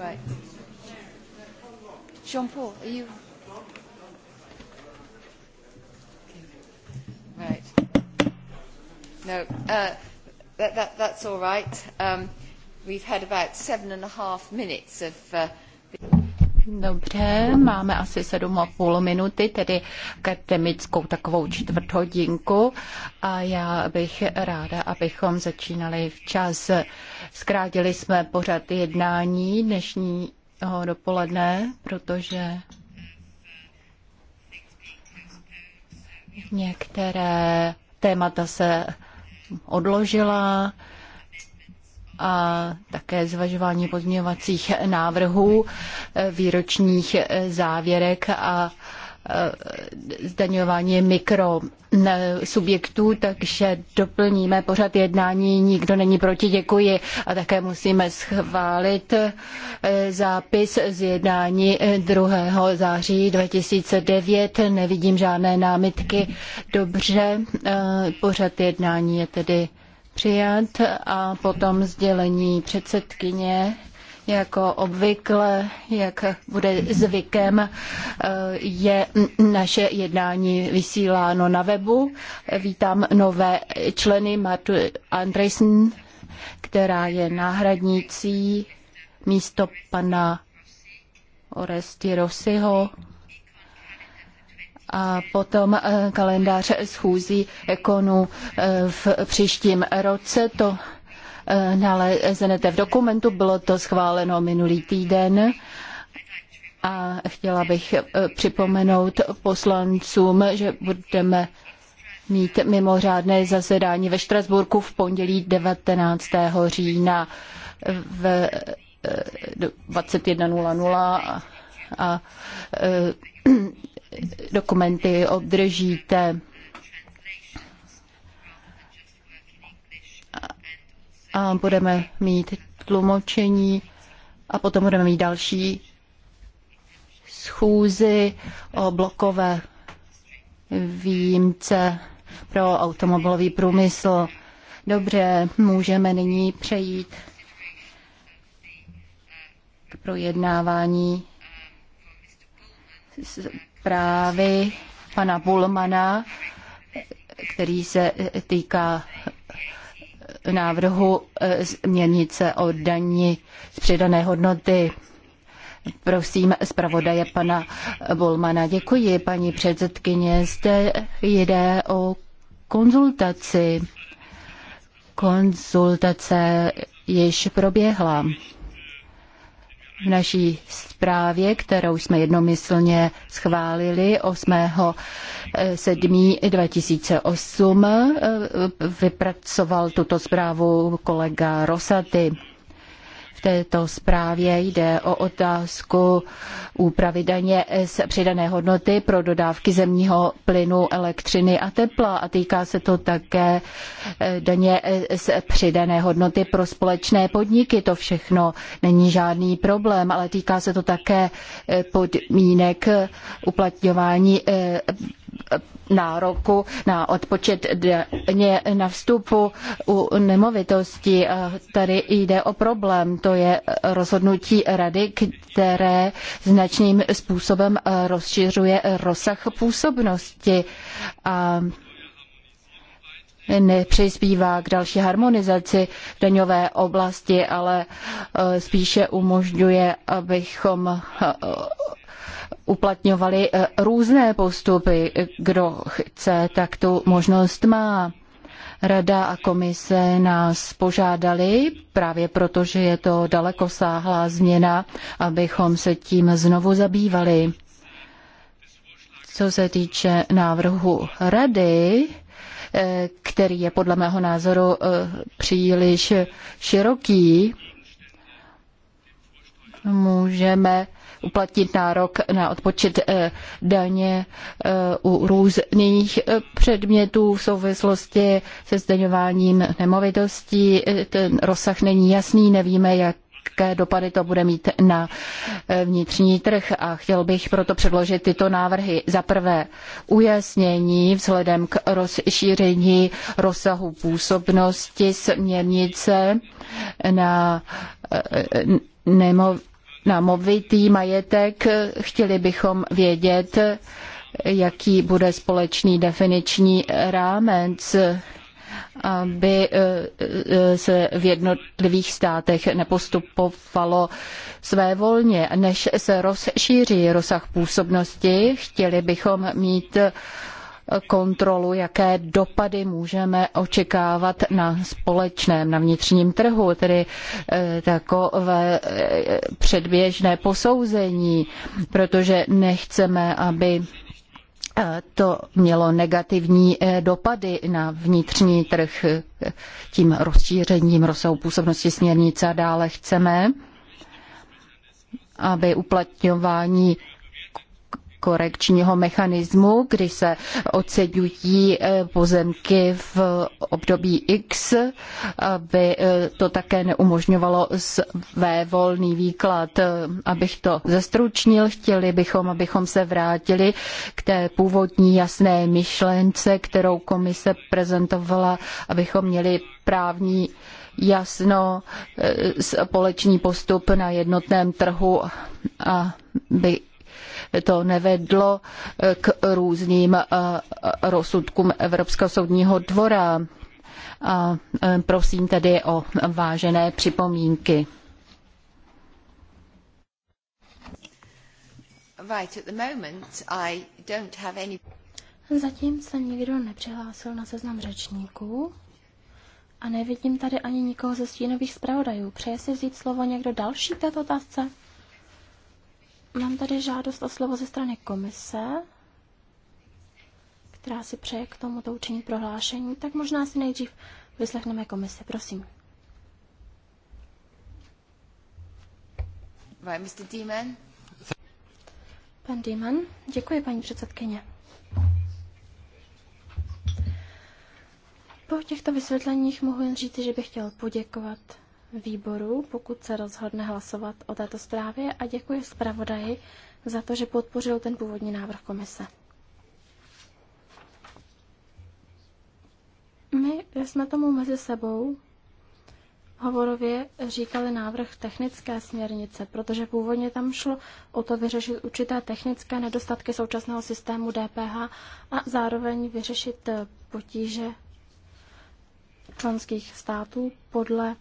right. Jean-Paul, are you... Right. No, uh, that, that, that's all right. Um, we've had about seven and a half minutes of... Uh, Dobře, máme asi 7,5 minuty, tedy akademickou takovou čtvrthodinku a já bych ráda, abychom začínali včas. Zkrátili jsme pořad jednání dnešního dopoledne, protože některé témata se odložila a také zvažování pozměňovacích návrhů, výročních závěrek a Eh, zdaňování mikrosubjektů, takže doplníme pořad jednání, nikdo není proti, děkuji. A také musíme schválit eh, zápis z jednání 2. Eh, září 2009. Nevidím žádné námitky. Dobře, pořad jednání je tedy přijat a potom sdělení předsedkyně. Jako obvykle, jak bude zvykem, eh, je naše jednání vysíláno na webu. Vítám nové členy Martu Andresen, která je náhradnicí místo pana Oresti Rossiho a potom eh, kalendář schůzí ekonu eh, v příštím roce. To Eh, naleznete v dokumentu. Bylo to schváleno minulý týden. A chtěla bych eh, připomenout poslancům, že budeme mít mimořádné zasedání ve Štrasburku v pondělí 19. října v 21.00 eh, a dokumenty obdržíte a budeme mít tlumočení a potom budeme mít další schůzi o blokové výjimce pro automobilový průmysl. Dobře, můžeme nyní přejít k projednávání zprávy pana Bulmana, který se týká návrhu změnice e, o daní z přidané hodnoty. Prosím zpravodaje pana Bolmana. Děkuji, paní předsedkyně. Zde jde o konzultaci. Konzultace již proběhla v naší zprávě, kterou jsme jednomyslně schválili 8. 7. 2008, vypracoval tuto zprávu kolega Rosaty této zprávě jde o otázku úpravy daně z přidané hodnoty pro dodávky zemního plynu, elektřiny a tepla a týká se to také eh, daně eh, z přidané hodnoty pro společné podniky. To všechno není žádný problém, ale týká se to také eh, podmínek uplatňování nároku na odpočet daně na vstupu u nemovitosti. Tady jde o problém, to je rozhodnutí rady, které značným způsobem rozšiřuje rozsah působnosti a nepřispívá k další harmonizaci v daňové oblasti, ale e, spíše umožňuje, abychom e, uplatňovali eh, různé postupy. Kdo chce, tak tu možnost má. Rada a komise nás požádali, právě proto, že je to dalekosáhlá změna, abychom se tím znovu zabývali. Co se týče návrhu rady, eh, který je podle mého názoru eh, příliš široký, můžeme uplatnit nárok na odpočet eh, daně eh, u různých eh, předmětů v souvislosti se zdaňováním nemovitostí. Ten rozsah není jasný, nevíme, jak jaké dopady to bude mít na vnitřní trh a chtěl bych proto předložit tyto návrhy. Za prvé ujasnění vzhledem k rozšíření rozsahu působnosti směrnice na nemovitosti na movitý majetek. Chtěli bychom vědět, jaký bude společný definiční rámec aby eh, eh, se v jednotlivých státech nepostupovalo svévolně. Než se rozšíří rozsah působnosti, chtěli bychom mít kontrolu, jaké dopady můžeme očekávat na společném, na vnitřním trhu, tedy eh, takové eh, předběžné posouzení, protože nechceme, aby eh, to mělo negativní dopady na vnitřní trh tím rozšířením rozsahu působnosti směrnice a dále chceme, aby uplatňování korekčního mechanismu, kdy se oceňují eh, pozemky v období X, aby eh, to také neumožňovalo své volný výklad. Eh, abych to zestručnil, chtěli bychom, abychom se vrátili k té původní jasné myšlence, kterou komise prezentovala, abychom měli právní jasno, společný postup na jednotném trhu, a by to nevedlo eh, k různým eh, rozsudkům Evropského soudního dvora. A eh, prosím tedy o vážené připomínky. Zatím se nikdo nepřihlásil na seznam řečníků a nevidím tady ani nikoho ze stínových zpravodajů. Přeje si vzít slovo někdo další k této otázce? Mám tady žádost o slovo ze strany komise, která si přeje k tomuto učinit prohlášení, tak možná si nejdřív vyslechneme komise. Prosím. Pan Diemen, děkuji, paní předsedkyně. Po těchto vysvětleních mohu jen říct, že bych chtěl poděkovat výboru, pokud se rozhodne hlasovat o této zprávě a děkuji zpravodaji za to, že podpořil ten původní návrh komise. My jsme tomu mezi sebou hovorově říkali návrh technické směrnice, protože původně tam šlo o to vyřešit určité technické nedostatky současného systému DPH a zároveň vyřešit potíže členských států podle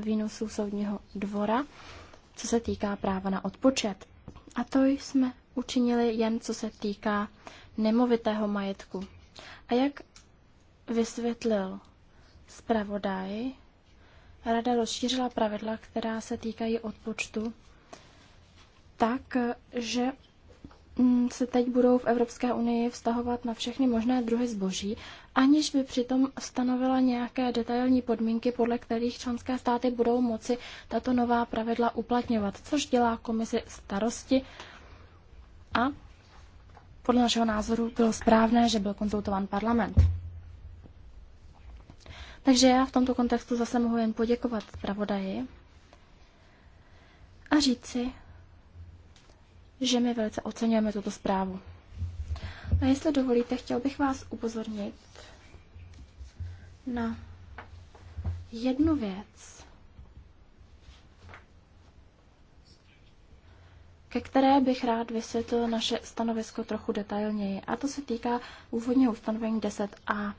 výnosů soudního dvora, co se týká práva na odpočet. A to jsme učinili jen co se týká nemovitého majetku. A jak vysvětlil zpravodaj, rada rozšířila pravidla, která se týkají odpočtu, tak, že Mm, se teď budou v Evropské unii vztahovat na všechny možné druhy zboží, aniž by přitom stanovila nějaké detailní podmínky, podle kterých členské státy budou moci tato nová pravidla uplatňovat, což dělá komisi starosti. A podle našeho názoru bylo správné, že byl konzultován parlament. Takže já v tomto kontextu zase mohu jen poděkovat zpravodaji a říci, že my velice oceňujeme tuto zprávu. A jestli dovolíte, chtěl bych vás upozornit na jednu věc, ke které bych rád vysvětlil naše stanovisko trochu detailněji. A to se týká úvodního ustanovení 10a.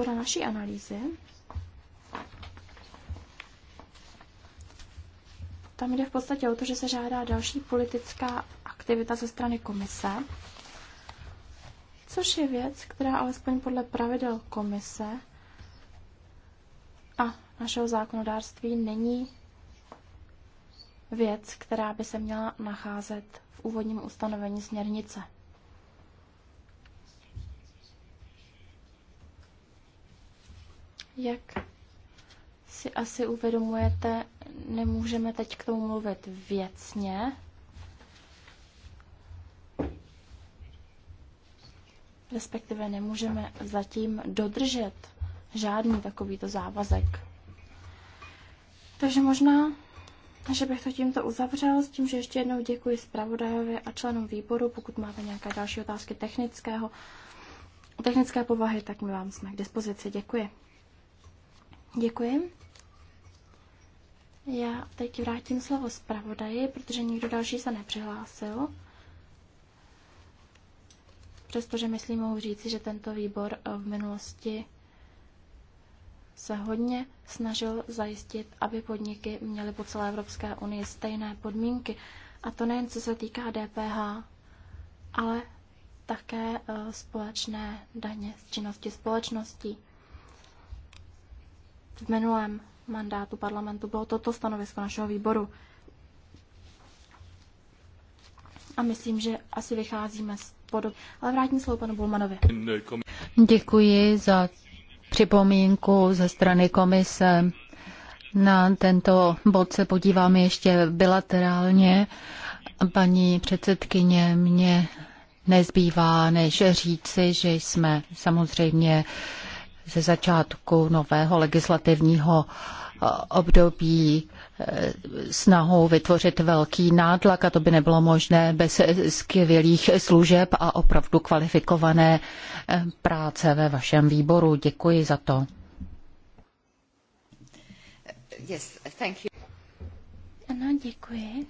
podle naší analýzy tam jde v podstatě o to, že se žádá další politická aktivita ze strany komise, což je věc, která alespoň podle pravidel komise a našeho zákonodárství není věc, která by se měla nacházet v úvodním ustanovení směrnice. Jak si asi uvědomujete, nemůžeme teď k tomu mluvit věcně. Respektive nemůžeme zatím dodržet žádný takovýto závazek. Takže možná, že bych to tímto uzavřel s tím, že ještě jednou děkuji zpravodajovi a členům výboru. Pokud máte nějaké další otázky technického, technické povahy, tak my vám jsme k dispozici. Děkuji. Děkuji. Já teď vrátím slovo zpravodaji, protože nikdo další se nepřihlásil. Přestože myslím, mohu říci, že tento výbor v minulosti se hodně snažil zajistit, aby podniky měly po celé Evropské unii stejné podmínky. A to nejen co se týká DPH, ale také eh, společné daně z činnosti společností. V minulém mandátu parlamentu bylo toto stanovisko našeho výboru. A myslím, že asi vycházíme z podob. Ale vrátím slovo panu Bulmanovi. Děkuji za připomínku ze strany komise. Na tento bod se podívám ještě bilaterálně. Paní předsedkyně mě nezbývá, než říci, že jsme samozřejmě ze začátku nového legislativního eh, období eh, snahou vytvořit velký nátlak a to by nebylo možné bez skvělých služeb a opravdu kvalifikované eh, práce ve vašem výboru. Děkuji za to. Yes, thank you. Ano, děkuji.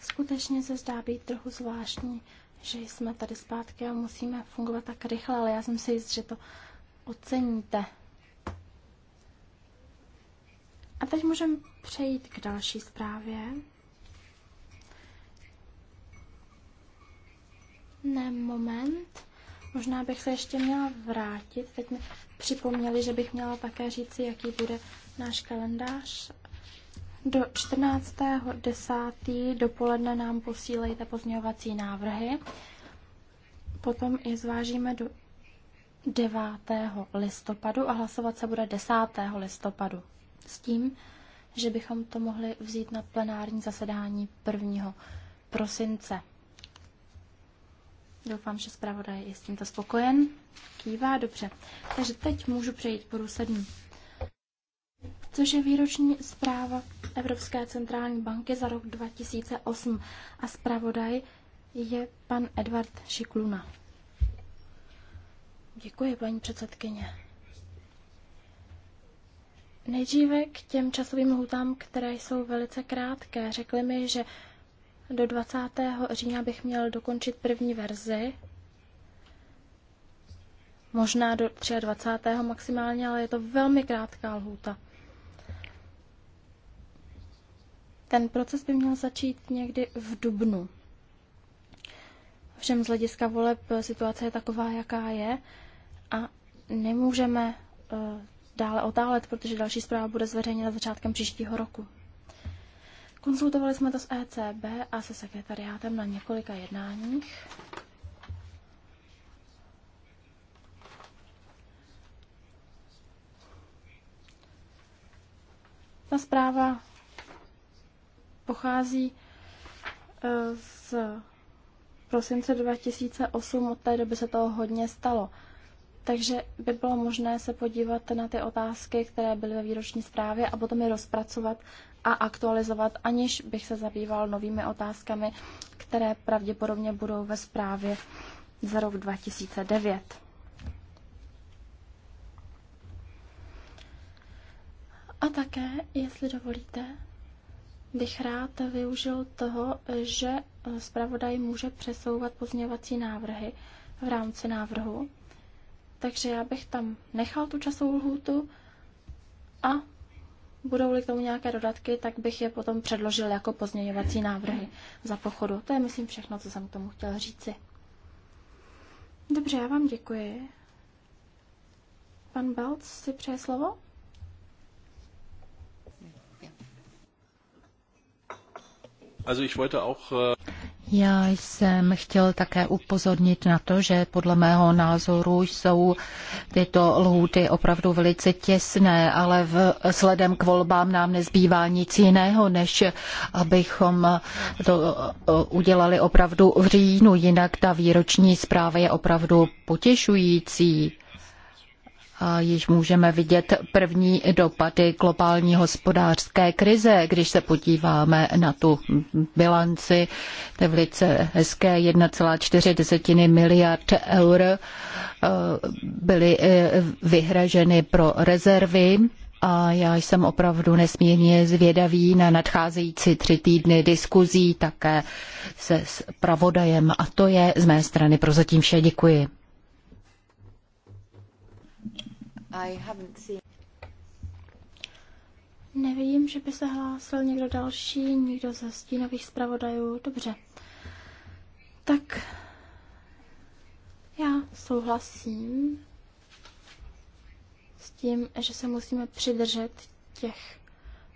Skutečně se zdá být trochu zvláštní, že jsme tady zpátky a musíme fungovat tak rychle, ale já jsem si jist, že to oceníte. A teď můžeme přejít k další zprávě. Ne, moment. Možná bych se ještě měla vrátit. Teď mi připomněli, že bych měla také říci, jaký bude náš kalendář. Do 14.10. dopoledne nám posílejte pozměňovací návrhy. Potom je zvážíme do 9. listopadu a hlasovat se bude 10. listopadu. S tím, že bychom to mohli vzít na plenární zasedání 1. prosince. Doufám, že zpravodaj je s tímto spokojen. Kývá dobře. Takže teď můžu přejít bodu 7. Což je výroční zpráva Evropské centrální banky za rok 2008 a zpravodaj je pan Edward Šikluna. Děkuji, paní předsedkyně. Nejdříve k těm časovým lhutám, které jsou velice krátké. Řekli mi, že do 20. října bych měl dokončit první verzi, možná do 23. maximálně, ale je to velmi krátká lhůta. Ten proces by měl začít někdy v dubnu. Všem z hlediska voleb situace je taková, jaká je. A nemůžeme eh, dále otálet, protože další zpráva bude zveřejněna začátkem příštího roku. Konzultovali jsme to s ECB a se sekretariátem na několika jednáních. Ta zpráva pochází eh, z prosince 2008, od té doby se toho hodně stalo. Takže by bylo možné se podívat na ty otázky, které byly ve výroční zprávě a potom je rozpracovat a aktualizovat, aniž bych se zabýval novými otázkami, které pravděpodobně budou ve zprávě za rok 2009. A také, jestli dovolíte, bych rád využil toho, že zpravodaj může přesouvat pozměňovací návrhy v rámci návrhu takže já bych tam nechal tu časovou lhůtu a budou-li k tomu nějaké dodatky, tak bych je potom předložil jako pozměňovací návrhy za pochodu. To je, myslím, všechno, co jsem k tomu chtěla říci. Dobře, já vám děkuji. Pan Belc si přeje slovo? Also ich wollte auch äh, já jsem chtěl také upozornit na to, že podle mého názoru jsou tyto lhůty opravdu velice těsné, ale sledem k volbám nám nezbývá nic jiného, než abychom to uh, udělali opravdu v říjnu, jinak ta výroční zpráva je opravdu potěšující. A již můžeme vidět první dopady globální hospodářské krize, když se podíváme na tu bilanci, to je velice hezké 1,4 miliard eur e, byly e, vyhraženy pro rezervy a já jsem opravdu nesmírně zvědavý na nadcházející tři týdny diskuzí také se s a to je z mé strany prozatím vše. Děkuji. Nevidím, že by se hlásil někdo další, někdo ze stínových zpravodajů. Dobře. Tak já souhlasím s tím, že se musíme přidržet těch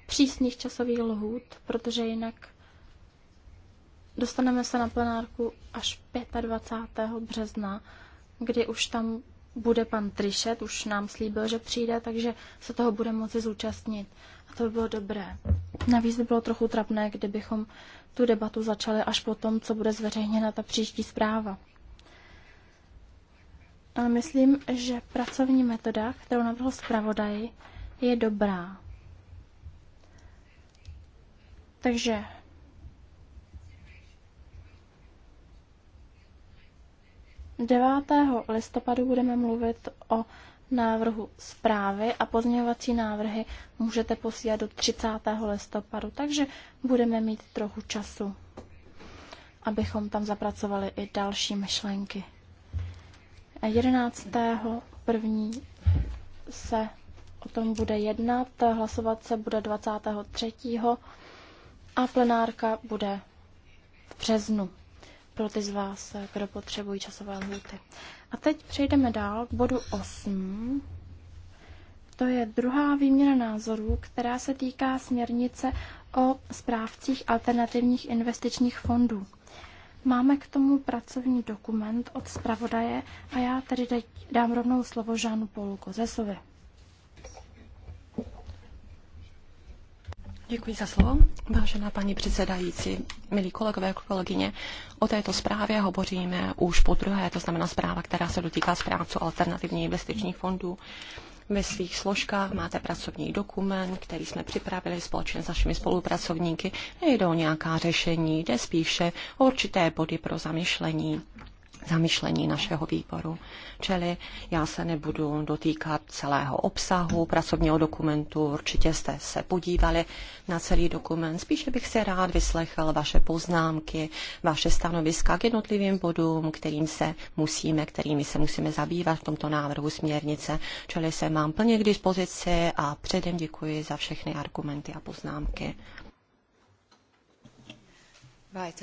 přísných časových lhůt, protože jinak dostaneme se na plenárku až 25. března, kdy už tam bude pan Trišet, už nám slíbil, že přijde, takže se toho bude moci zúčastnit. A to by bylo dobré. Navíc by bylo trochu trapné, kdybychom tu debatu začali až po tom, co bude zveřejněna ta příští zpráva. Ale myslím, že pracovní metoda, kterou navrhl zpravodaj, je dobrá. Takže 9. listopadu budeme mluvit o návrhu zprávy a pozměňovací návrhy můžete posílat do 30. listopadu, takže budeme mít trochu času, abychom tam zapracovali i další myšlenky. 11. první se o tom bude jednat, hlasovat se bude 23. a plenárka bude v březnu pro ty z vás, eh, kdo potřebují časové lhuty. A teď přejdeme dál k bodu 8. To je druhá výměna názorů, která se týká směrnice o správcích alternativních investičních fondů. Máme k tomu pracovní dokument od zpravodaje a já tedy dám rovnou slovo Žánu Paulu Kozesovi. Děkuji za slovo. Vážená paní předsedající, milí kolegové a kolegyně, o této zprávě hovoříme už po druhé, to znamená zpráva, která se dotýká správců alternativních investičních fondů. Ve svých složkách máte pracovní dokument, který jsme připravili společně s našimi spolupracovníky. Nejde o nějaká řešení, jde spíše o určité body pro zamyšlení zamyšlení našeho výboru. Čili já se nebudu dotýkat celého obsahu pracovního dokumentu, určitě jste se podívali na celý dokument. Spíše bych se rád vyslechl vaše poznámky, vaše stanoviska k jednotlivým bodům, kterým se musíme, kterými se musíme zabývat v tomto návrhu směrnice. Čili se mám plně k dispozici a předem děkuji za všechny argumenty a poznámky. Right,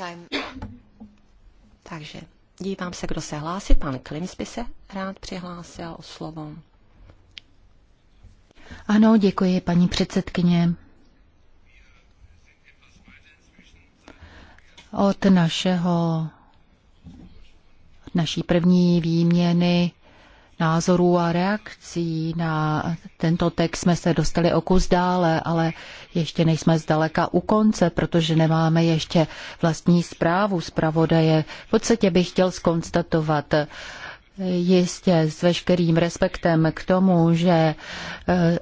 Takže Dívám se, kdo se hlásí. Pan Klims by se rád přihlásil o slovo. Ano, děkuji, paní předsedkyně. Od našeho od naší první výměny názorů a reakcí na tento text jsme se dostali o kus dále, ale ještě nejsme zdaleka u konce, protože nemáme ještě vlastní zprávu zpravodaje. V podstatě bych chtěl skonstatovat, Jistě s veškerým respektem k tomu, že eh,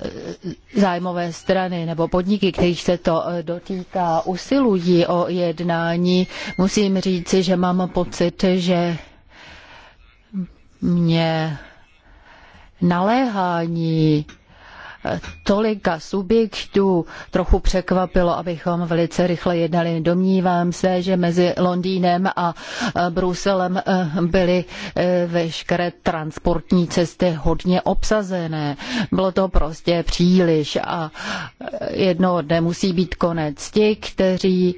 zájmové strany nebo podniky, kterých se to eh, dotýká, usilují o jednání, musím říci, že mám pocit, že mě naléhání eh, tolika subjektů trochu překvapilo, abychom velice rychle jednali. Domnívám se, že mezi Londýnem a eh, Bruselem eh, byly veškeré transportní cesty hodně obsazené. Bylo to prostě příliš a jedno dne musí být konec. Ti, kteří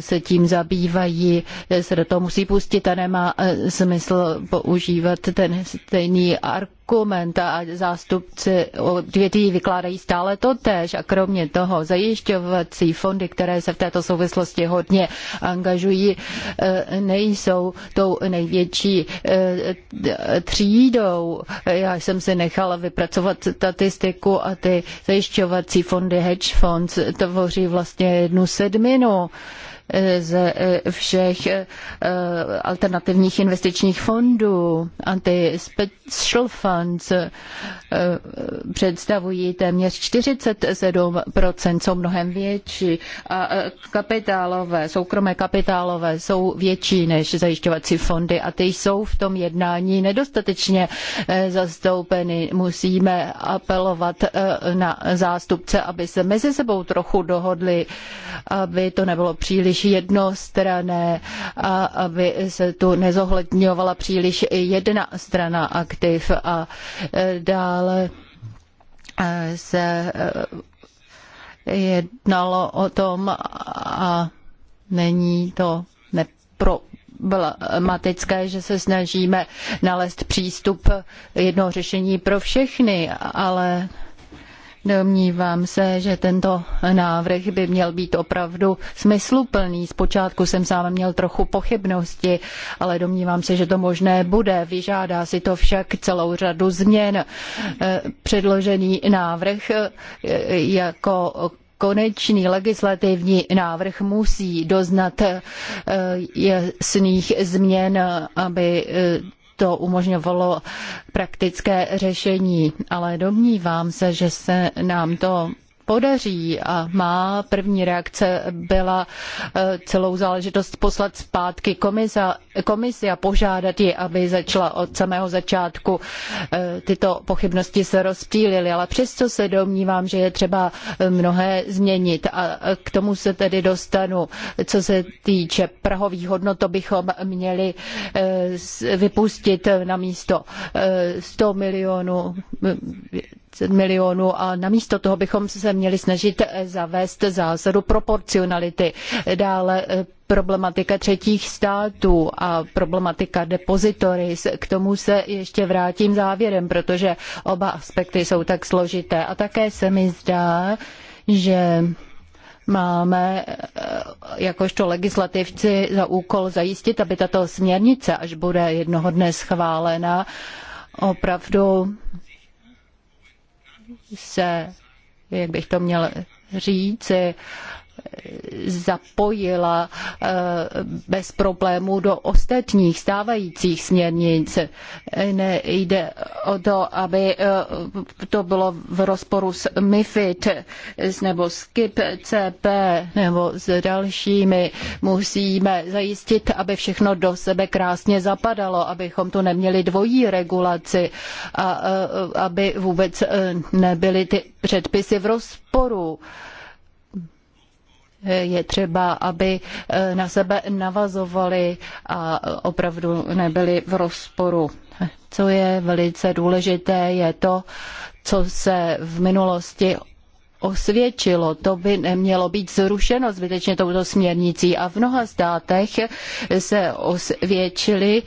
se tím zabývají, se do toho musí pustit a nemá smysl používat ten stejný ark dokument a zástupci odvětví vykládají stále to tež a kromě toho zajišťovací fondy, které se v této souvislosti hodně angažují, eh, nejsou tou největší eh, třídou. Já jsem si nechala vypracovat statistiku a ty zajišťovací fondy hedge funds tvoří vlastně jednu sedminu ze eh, všech eh, alternativních investičních fondů. Anti-special funds eh, představují téměř 47%, jsou mnohem větší a kapitálové, soukromé kapitálové jsou větší než zajišťovací fondy a ty jsou v tom jednání nedostatečně zastoupeny. Musíme apelovat na zástupce, aby se mezi sebou trochu dohodli, aby to nebylo příliš příliš jednostrané a aby se tu nezohledňovala příliš jedna strana aktiv a e, dále e, se e, jednalo o tom a není to nepro, problematické, že se snažíme nalézt přístup jednoho řešení pro všechny, ale Domnívám se, že tento návrh by měl být opravdu smysluplný. Zpočátku jsem sám měl trochu pochybnosti, ale domnívám se, že to možné bude. Vyžádá si to však celou řadu změn. Eh, předložený návrh eh, jako konečný legislativní návrh musí doznat eh, jasných změn, aby to umožňovalo praktické řešení, ale domnívám se, že se nám to podaří a má první reakce byla eh, celou záležitost poslat zpátky komisa, komisi a požádat ji, aby začala od samého začátku. Eh, tyto pochybnosti se rozptýlily, ale přesto se domnívám, že je třeba eh, mnohé změnit a k tomu se tedy dostanu. Co se týče prahových hodnot, to bychom měli vypustit na místo 100 milionů hm, 20 milionů a namísto toho bychom se měli snažit eh, zavést zásadu proporcionality. Dále eh, problematika třetích států a problematika depozitoris. K tomu se ještě vrátím závěrem, protože oba aspekty jsou tak složité. A také se mi zdá, že máme eh, jakožto legislativci za úkol zajistit, aby tato směrnice, až bude jednoho dne schválena, opravdu se, jak bych to měl říci, zapojila eh, bez problémů do ostatních stávajících směrnic. Nejde o to, aby eh, to bylo v rozporu s MIFID nebo s KIP CP nebo s dalšími. Musíme zajistit, aby všechno do sebe krásně zapadalo, abychom tu neměli dvojí regulaci a eh, aby vůbec nebyly ty předpisy v rozporu je třeba, aby eh, na sebe navazovali a opravdu nebyli v rozporu. Co je velice důležité, je to, co se v minulosti osvědčilo. To by nemělo být zrušeno zbytečně touto směrnicí a v mnoha státech se osvědčily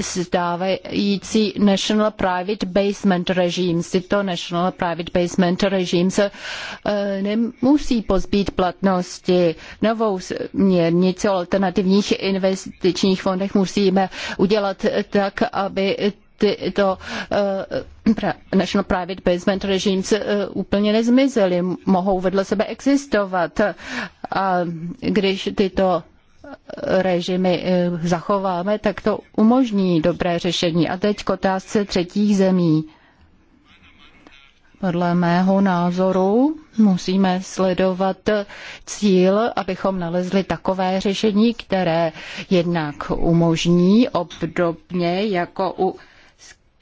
stávající National Private Basement Regimes. Tyto National Private Basement Regimes eh, nemusí pozbít platnosti novou směrnici o alternativních investičních fondech musíme udělat tak, aby tyto eh, National Private Basement Regimes eh, úplně nezmizely, mohou vedle sebe existovat. A když tyto režimy eh, zachováme, tak to umožní dobré řešení. A teď k otázce třetích zemí. Podle mého názoru musíme sledovat cíl, abychom nalezli takové řešení, které jednak umožní obdobně jako u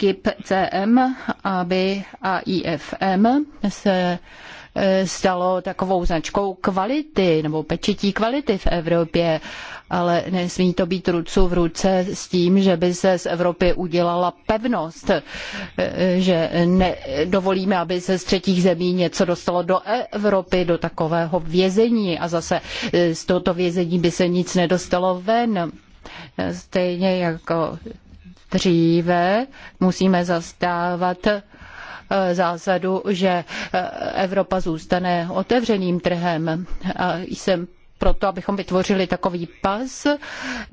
KIP CM, aby AIFM se e, stalo takovou značkou kvality nebo pečetí kvality v Evropě, ale nesmí to být ruce v ruce s tím, že by se z Evropy udělala pevnost, e, že dovolíme, aby se z třetích zemí něco dostalo do Evropy, do takového vězení a zase e, z tohoto vězení by se nic nedostalo ven. Stejně jako dříve musíme zastávat eh, zásadu, že eh, Evropa zůstane otevřeným trhem. A jsem pro to, abychom vytvořili takový pas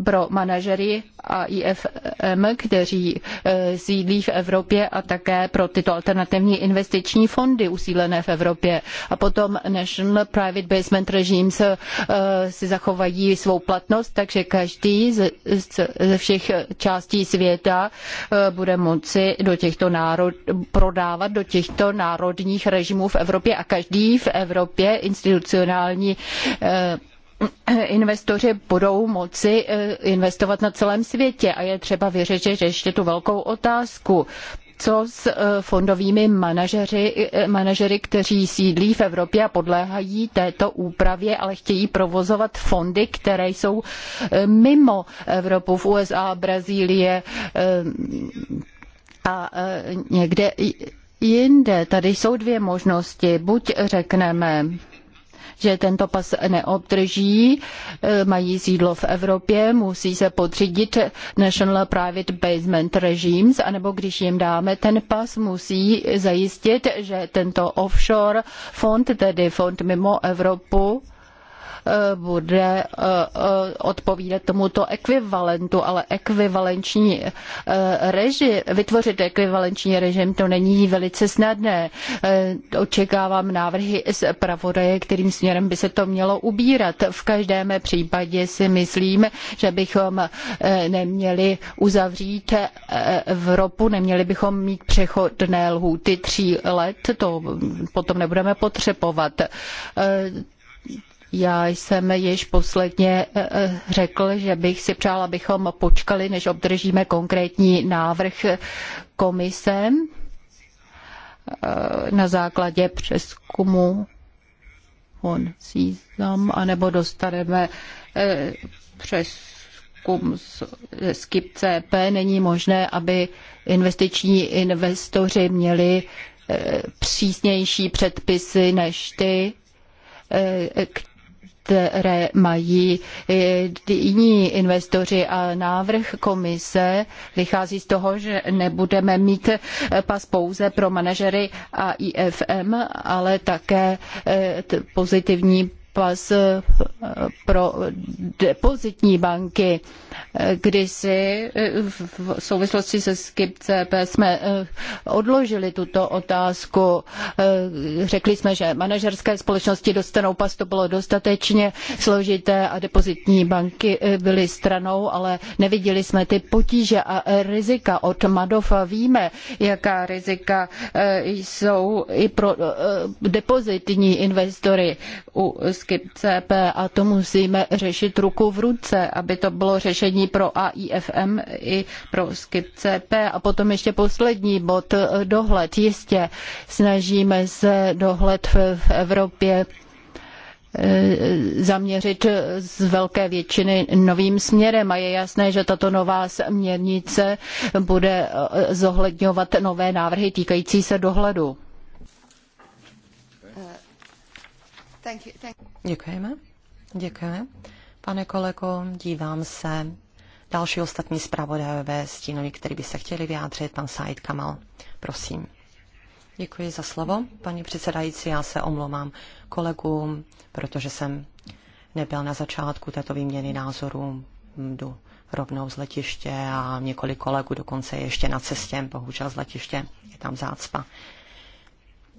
pro manažery a IFM, kteří eh, sídlí v Evropě a také pro tyto alternativní investiční fondy usílené v Evropě. A potom National Private Basement Regimes eh, si zachovají svou platnost, takže každý ze všech částí světa eh, bude moci do těchto národ, prodávat do těchto národních režimů v Evropě a každý v Evropě institucionální investoři budou moci eh, investovat na celém světě a je třeba vyřešit ještě tu velkou otázku. Co s eh, fondovými manažery, eh, manažery, kteří sídlí v Evropě a podléhají této úpravě, ale chtějí provozovat fondy, které jsou mimo Evropu, v USA, Brazílie a někde jinde. Tady jsou dvě možnosti. Buď řekneme, že tento pas neobdrží, eh, mají sídlo v Evropě, musí se podřídit National Private Basement Regimes, anebo když jim dáme ten pas, musí zajistit, že tento offshore fond, tedy fond mimo Evropu, Eh, bude eh, eh, odpovídat tomuto ekvivalentu, ale ekvivalenční režim, vytvořit ekvivalenční režim, to není velice snadné. Očekávám návrhy z pravodaje, kterým směrem by se to mělo ubírat. V každém případě si myslím, že bychom neměli uzavřít Evropu, neměli bychom mít přechodné lhůty tří let, to potom nebudeme potřebovat já jsem již posledně eh, eh, řekl, že bych si přál, abychom počkali, než obdržíme konkrétní návrh komise eh, na základě přeskumu on sízam, anebo dostaneme přeskum ze skip CP. Není možné, aby investiční investoři měli přísnější předpisy než ty, které mají eh, jiní investoři a návrh komise vychází z toho, že nebudeme mít pas pouze pro manažery a IFM, ale také eh, pozitivní plus eh, pro depozitní banky. Eh, kdysi eh, v souvislosti se SKIP CP jsme odložili tuto otázku. Řekli jsme, že manažerské společnosti dostanou pas, to bylo dostatečně složité a depozitní banky byly stranou, ale neviděli jsme ty potíže a rizika. Od Madofa víme, jaká rizika jsou i pro depozitní investory u SKIP CP a to musíme řešit ruku v ruce, aby to bylo řešení pro AIFM i pro SKIP CP. A potom ještě poslední bod, eh, dohled. Jistě snažíme se dohled v Evropě eh, zaměřit eh, z velké většiny novým směrem a je jasné, že tato nová směrnice bude zohledňovat nové návrhy týkající se dohledu. Děkujeme. Děkujeme. Pane kolego, dívám se. Další ostatní zpravodajové stínovi, který by se chtěli vyjádřit, pan Said Kamal. Prosím. Děkuji za slovo, paní předsedající. Já se omlouvám kolegům, protože jsem nebyl na začátku této výměny názorů. Jdu rovnou z letiště a několik kolegů dokonce ještě na cestě, bohužel z letiště je tam zácpa.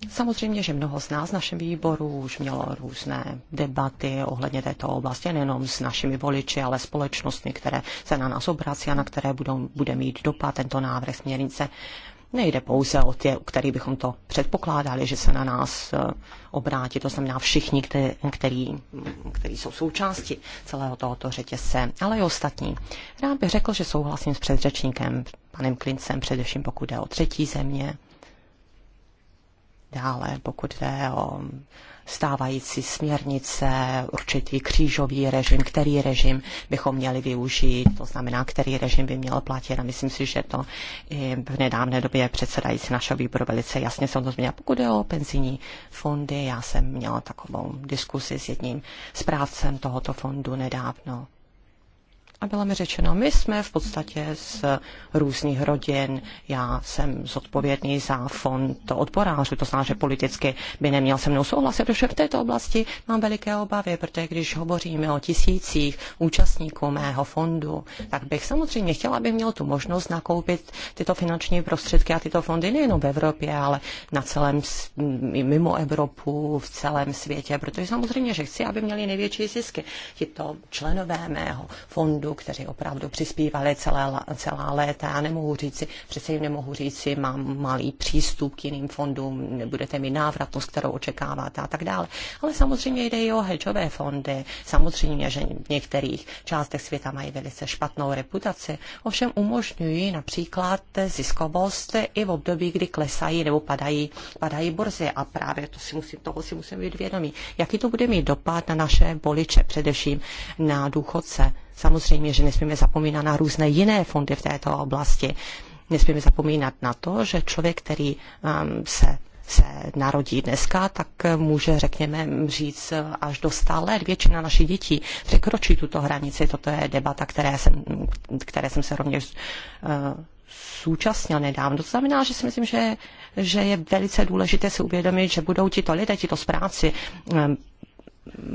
Samozřejmě, že mnoho z nás v našem výboru už mělo různé debaty ohledně této oblasti, nejenom s našimi voliči, ale společnostmi, které se na nás obrací a na které budou, bude mít dopad tento návrh směrnice. Nejde pouze o ty, u kterých bychom to předpokládali, že se na nás eh, obrátí, to znamená všichni, který, který, jsou součástí celého tohoto řetězce, ale i ostatní. Rád bych řekl, že souhlasím s předřečníkem, panem Klincem, především pokud jde o třetí země, Dále, pokud jde o stávající směrnice, určitý křížový režim, který režim bychom měli využít, to znamená, který režim by měl platit. A myslím si, že to i v nedávné době předsedající našeho výboru velice jasně se to změnil. Pokud je o penzijní fondy, já jsem měla takovou diskusi s jedním správcem tohoto fondu nedávno a bylo mi řečeno, my jsme v podstatě z různých rodin, já jsem zodpovědný za fond odborářů, to znamená, že politicky by neměl se mnou souhlasit, protože v této oblasti mám veliké obavy, protože když hovoříme o tisících účastníků mého fondu, tak bych samozřejmě chtěla, aby měl tu možnost nakoupit tyto finanční prostředky a tyto fondy nejenom v Evropě, ale na celém, mimo Evropu, v celém světě, protože samozřejmě, že chci, aby měli největší zisky tyto členové mého fondu opravdu, kteří opravdu přispívali celé, celá léta. Já nemohu říci, přece jim nemohu říci, mám malý přístup k jiným fondům, nebudete mi návratnost, kterou očekáváte a tak dále. Ale samozřejmě jde i o hedžové fondy. Samozřejmě, že v některých částech světa mají velice špatnou reputaci. Ovšem umožňují například ziskovost i v období, kdy klesají nebo padají, padají borzy. A právě to si musím, toho si musím být vědomí. Jaký to bude mít dopad na naše voliče, především na důchodce? Samozřejmě, že nesmíme zapomínat na různé jiné fondy v této oblasti. Nesmíme zapomínat na to, že člověk, který um, se se narodí dneska, tak může, řekněme, říct eh, až do stále. Většina našich dětí překročí tuto hranici. Toto je debata, které jsem, které jsem se rovněž současně eh, nedávno. To znamená, že si myslím, že, že je velice důležité si uvědomit, že budou tito lidé, tito zpráci eh,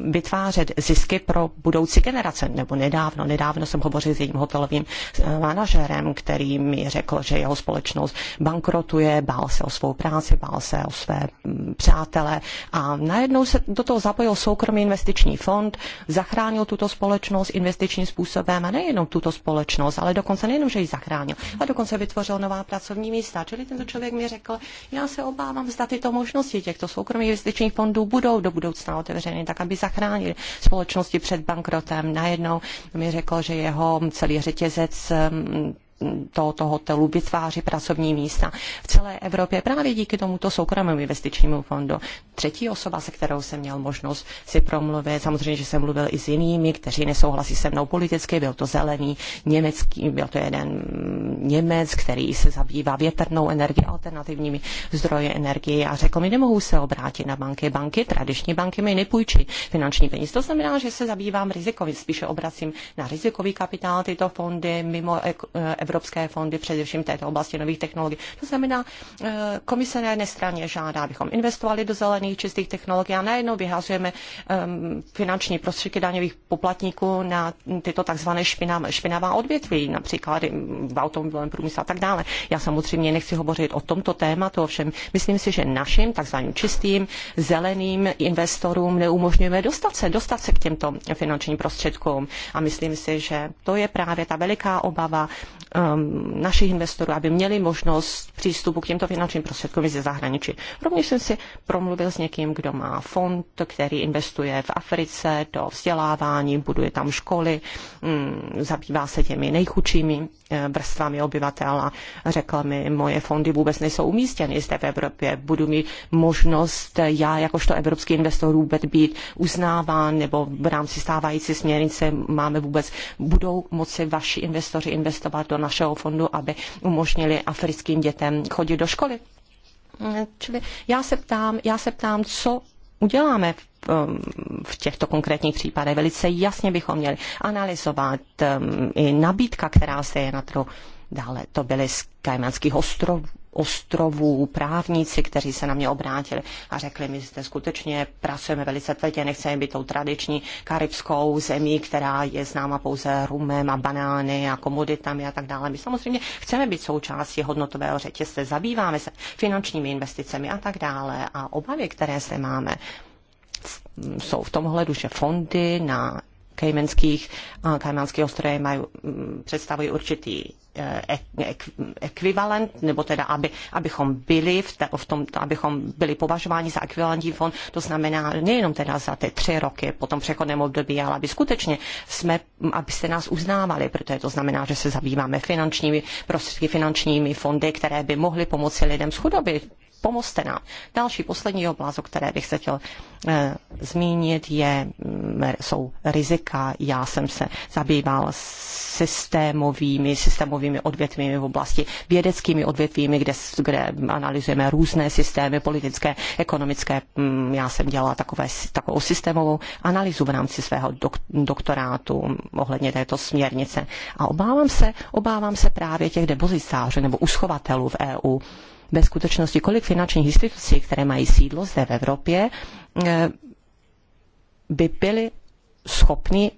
vytvářet zisky pro budoucí generace. Nebo nedávno, nedávno jsem hovořil s jedním hotelovým eh, manažerem, který mi řekl, že jeho společnost bankrotuje, bál se o svou práci, bál se o své mm, přátele a najednou se do toho zapojil soukromý investiční fond, zachránil tuto společnost investičním způsobem a nejenom tuto společnost, ale dokonce nejenom, že ji zachránil, a dokonce vytvořil nová pracovní místa. Čili tento člověk mi řekl, já se obávám, zda tyto možnosti těchto soukromých investičních fondů budou do budoucna otevřeny tak, aby zachránil společnosti před bankrotem. Najednou mi řekl, že jeho celý řetězec tohoto hotelu, vytváří pracovní místa v celé Evropě právě díky tomuto soukromému investičnímu fondu. Třetí osoba, se kterou jsem měl možnost si promluvit, samozřejmě, že jsem mluvil i s jinými, kteří nesouhlasí se mnou politicky, byl to zelený německý, byl to jeden Němec, který se zabývá větrnou energií, alternativními zdroje energie a řekl mi, nemohu se obrátit na banky. Banky, tradiční banky mi nepůjčí finanční peníze. To znamená, že se zabývám rizikovým, spíše obracím na rizikový kapitál tyto fondy mimo Evropu eh, evropské fondy, především této oblasti nových technologií. To znamená, eh, komise na jedné straně žádá, abychom investovali do zelených čistých technologií a najednou vyhazujeme ehm, finanční prostředky daňových poplatníků na tyto takzvané špinavá, odvětví, například ehm, v automobilovém průmyslu a tak dále. Já samozřejmě nechci hovořit o tomto tématu, ovšem myslím si, že našim takzvaným čistým, zeleným investorům neumožňujeme dostat se, dostat se k těmto finančním prostředkům. A myslím si, že to je právě ta veliká obava Um, našich investorů, aby měli možnost přístupu k těmto finančním prostředkům ze zahraničí. Rovněž jsem si promluvil s někým, kdo má fond, který investuje v Africe do vzdělávání, buduje tam školy, mm, zabývá se těmi nejchudšími eh, vrstvami obyvatel a řekl mi, moje fondy vůbec nejsou umístěny zde v Evropě, budu mít možnost eh, já jakožto evropský investor vůbec být uznáván nebo v rámci stávající směrnice máme vůbec, budou moci vaši investoři investovat do našeho fondu, aby umožnili africkým dětem chodit do školy. Čili já se ptám, já se ptám co uděláme v um, v těchto konkrétních případech. Velice jasně bychom měli analyzovat um, i nabídka, která se je na trhu. Dále to byly z Kajmanských ostrovů ostrovů, právníci, kteří se na mě obrátili a řekli mi, že skutečně pracujeme velice tvrdě, nechceme být tou tradiční karibskou zemí, která je známa pouze rumem a banány a komoditami a tak dále. My samozřejmě chceme být součástí hodnotového řetězce, zabýváme se finančními investicemi a tak dále a obavy, které se máme, jsou v tom hledu, že fondy na Kajmanských Kajmanské eh, ostrovy mají, mm, představují určitý Eh, ekvivalent, nebo teda aby, abychom byli v, te, v tom, abychom byli považováni za ekvivalentní fond, to znamená nejenom teda za ty tři roky po tom přechodném období, ale aby skutečně jsme, abyste nás uznávali, protože to znamená, že se zabýváme finančními prostředky, finančními fondy, které by mohly pomoci lidem z chudoby. Pomozte nám. Další poslední oblast, o které bych se chtěl e, zmínit, je, mm, eh, jsou rizika. Já jsem se zabýval systémovými, systémovými odvětvími v oblasti, vědeckými odvětvími, kde, kde analyzujeme různé systémy politické, ekonomické. Mm, já jsem dělala takové, takovou systémovou analýzu v rámci svého dok, doktorátu mm, ohledně této směrnice. A obávám se, obávám se právě těch depozitářů nebo uschovatelů v EU ve skutečnosti, kolik finančních institucí, které mají sídlo zde v Evropě, eh, by byly schopny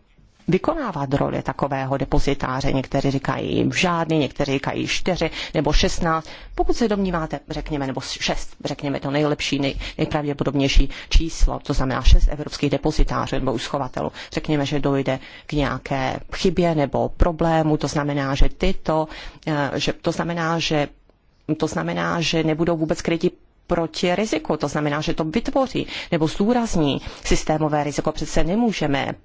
vykonávat roli takového depozitáře. Někteří říkají žádný, někteří říkají čtyři nebo šestnáct. Pokud se domníváte, řekněme, nebo šest, řekněme to nejlepší, nej, nejpravděpodobnější číslo, to znamená šest evropských depozitářů nebo uschovatelů. Řekněme, že dojde k nějaké chybě nebo problému, to znamená, že tyto, eh, že, to znamená, že to znamená, že nebudou vůbec kryti proti riziku. To znamená, že to vytvoří nebo zdůrazní systémové riziko. Přece nemůžeme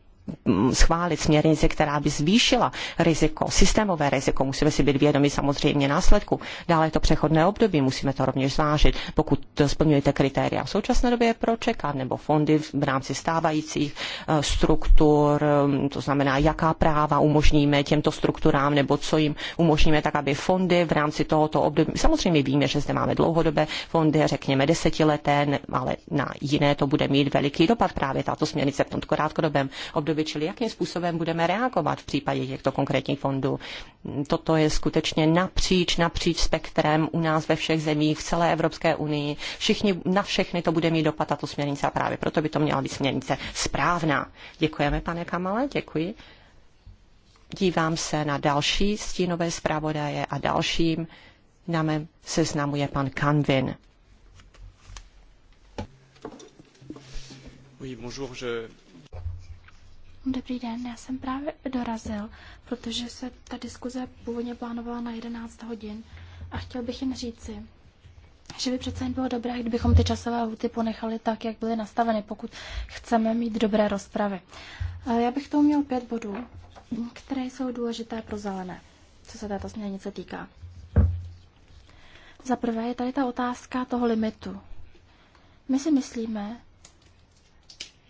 schválit směrnici, která by zvýšila riziko, systémové riziko. Musíme si být vědomi samozřejmě následku. Dále je to přechodné období, musíme to rovněž zvážit. Pokud splňujete kritéria v současné době pro čekat, nebo fondy v rámci stávajících eh, struktur, mm, to znamená, jaká práva umožníme těmto strukturám, nebo co jim umožníme, tak aby fondy v rámci tohoto období, samozřejmě víme, že zde máme dlouhodobé fondy, řekněme desetileté, ale na jiné to bude mít veliký dopad právě tato směrnice v tomto krátkodobém období potřeby, čili jakým způsobem budeme reagovat v případě těchto konkrétních fondů. Toto je skutečně napříč, napříč spektrem u nás ve všech zemích, v celé Evropské unii. Všichni, na všechny to bude mít dopad tato směrnice a právě proto by to měla být směrnice správná. Děkujeme, pane Kamale, děkuji. Dívám se na další stínové zpravodaje a dalším na mém seznamu je pan Kanvin. Oui, bonjour, je Dobrý den, já jsem právě dorazil, protože se ta diskuze původně plánovala na 11 hodin a chtěl bych jen říci, že by přece jen bylo dobré, kdybychom ty časové lhuty ponechali tak, jak byly nastaveny, pokud chceme mít dobré rozpravy. Já bych tomu měl pět bodů, které jsou důležité pro zelené, co se této směrnice týká. Za prvé je tady ta otázka toho limitu. My si myslíme,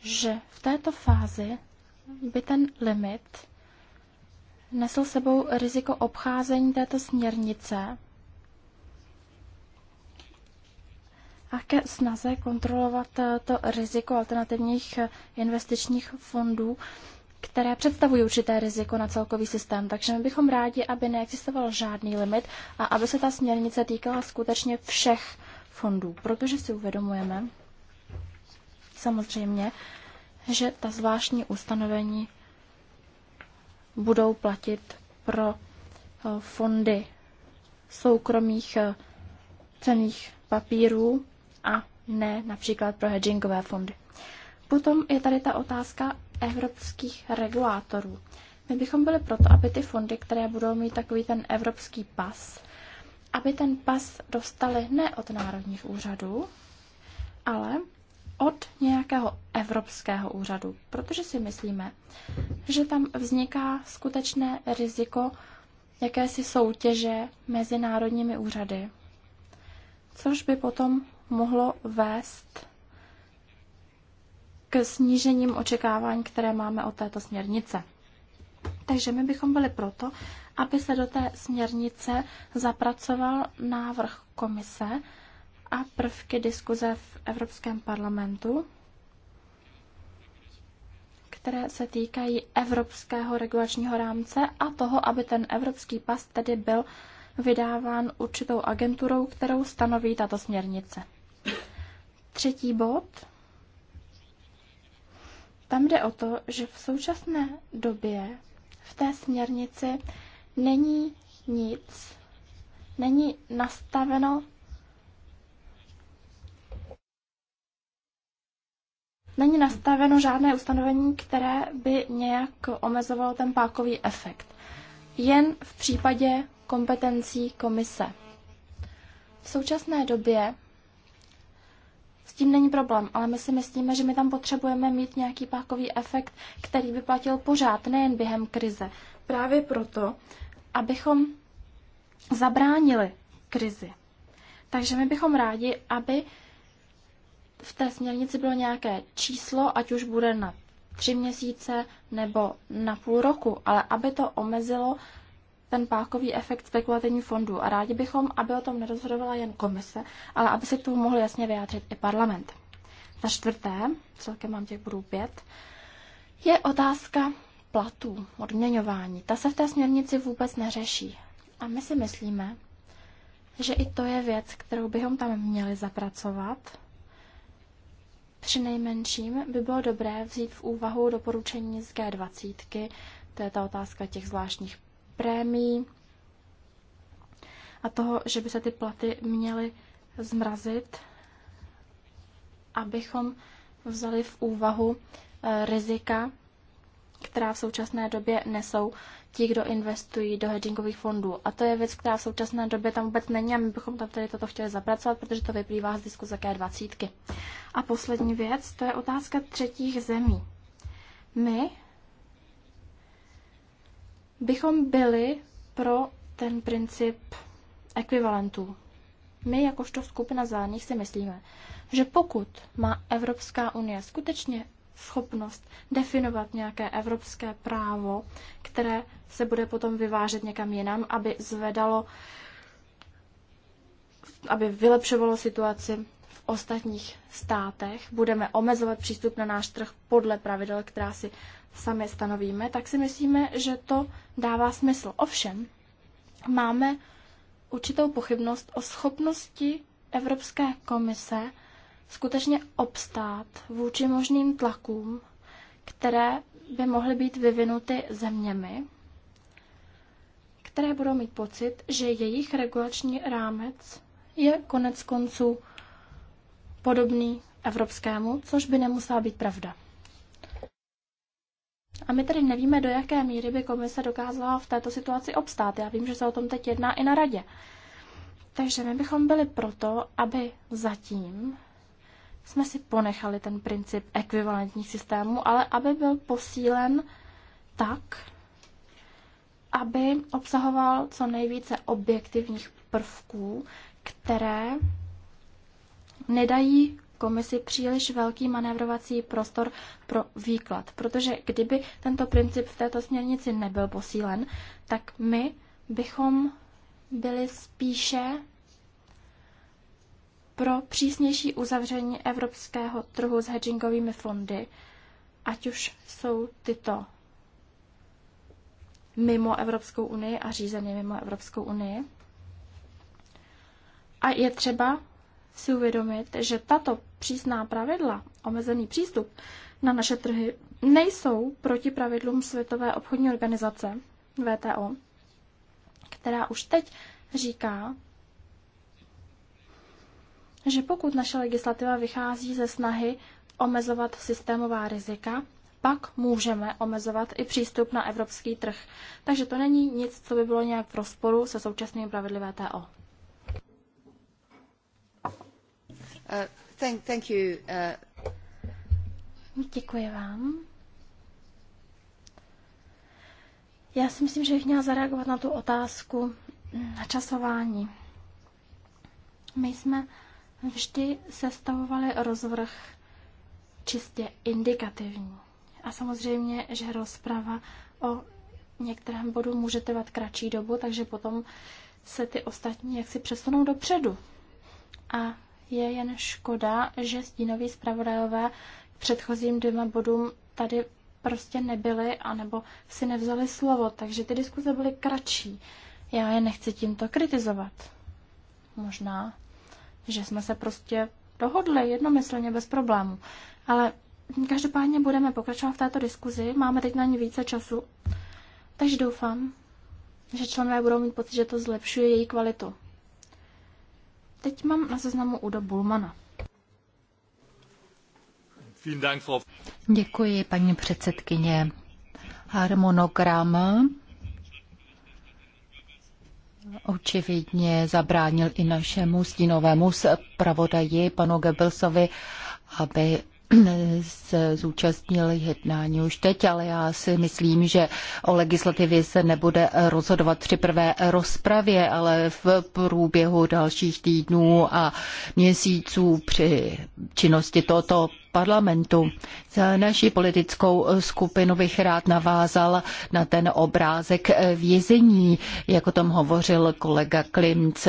že v této fázi by ten limit nesl sebou riziko obcházení této směrnice a ke snaze kontrolovat eh, to riziko alternativních eh, investičních fondů, které představují určité riziko na celkový systém. Takže my bychom rádi, aby neexistoval žádný limit a aby se ta směrnice týkala skutečně všech fondů, protože si uvědomujeme samozřejmě, že ta zvláštní ustanovení budou platit pro eh, fondy soukromých eh, cených papírů a ne například pro hedgingové fondy. Potom je tady ta otázka evropských regulátorů. My bychom byli proto, aby ty fondy, které budou mít takový ten evropský pas, aby ten pas dostali ne od národních úřadů, ale od nějakého evropského úřadu, protože si myslíme, že tam vzniká skutečné riziko jakési soutěže mezi národními úřady, což by potom mohlo vést k snížením očekávání, které máme od této směrnice. Takže my bychom byli proto, aby se do té směrnice zapracoval návrh komise, a prvky diskuze v Evropském parlamentu, které se týkají evropského regulačního rámce a toho, aby ten evropský pas tedy byl vydáván určitou agenturou, kterou stanoví tato směrnice. Třetí bod. Tam jde o to, že v současné době v té směrnici není nic, není nastaveno není nastaveno žádné ustanovení, které by nějak omezovalo ten pákový efekt. Jen v případě kompetencí komise. V současné době s tím není problém, ale my si myslíme, že my tam potřebujeme mít nějaký pákový efekt, který by platil pořád, nejen během krize. Právě proto, abychom zabránili krizi. Takže my bychom rádi, aby v té směrnici bylo nějaké číslo, ať už bude na tři měsíce nebo na půl roku, ale aby to omezilo ten pákový efekt spekulativních fondů. A rádi bychom, aby o tom nerozhodovala jen komise, ale aby se k tomu mohl jasně vyjádřit i parlament. Za čtvrté, celkem mám těch budou pět, je otázka platů, odměňování. Ta se v té směrnici vůbec neřeší. A my si myslíme, že i to je věc, kterou bychom tam měli zapracovat, nejmenším by bylo dobré vzít v úvahu doporučení z G20, to je ta otázka těch zvláštních prémií a toho, že by se ty platy měly zmrazit, abychom vzali v úvahu eh, rizika která v současné době nesou ti, kdo investují do hedgingových fondů. A to je věc, která v současné době tam vůbec není a my bychom tam tady toto chtěli zapracovat, protože to vyplývá z diskuze G20. A poslední věc, to je otázka třetích zemí. My bychom byli pro ten princip ekvivalentů. My jakožto skupina zelených si myslíme, že pokud má Evropská unie skutečně schopnost definovat nějaké evropské právo, které se bude potom vyvážet někam jinam, aby zvedalo, aby vylepšovalo situaci v ostatních státech. Budeme omezovat přístup na náš trh podle pravidel, která si sami stanovíme, tak si myslíme, že to dává smysl. Ovšem, máme určitou pochybnost o schopnosti Evropské komise skutečně obstát vůči možným tlakům, které by mohly být vyvinuty zeměmi, které budou mít pocit, že jejich regulační rámec je konec konců podobný evropskému, což by nemusela být pravda. A my tedy nevíme, do jaké míry by komise dokázala v této situaci obstát. Já vím, že se o tom teď jedná i na radě. Takže my bychom byli proto, aby zatím jsme si ponechali ten princip ekvivalentních systémů, ale aby byl posílen tak, aby obsahoval co nejvíce objektivních prvků, které nedají komisi příliš velký manévrovací prostor pro výklad. Protože kdyby tento princip v této směrnici nebyl posílen, tak my bychom byli spíše pro přísnější uzavření evropského trhu s hedgingovými fondy, ať už jsou tyto mimo Evropskou unii a řízeny mimo Evropskou unii. A je třeba si uvědomit, že tato přísná pravidla, omezený přístup na naše trhy, nejsou proti pravidlům Světové obchodní organizace, VTO, která už teď říká, že pokud naše legislativa vychází ze snahy omezovat systémová rizika, pak můžeme omezovat i přístup na evropský trh. Takže to není nic, co by bylo nějak v rozporu se současným pravidly VTO. Uh, thank, thank you, uh... Děkuji vám. Já si myslím, že bych měla zareagovat na tu otázku na časování. My jsme vždy sestavovali rozvrh čistě indikativní. A samozřejmě, že rozprava o některém bodu může trvat kratší dobu, takže potom se ty ostatní jaksi přesunou dopředu. A je jen škoda, že stínoví zpravodajové k předchozím dvěma bodům tady prostě nebyli, anebo si nevzali slovo, takže ty diskuze byly kratší. Já je nechci tímto kritizovat. Možná že jsme se prostě dohodli jednomyslně bez problémů. Ale každopádně budeme pokračovat v této diskuzi, máme teď na ní více času, takže doufám, že členové budou mít pocit, že to zlepšuje její kvalitu. Teď mám na seznamu Udo Bulmana. Děkuji, paní předsedkyně. Harmonogram očividně zabránil i našemu stínovému zpravodaji, panu Goebbelsovi, aby se zúčastnil jednání už teď, ale já si myslím, že o legislativě se nebude rozhodovat při prvé rozpravě, ale v průběhu dalších týdnů a měsíců při činnosti tohoto parlamentu. Za naši politickou skupinu bych rád navázal na ten obrázek vězení, jak o tom hovořil kolega Klimc.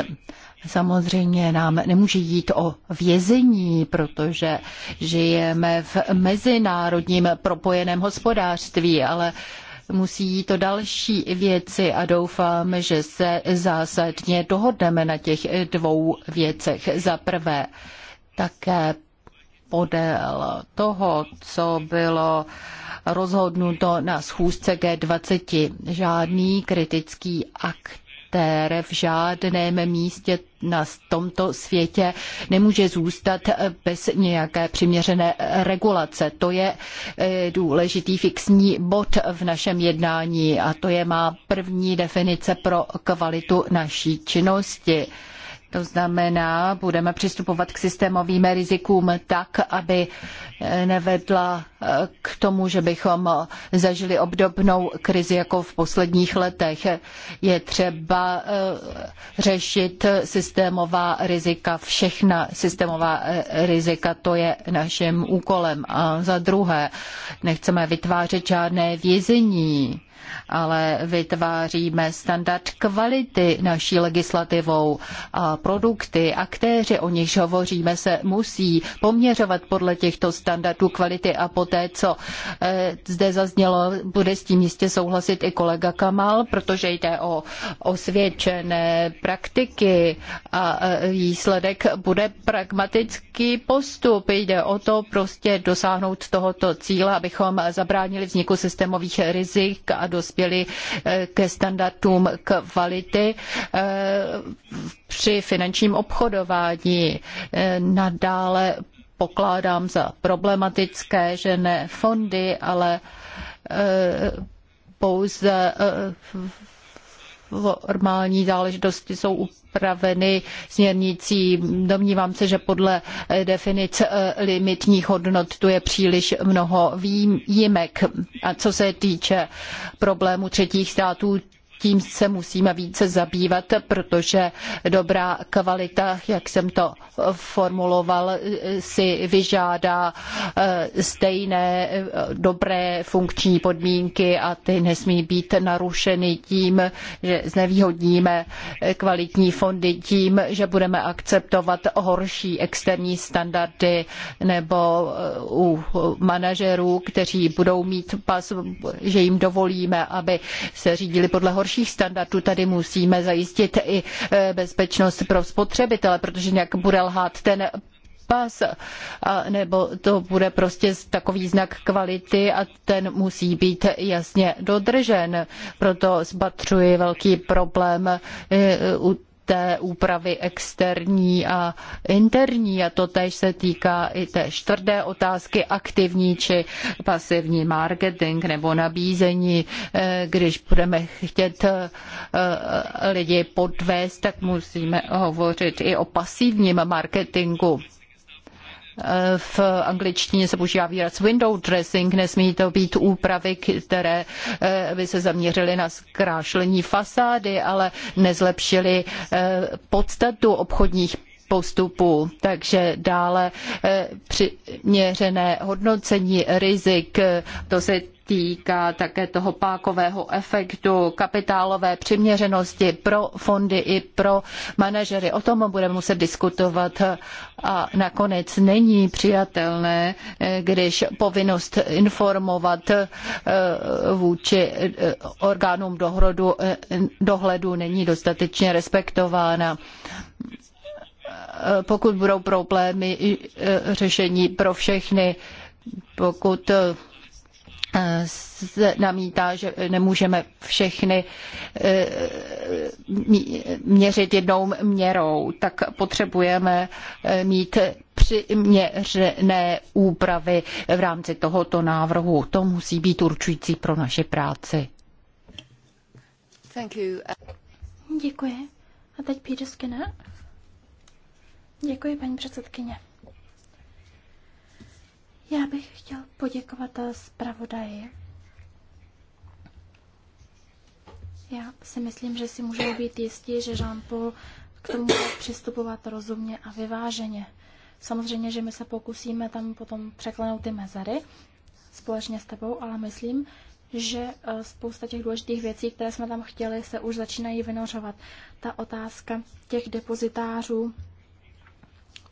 Samozřejmě nám nemůže jít o vězení, protože žijeme v mezinárodním propojeném hospodářství, ale musí jít o další věci a doufám, že se zásadně dohodneme na těch dvou věcech. Za prvé, také podél toho, co bylo rozhodnuto na schůzce G20. Žádný kritický akt aktér v žádném místě na tomto světě nemůže zůstat bez nějaké přiměřené regulace. To je eh, důležitý fixní bod v našem jednání a to je má první definice pro kvalitu naší činnosti. To znamená, budeme přistupovat k systémovým rizikům tak, aby eh, nevedla eh, k tomu, že bychom eh, zažili obdobnou krizi jako v posledních letech. Je třeba řešit systémová rizika, všechna systémová rizika, to je naším úkolem. A za druhé, nechceme vytvářet žádné vězení ale vytváříme standard kvality naší legislativou a produkty, aktéři, o nichž hovoříme, se musí poměřovat podle těchto standardů kvality a poté, co eh, zde zaznělo, bude s tím jistě souhlasit i kolega Kamal, protože jde o osvědčené praktiky a eh, výsledek bude pragmatický postup. Jde o to prostě dosáhnout tohoto cíle, abychom zabránili vzniku systémových rizik a dospěli eh, ke standardům kvality eh, při finančním obchodování. Eh, nadále pokládám za problematické, že ne fondy, ale pouze formální záležitosti jsou upraveny směrnicí. Domnívám se, že podle definic eh, limitních hodnot tu je příliš mnoho výjimek. A co se týče problému třetích států, tím se musíme více zabývat, protože dobrá kvalita, jak jsem to formuloval, si vyžádá eh, stejné eh, dobré funkční podmínky a ty nesmí být narušeny tím, že znevýhodníme kvalitní fondy tím, že budeme akceptovat horší externí standardy nebo eh, u manažerů, kteří budou mít pas, že jim dovolíme, aby se řídili podle horší dalších standardů. Tady musíme zajistit i e, bezpečnost pro spotřebitele, protože jinak bude lhát ten pas, a nebo to bude prostě takový znak kvality a ten musí být jasně dodržen. Proto spatřuji velký problém e, u té úpravy externí a interní. A to tež se týká i té čtvrté otázky aktivní či pasivní marketing nebo nabízení. Eh, když budeme chtět eh, lidi podvést, tak musíme hovořit i o pasivním marketingu. V angličtině se používá výraz window dressing, nesmí to být úpravy, které eh, by se zaměřily na zkrášlení fasády, ale nezlepšily eh, podstatu obchodních postupů. takže dále eh, přiměřené hodnocení rizik, to se týká také toho pákového efektu, kapitálové přiměřenosti pro fondy i pro manažery. O tom budeme muset diskutovat a nakonec není přijatelné, když povinnost informovat eh, vůči eh, orgánům dohledu, eh, dohledu není dostatečně respektována pokud budou problémy řešení pro všechny, pokud namítá, že nemůžeme všechny eh, měřit jednou měrou, tak potřebujeme eh, mít přiměřené úpravy v rámci tohoto návrhu. To musí být určující pro naši práci. Thank you. Děkuji. A teď Peter Skinner. Děkuji, paní předsedkyně. Já bych chtěl poděkovat eh, zpravodaji. Já si myslím, že si můžou být jistí, že Jean-Paul k tomu bude přistupovat rozumně a vyváženě. Samozřejmě, že my se pokusíme tam potom překlenout ty mezery společně s tebou, ale myslím, že eh, spousta těch důležitých věcí, které jsme tam chtěli, se už začínají vynořovat. Ta otázka těch depozitářů,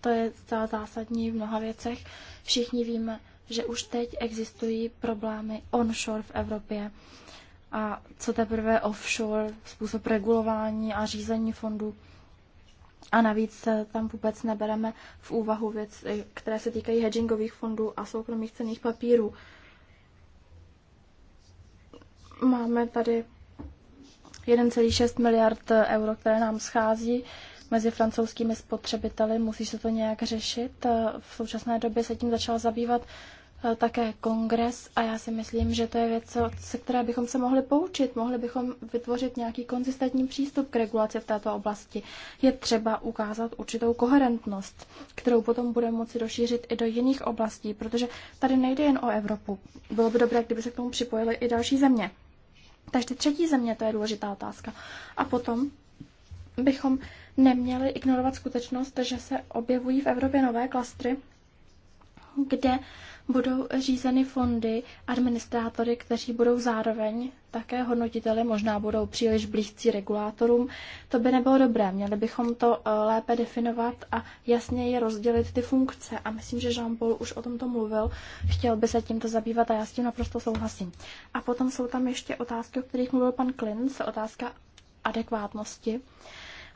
to je zcela zásadní v mnoha věcech. Všichni víme, že už teď existují problémy onshore v Evropě. A co teprve offshore, způsob regulování a řízení fondů. A navíc tam vůbec nebereme v úvahu věci, eh, které se týkají hedgingových fondů a soukromých cených papírů. Máme tady 1,6 miliard euro, které nám schází mezi francouzskými spotřebiteli. Musí se to nějak řešit. Eh, v současné době se tím začal zabývat eh, také kongres a já si myslím, že to je věc, se které bychom se mohli poučit. Mohli bychom vytvořit nějaký konzistentní přístup k regulaci v této oblasti. Je třeba ukázat určitou koherentnost, kterou potom budeme moci rozšířit i do jiných oblastí, protože tady nejde jen o Evropu. Bylo by dobré, kdyby se k tomu připojily i další země. Takže třetí země, to je důležitá otázka. A potom bychom neměli ignorovat skutečnost, že se objevují v Evropě nové klastry, kde budou řízeny fondy, administrátory, kteří budou zároveň také hodnotiteli, možná budou příliš blízcí regulátorům. To by nebylo dobré, měli bychom to eh, lépe definovat a jasně je rozdělit ty funkce. A myslím, že Jean-Paul už o tomto mluvil, chtěl by se tímto zabývat a já s tím naprosto souhlasím. A potom jsou tam ještě otázky, o kterých mluvil pan Klinc, otázka adekvátnosti. Uh,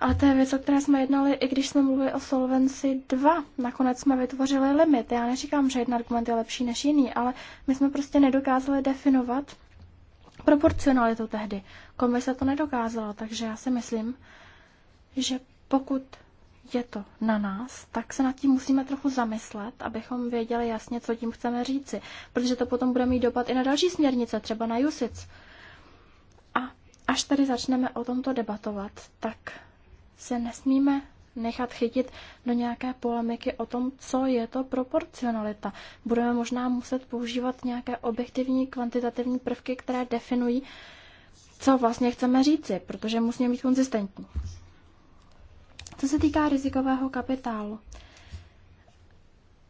a to je věc, o které jsme jednali, i když jsme mluvili o Solvency 2. Nakonec jsme vytvořili limit. Já neříkám, že jeden argument je lepší než jiný, ale my jsme prostě nedokázali definovat proporcionalitu tehdy. Komise to nedokázala, takže já si myslím, že pokud je to na nás, tak se nad tím musíme trochu zamyslet, abychom věděli jasně, co tím chceme říci, protože to potom bude mít dopad i na další směrnice, třeba na Jusic. A až tady začneme o tomto debatovat, tak se nesmíme nechat chytit do nějaké polemiky o tom, co je to proporcionalita. Budeme možná muset používat nějaké objektivní kvantitativní prvky, které definují, co vlastně chceme říci, protože musíme být konzistentní. Co se týká rizikového kapitálu,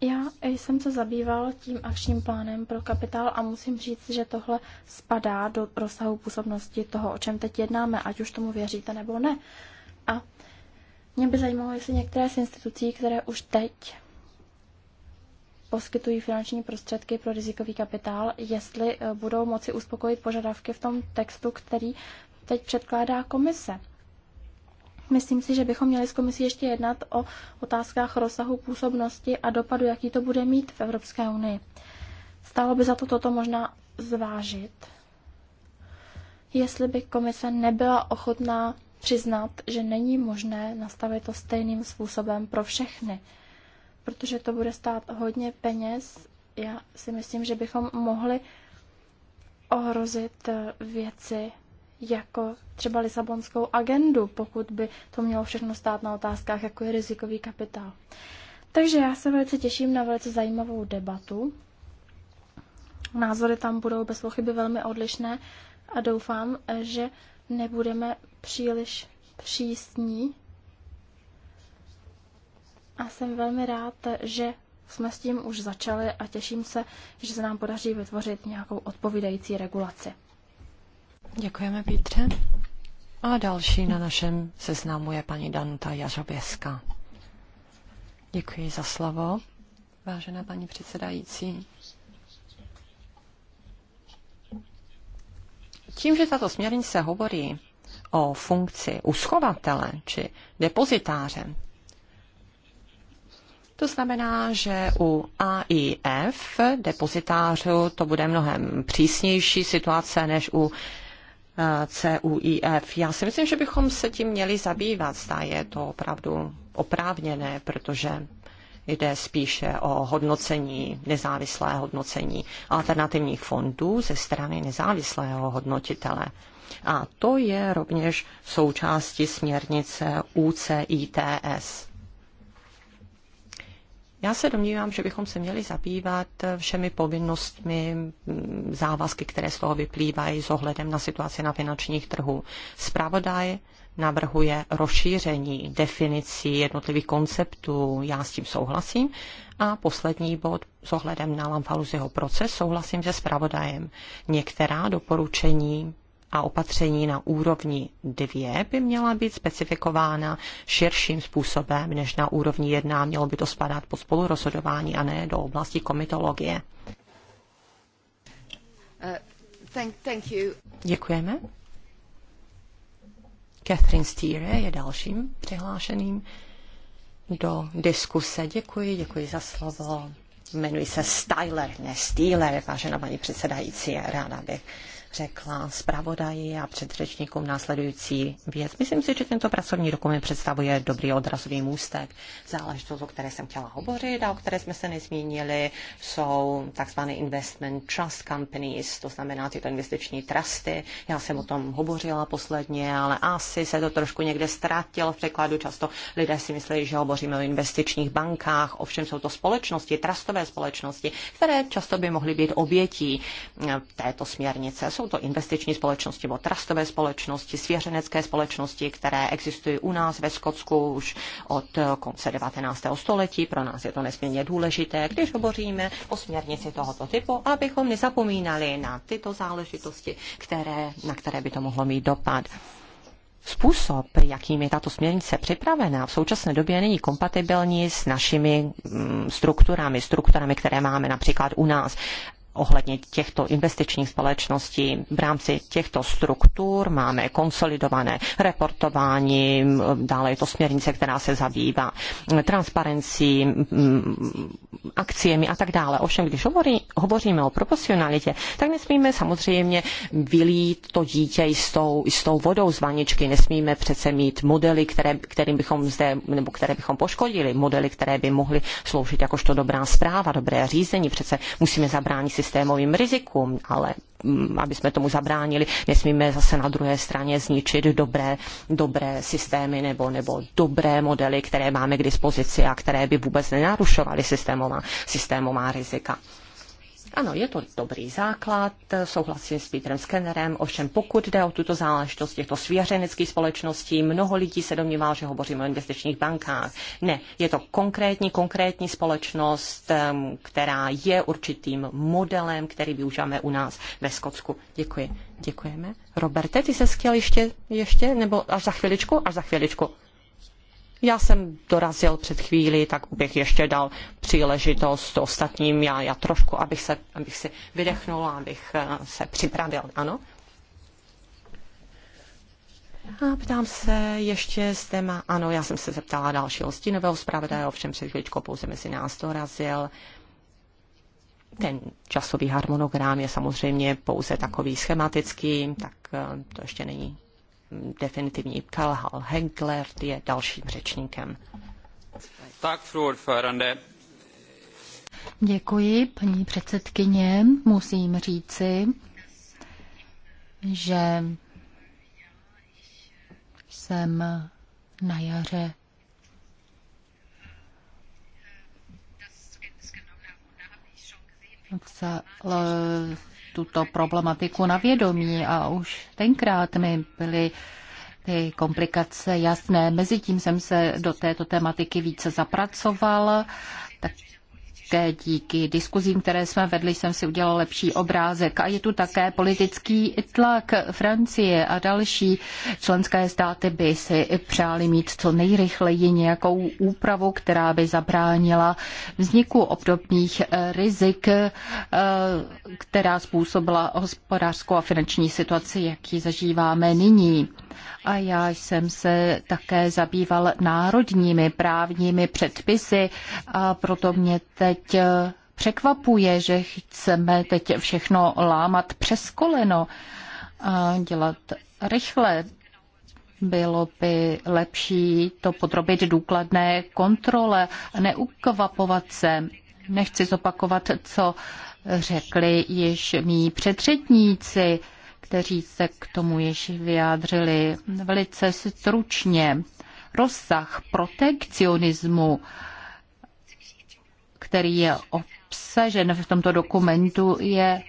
já jsem se zabýval tím akčním plánem pro kapitál a musím říct, že tohle spadá do rozsahu působnosti toho, o čem teď jednáme, ať už tomu věříte nebo ne. A mě by zajímalo, jestli některé z institucí, které už teď poskytují finanční prostředky pro rizikový kapitál, jestli eh, budou moci uspokojit požadavky v tom textu, který teď předkládá komise. Myslím si, že bychom měli s komisí ještě jednat o otázkách rozsahu působnosti a dopadu, jaký to bude mít v Evropské unii. Stálo by za to toto možná zvážit, jestli by komise nebyla ochotná přiznat, že není možné nastavit to stejným způsobem pro všechny, protože to bude stát hodně peněz. Já si myslím, že bychom mohli ohrozit eh, věci jako třeba Lisabonskou agendu, pokud by to mělo všechno stát na otázkách, jako je rizikový kapitál. Takže já se velice těším na velice zajímavou debatu. Názory tam budou bez pochyby velmi odlišné a doufám, eh, že nebudeme příliš přísní. A jsem velmi rád, že jsme s tím už začali a těším se, že se nám podaří vytvořit nějakou odpovídající regulaci. Děkujeme, Pítře. A další na našem seznamu je paní Danuta Jařoběska. Děkuji za slovo, vážená paní předsedající. tím, že tato směrnice hovorí o funkci uschovatele či depozitáře, to znamená, že u AIF depozitářů to bude mnohem přísnější situace než u eh, CUIF. Já si myslím, že bychom se tím měli zabývat. Zda je to opravdu oprávněné, protože Jde spíše o hodnocení, nezávislé hodnocení alternativních fondů ze strany nezávislého hodnotitele. A to je rovněž součástí směrnice UCITS. Já se domnívám, že bychom se měli zabývat eh, všemi povinnostmi, závazky, které z toho vyplývají s ohledem na situaci na finančních trhů. Spravodaj navrhuje rozšíření definicí jednotlivých konceptů, já s tím souhlasím. A poslední bod s ohledem na Lamfalusiho proces souhlasím se spravodajem. Některá doporučení a opatření na úrovni 2 by měla být specifikována širším způsobem než na úrovni 1. Mělo by to spadat pod spolurozhodování a ne do oblasti komitologie. Uh, thank, thank you. Děkujeme. Catherine Steere je dalším přihlášeným do diskuse. Děkuji, děkuji za slovo. Jmenuji se Styler, ne Steeler, vážená paní předsedající, ráda bych řekla zpravodaji a předřečníkům následující věc. Myslím si, že tento pracovní dokument představuje dobrý odrazový můstek. Záležitost, o které jsem chtěla hovořit a o které jsme se nezmínili, jsou tzv. investment trust companies, to znamená tyto investiční trusty. Já jsem o tom hovořila posledně, ale asi se to trošku někde ztratilo v překladu. Často lidé si myslí, že hovoříme o investičních bankách, ovšem jsou to společnosti, trustové společnosti, které často by mohly být obětí eh, této směrnice. Jsou jsou to investiční společnosti nebo trustové společnosti, svěřenecké společnosti, které existují u nás ve Skotsku už od konce 19. století. Pro nás je to nesmírně důležité, když hovoříme o směrnici tohoto typu, abychom nezapomínali na tyto záležitosti, které, na které by to mohlo mít dopad. Způsob, jakým je tato směrnice připravená, v současné době není kompatibilní s našimi mm, strukturami, strukturami, které máme například u nás ohledně těchto investičních společností. V rámci těchto struktur máme konsolidované reportování, dále je to směrnice, která se zabývá transparencí, mm, akciemi a tak dále. Ovšem, když hovorí, hovoříme o proporcionalitě, tak nesmíme samozřejmě vylít to dítě i s tou, s tou vodou z vaničky. Nesmíme přece mít modely, které, kterým bychom zde, nebo které bychom poškodili, modely, které by mohly sloužit jakožto dobrá zpráva, dobré řízení. Přece musíme zabránit systémovým rizikům, ale mm, aby jsme tomu zabránili, nesmíme zase na druhé straně zničit dobré, dobré systémy nebo, nebo dobré modely, které máme k dispozici a které by vůbec nenarušovaly systémová, systémová rizika. Ano, je to dobrý základ, souhlasím s Petrem Skennerem, ovšem pokud jde o tuto záležitost těchto svěřeneckých společností, mnoho lidí se domnívá, že hovoříme o investičních bankách. Ne, je to konkrétní, konkrétní společnost, která je určitým modelem, který využíváme u nás ve Skotsku. Děkuji. Děkujeme. Roberte, ty se chtěl ještě, ještě, nebo až za chviličku, až za chviličku. Já jsem dorazil před chvílí, tak bych ještě dal příležitost ostatním, já, já trošku, abych, se, abych si vydechnul, abych eh, se připravil, ano? A ptám se ještě z téma, ano, já jsem se zeptala dalšího stínového zpravodaje, ovšem před chvíličkou pouze mezi nás dorazil. Ten časový harmonogram je samozřejmě pouze takový schematický, tak eh, to ještě není definitivní. Kalhal Henkler je dalším řečníkem. Tak, fru Děkuji, paní předsedkyně. Musím říci, že jsem na jaře v tuto problematiku na vědomí a už tenkrát mi byly ty komplikace jasné. Mezitím jsem se do této tematiky více zapracoval, tak také díky diskuzím, které jsme vedli, jsem si udělal lepší obrázek. A je tu také politický tlak Francie a další členské státy by si přáli mít co nejrychleji nějakou úpravu, která by zabránila vzniku obdobných rizik, eh, která způsobila hospodářskou a finanční situaci, jak ji zažíváme nyní. A já jsem se také zabýval národními právními předpisy a proto mě teď teď eh, překvapuje, že chceme teď všechno lámat přes koleno a dělat rychle. Bylo by lepší to podrobit důkladné kontrole a neukvapovat se. Nechci zopakovat, co řekli již mý předřetníci, kteří se k tomu již vyjádřili velice stručně. Rozsah protekcionismu který je obsažen v tomto dokumentu, je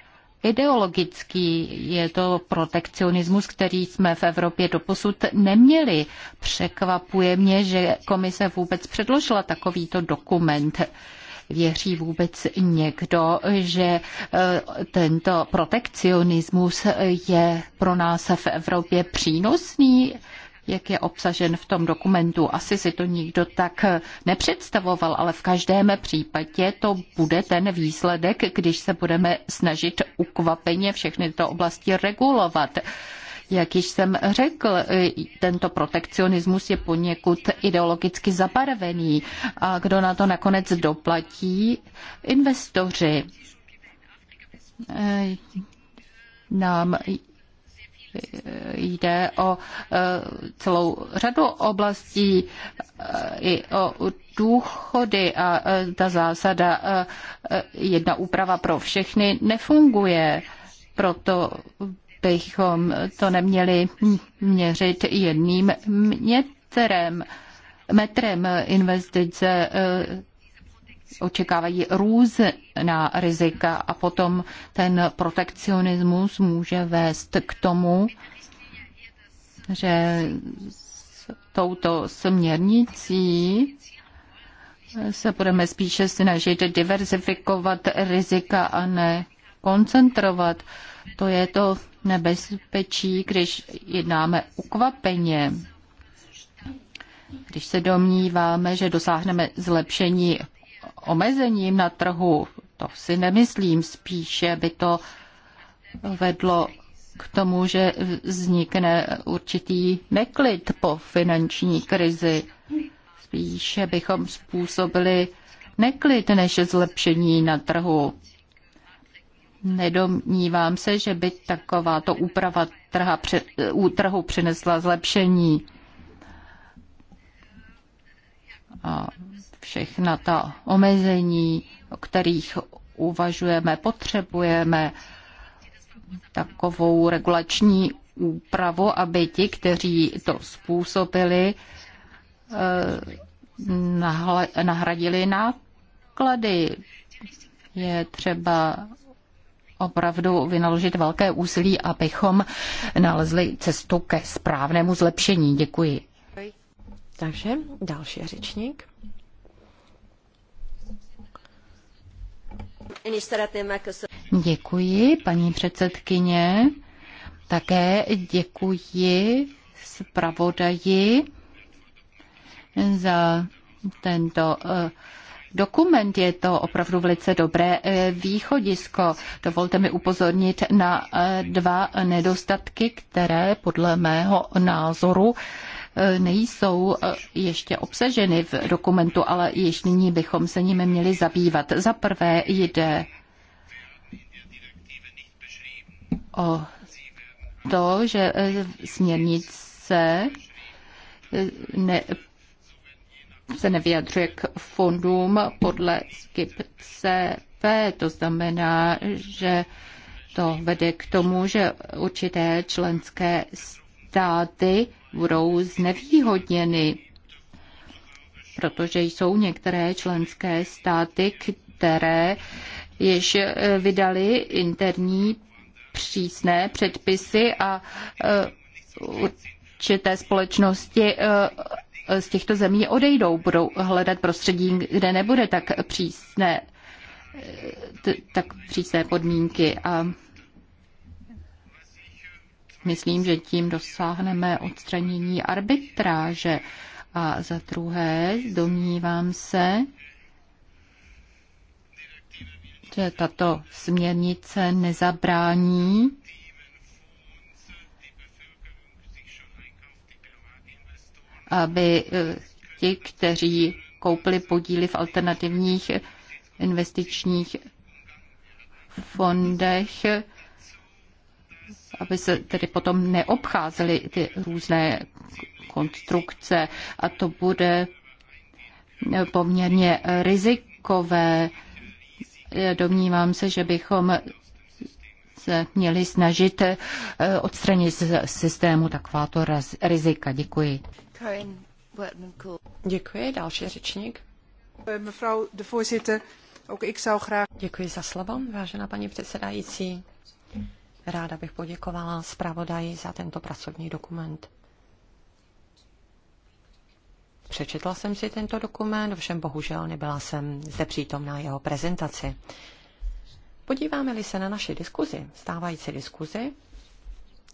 ideologický. Je to protekcionismus, který jsme v Evropě doposud neměli. Překvapuje mě, že komise vůbec předložila takovýto dokument. Věří vůbec někdo, že eh, tento protekcionismus je pro nás v Evropě přínosný? jak je obsažen v tom dokumentu. Asi si to nikdo tak nepředstavoval, ale v každém případě to bude ten výsledek, když se budeme snažit ukvapeně všechny tyto oblasti regulovat. Jak již jsem řekl, tento protekcionismus je poněkud ideologicky zabarvený. A kdo na to nakonec doplatí? Investoři. Nám jde o e, celou řadu oblastí, e, i o důchody a e, ta zásada jedna úprava pro všechny nefunguje. Proto bychom to neměli měřit jedným mětrem. Metrem investice očekávají různá rizika a potom ten protekcionismus může vést k tomu, že s touto směrnicí se budeme spíše snažit diverzifikovat rizika a ne koncentrovat. To je to nebezpečí, když jednáme ukvapeně. Když se domníváme, že dosáhneme zlepšení omezením na trhu. To si nemyslím, spíše by to vedlo k tomu, že vznikne určitý neklid po finanční krizi. Spíše bychom způsobili neklid než zlepšení na trhu. Nedomnívám se, že by takováto úprava trha, u trhu přinesla zlepšení. A všechna ta omezení, o kterých uvažujeme, potřebujeme takovou regulační úpravu, aby ti, kteří to způsobili, eh, nahradili náklady. Je třeba opravdu vynaložit velké úsilí, abychom nalezli cestu ke správnému zlepšení. Děkuji. Takže další řečník. Děkuji, paní předsedkyně. Také děkuji zpravodaji za tento eh, dokument. Je to opravdu velice dobré eh, východisko. Dovolte mi upozornit na eh, dva nedostatky, které podle mého názoru Eh, nejsou eh, ještě obsaženy v dokumentu, ale již nyní bychom se nimi měli zabývat. Za prvé jde o to, že eh, směrnice ne, se nevyjadřuje k fondům podle skip CP. To znamená, že to vede k tomu, že určité členské státy budou znevýhodněny, protože jsou některé členské státy, které již eh, vydali interní přísné předpisy a eh, určité společnosti eh, z těchto zemí odejdou, budou hledat prostředí, kde nebude tak přísné, tak přísné podmínky. A Myslím, že tím dosáhneme odstranění arbitráže. A za druhé, domnívám se, že tato směrnice nezabrání aby eh, ti, kteří koupili podíly v alternativních investičních fondech, aby se tedy potom neobcházely ty různé konstrukce a to bude poměrně rizikové. Domnívám se, že bychom se měli snažit eh, odstranit z systému takováto rizika. Děkuji. Děkuji. Další řečník. Eh, mevrouw de voorzitter, Děkuji za slovo, vážená paní předsedající. Ráda bych poděkovala zpravodaji za tento pracovní dokument. Přečetla jsem si tento dokument, ovšem bohužel nebyla jsem zde přítomná jeho prezentaci. Podíváme-li se na naši diskuzi, stávající diskuzi,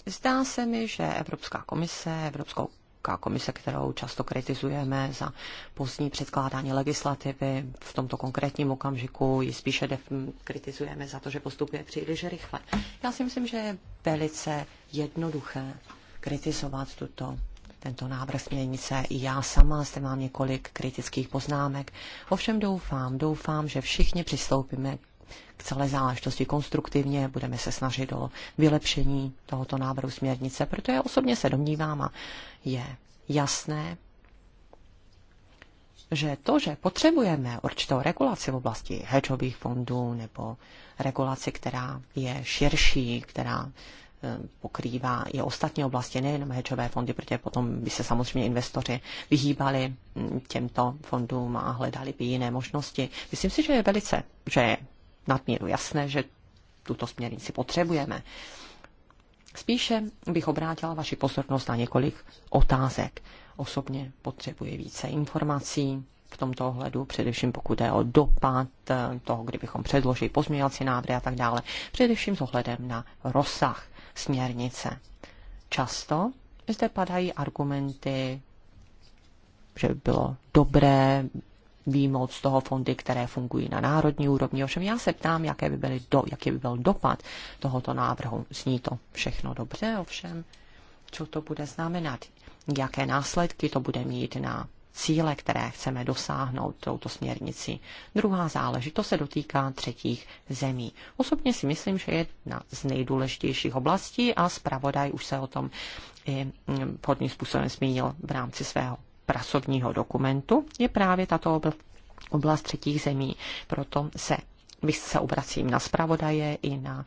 zdá se mi, že Evropská komise, Evropskou Evropská komise, kterou často kritizujeme za pozdní předkládání legislativy. V tomto konkrétním okamžiku ji spíše kritizujeme za to, že postupuje příliš rychle. Já si myslím, že je velice jednoduché kritizovat tuto tento návrh směrnice. I já sama zde mám několik kritických poznámek. Ovšem doufám, doufám, že všichni přistoupíme k celé záležitosti konstruktivně, budeme se snažit o vylepšení tohoto návrhu směrnice, protože osobně se domnívám a je jasné, že to, že potřebujeme určitou regulaci v oblasti hedžových fondů nebo regulaci, která je širší, která eh, pokrývá i ostatní oblasti, nejenom hedžové fondy, protože potom by se samozřejmě investoři vyhýbali hm, těmto fondům a hledali by jiné možnosti. Myslím si, že je velice, že je nadmíru jasné, že tuto směrnici potřebujeme. Spíše bych obrátila vaši pozornost na několik otázek. Osobně potřebuji více informací v tomto ohledu, především pokud jde o dopad eh, toho, kdybychom předložili pozměňovací návrhy a tak dále, především s ohledem na rozsah směrnice. Často zde padají argumenty, že by bylo dobré výmoc toho fondy, které fungují na národní úrovni. Ovšem já se ptám, jaké by byly do, jaký by byl dopad tohoto návrhu. Zní to všechno dobře, ovšem, co to bude znamenat? Jaké následky to bude mít na cíle, které chceme dosáhnout touto směrnici. Druhá záležitost se dotýká třetích zemí. Osobně si myslím, že jedna z nejdůležitějších oblastí a zpravodaj už se o tom i podným mm, způsobem zmínil v rámci svého pracovního dokumentu je právě tato oblast třetích zemí. Proto se, bych se obracím na zpravodaje i na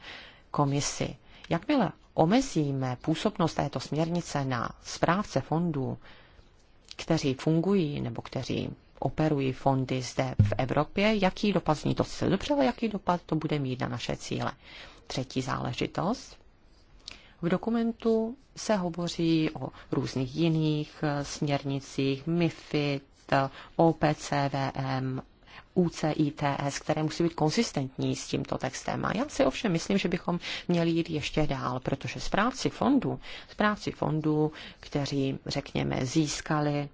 komisi. Jakmile omezíme působnost této směrnice na správce fondů, kteří fungují nebo kteří operují fondy zde v Evropě, jaký dopad zní to sice dobře, ale jaký dopad to bude mít na naše cíle. Třetí záležitost, v dokumentu se hovoří o různých jiných eh, směrnicích, MIFID, eh, OPCVM, UCITS, které musí být konsistentní s tímto textem. A já si ovšem myslím, že bychom měli jít ještě dál, protože správci fondů, správci fondů, kteří, řekněme, získali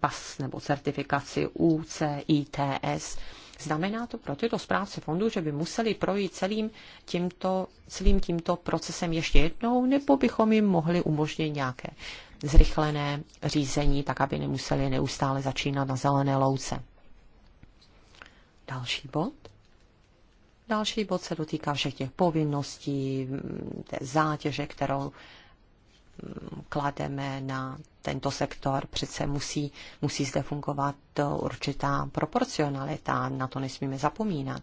pas nebo certifikaci UCITS, Znamená to pro tyto zprávce fondů, že by museli projít celým tímto, celým tímto procesem ještě jednou, nebo bychom jim mohli umožnit nějaké zrychlené řízení, tak aby nemuseli neustále začínat na zelené louce. Další bod. Další bod se dotýká všech těch povinností, té zátěže, kterou klademe na tento sektor, přece musí, musí zde fungovat určitá proporcionalita, na to nesmíme zapomínat.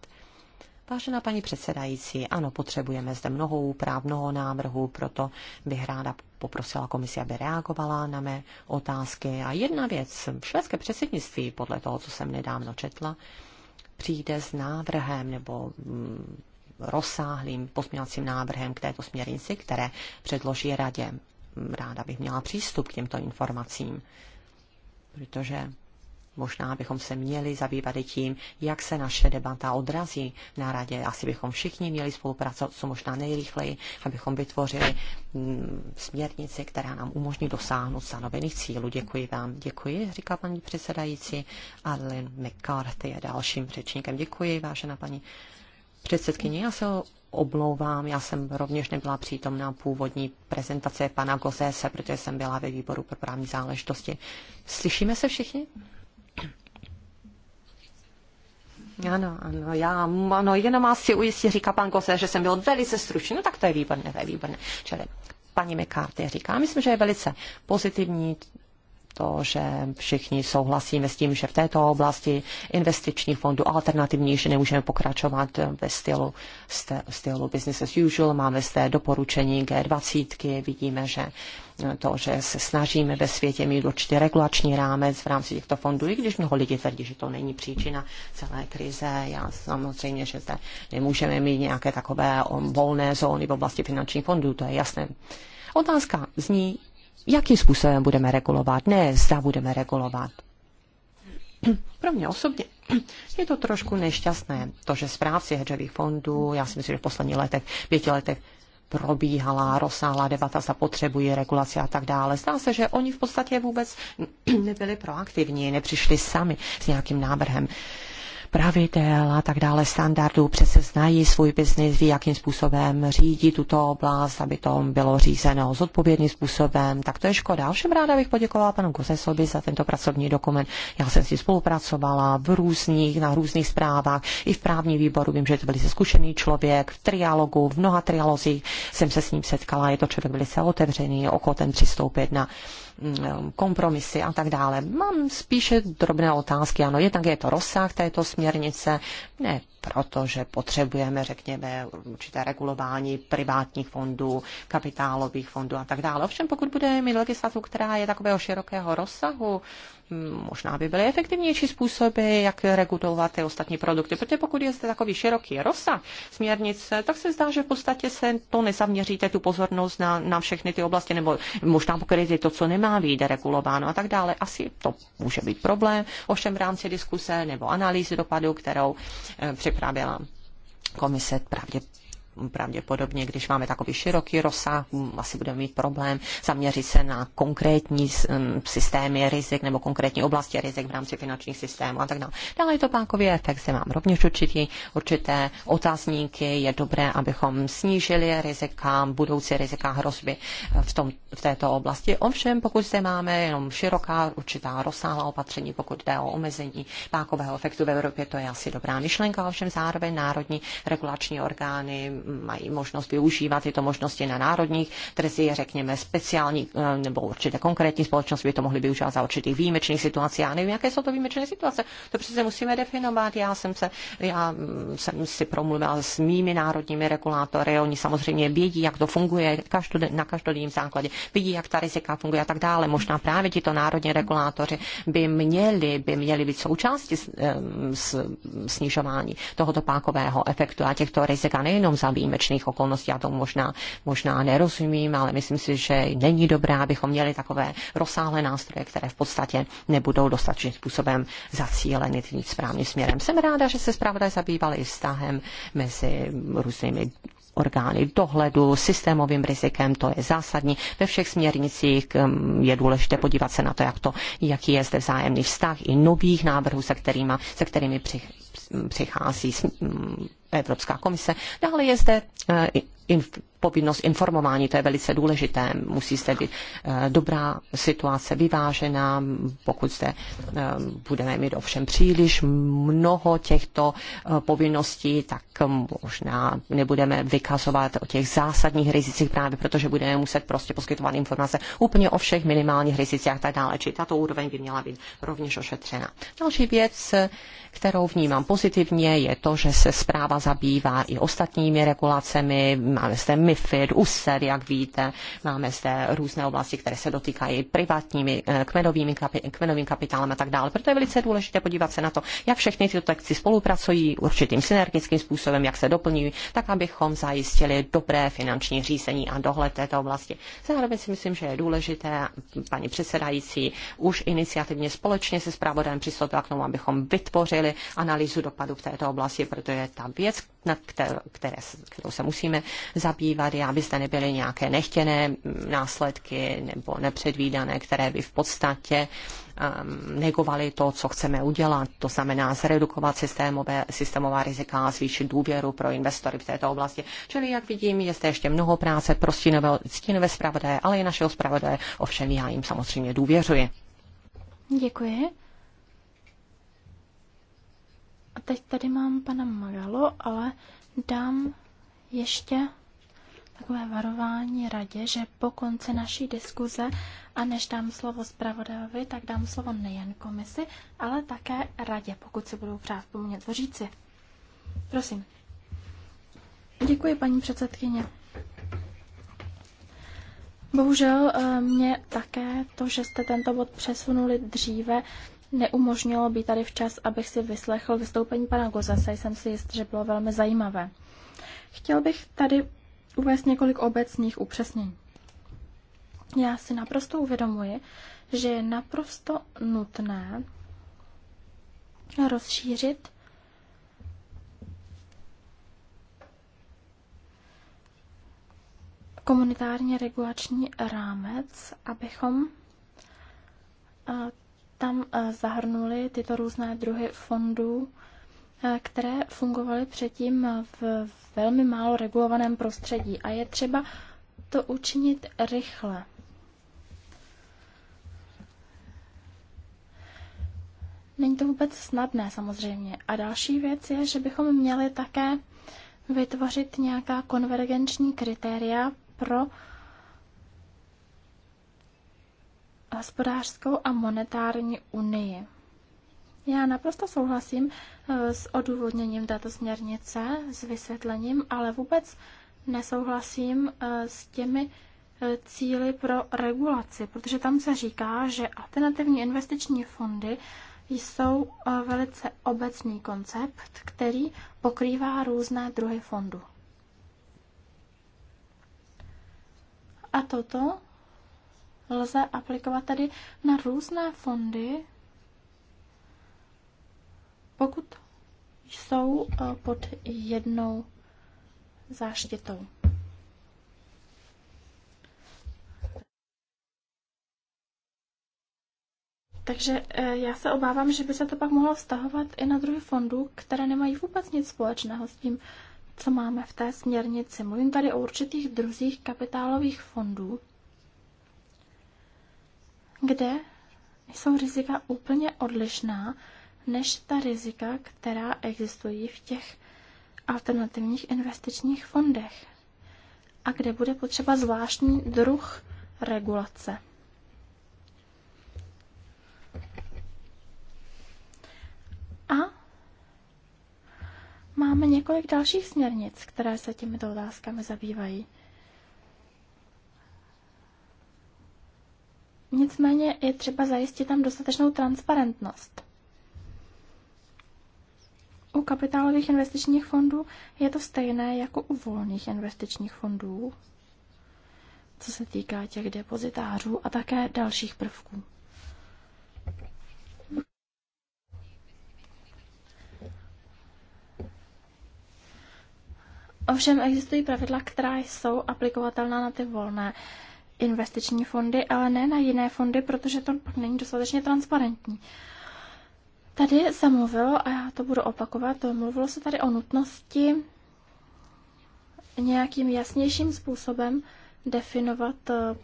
Vážená paní předsedající, ano, potřebujeme zde mnoho úprav, mnoho návrhů, proto bych ráda poprosila komisi, aby reagovala na mé otázky. A jedna věc, švédské předsednictví, podle toho, co jsem nedávno četla, přijde s návrhem nebo mm, rozsáhlým pozměňovacím návrhem k této směrnici, které předloží radě ráda bych měla přístup k těmto informacím, protože možná bychom se měli zabývat i tím, jak se naše debata odrazí na radě. Asi bychom všichni měli spolupracovat co možná nejrychleji, abychom vytvořili mm, směrnici, která nám umožní dosáhnout stanovených cílů. Děkuji vám. Děkuji, říká paní předsedající. Adeline McCarthy je dalším řečníkem. Děkuji, vážená paní předsedkyně. Já se omlouvám, já jsem rovněž nebyla přítomná původní prezentace pana Gozese, protože jsem byla ve výboru pro právní záležitosti. Slyšíme se všichni? Ano, ano, já, ano, jenom asi ujistě říká pan Gozese, že jsem byl velice stručný, no tak to je výborné, to je výborné. Čili paní McCarthy říká, myslím, že je velice pozitivní to, že všichni souhlasíme s tím, že v této oblasti investičních fondů alternativních, že nemůžeme pokračovat ve stylu, stylu business as usual. Máme zde doporučení G20, vidíme, že to, že se snažíme ve světě mít určitý regulační rámec v rámci těchto fondů, i když mnoho lidí tvrdí, že to není příčina celé krize. Já samozřejmě, že zde nemůžeme mít nějaké takové volné zóny v oblasti finančních fondů, to je jasné. Otázka zní, jakým způsobem budeme regulovat, ne zda budeme regulovat. Pro mě osobně je to trošku nešťastné, to, že zprávci hedžových fondů, já si myslím, že v posledních letech, pěti letech, probíhala rozsáhlá debata, zda potřebují regulace a tak dále. Zdá se, že oni v podstatě vůbec nebyli proaktivní, nepřišli sami s nějakým návrhem. Uh, pravidel a tak dále, standardů, přece znají svůj biznis, ví, jakým způsobem řídí tuto oblast, aby to bylo řízeno zodpovědným způsobem, tak to je škoda. Ovšem ráda bych poděkovala panu Gosesovi za tento pracovní dokument. Já jsem si spolupracovala v různých, na různých zprávách, i v právním výboru, vím, že je to velice zkušený člověk, v trialogu, v mnoha trialozích jsem se s ním setkala, je to člověk velice otevřený, ochoten přistoupit na Mm, kompromisy a tak dále. Mám spíše drobné otázky. Ano, jednak je to rozsah této směrnice, ne protože potřebujeme, řekněme, určité regulování privátních fondů, kapitálových fondů a tak dále. Ovšem, pokud budeme mít legislativu, která je takového širokého rozsahu, možná by byly efektivnější způsoby, jak regulovat ty ostatní produkty. Protože pokud je zde takový široký rozsah směrnice, tak se zdá, že v podstatě se to nezaměříte tu pozornost na, na všechny ty oblasti, nebo možná je to, co nemá být regulováno a tak dále. Asi to může být problém, ovšem v rámci diskuse nebo analýzy dopadu, kterou eh, připravila komise pravděpodobně pravděpodobně, když máme takový široký rozsah, asi budeme mít problém zaměřit se na konkrétní systémy rizik nebo konkrétní oblasti rizik v rámci finančních systémů a tak dále. Dále je to pákový efekt, se mám rovněž určitý, určité otázníky je dobré, abychom snížili rizika, budoucí rizika hrozby v, tom, v této oblasti. Ovšem, pokud zde máme jenom široká, určitá rozsáhlá opatření, pokud jde o omezení pákového efektu v Evropě, to je asi dobrá myšlenka, ovšem zároveň národní regulační orgány mají možnost využívat tyto možnosti na národních trzích, řekněme speciální eh, nebo určité konkrétní společnosti by to mohly využívat za určitých výjimečných situací. Já nevím, jaké jsou to výjimečné situace. To přece musíme definovat. Já jsem, se, já mm, jsem si promluvila s mými národními regulátory. Oni samozřejmě vědí, jak to funguje na každodenním základě. Vidí, jak ta rizika funguje a tak dále. Možná právě tito národní regulátoři by měli, by měli být součástí eh, snižování tohoto pákového efektu a těchto rizika nejenom za výjimečných okolností. Já tomu možná, možná nerozumím, ale myslím si, že není dobré, abychom měli takové rozsáhlé nástroje, které v podstatě nebudou dostatečným způsobem zacíleny tím správným směrem. Jsem ráda, že se zpravodaj zabývaly i vztahem mezi různými orgány dohledu, systémovým rizikem, to je zásadní. Ve všech směrnicích um, je důležité podívat se na to, jak to, jaký je zde vzájemný vztah i nových návrhů, se, kterýma, se kterými přichází Evropská komise. Dále je zde eh, inf- povinnost informování, to je velice důležité. Musí se být eh, dobrá situace, vyvážená, pokud zde eh, budeme mít ovšem příliš mnoho těchto eh, povinností, tak možná nebudeme vykazovat o těch zásadních rizicích právě, protože budeme muset prostě poskytovat informace úplně o všech minimálních rizicích a tak dále. Či tato úroveň by měla být rovněž ošetřena. Další věc, kterou vnímám pozitivně, je to, že se zpráva zabývá i ostatními regulacemi, máme zde MIFID, USER, jak víte, máme zde různé oblasti, které se dotýkají privátními eh, kmenovými, kmenovým kapitálem a tak dále. Proto je velice důležité podívat se na to, jak všechny tyto texty spolupracují určitým synergickým způsobem, jak se doplňují, tak abychom zajistili dobré finanční řízení a dohled této oblasti. Zároveň si myslím, že je důležité, paní předsedající už iniciativně společně se zpravodajem přistoupila k tomu, abychom vytvořili analýzu dopadu v této oblasti, protože ta věc, na které, které, kterou se musíme zabývat, zde nebyly nějaké nechtěné následky nebo nepředvídané, které by v podstatě um, negovali to, co chceme udělat, to znamená zredukovat systémové, systémová rizika a zvýšit důvěru pro investory v této oblasti. Čili, jak vidím, je zde ještě mnoho práce pro stínové, stínové zpravodaje, ale i našeho zpravodaje, ovšem já jim samozřejmě důvěřuji. Děkuji. A teď tady mám pana Magalo, ale dám ještě takové varování radě, že po konci naší diskuze a než dám slovo zpravodajovi, tak dám slovo nejen komisi, ale také radě, pokud si budou přát po tvoříci. Prosím. Děkuji, paní předsedkyně. Bohužel eh, mě také to, že jste tento bod přesunuli dříve, neumožnilo být tady včas, abych si vyslechl vystoupení pana Gozase. Jsem si jist, že bylo velmi zajímavé. Chtěl bych tady uvést několik obecných upřesnění. Já si naprosto uvědomuji, že je naprosto nutné rozšířit komunitárně regulační rámec, abychom eh, tam eh, zahrnuli tyto různé druhy fondů které fungovaly předtím v velmi málo regulovaném prostředí a je třeba to učinit rychle. Není to vůbec snadné samozřejmě. A další věc je, že bychom měli také vytvořit nějaká konvergenční kritéria pro hospodářskou a monetární unii. Já naprosto souhlasím eh, s odůvodněním této směrnice, s vysvětlením, ale vůbec nesouhlasím eh, s těmi eh, cíly pro regulaci, protože tam se říká, že alternativní investiční fondy jsou velice obecný koncept, který pokrývá různé druhy fondů. A toto lze aplikovat tedy na různé fondy pokud jsou eh, pod jednou záštětou. Takže eh, já se obávám, že by se to pak mohlo vztahovat i na druhy fondů, které nemají vůbec nic společného s tím, co máme v té směrnici. Mluvím tady o určitých druzích kapitálových fondů, kde jsou rizika úplně odlišná než ta rizika, která existují v těch alternativních investičních fondech a kde bude potřeba zvláštní druh regulace. A máme několik dalších směrnic, které se těmito otázkami zabývají. Nicméně je třeba zajistit tam dostatečnou transparentnost. U kapitálových investičních fondů je to stejné jako u volných investičních fondů, co se týká těch depozitářů a také dalších prvků. Ovšem existují pravidla, která jsou aplikovatelná na ty volné investiční fondy, ale ne na jiné fondy, protože to pak není dostatečně transparentní. Tady se mluvilo, a já to budu opakovat, to mluvilo se tady o nutnosti nějakým jasnějším způsobem definovat eh,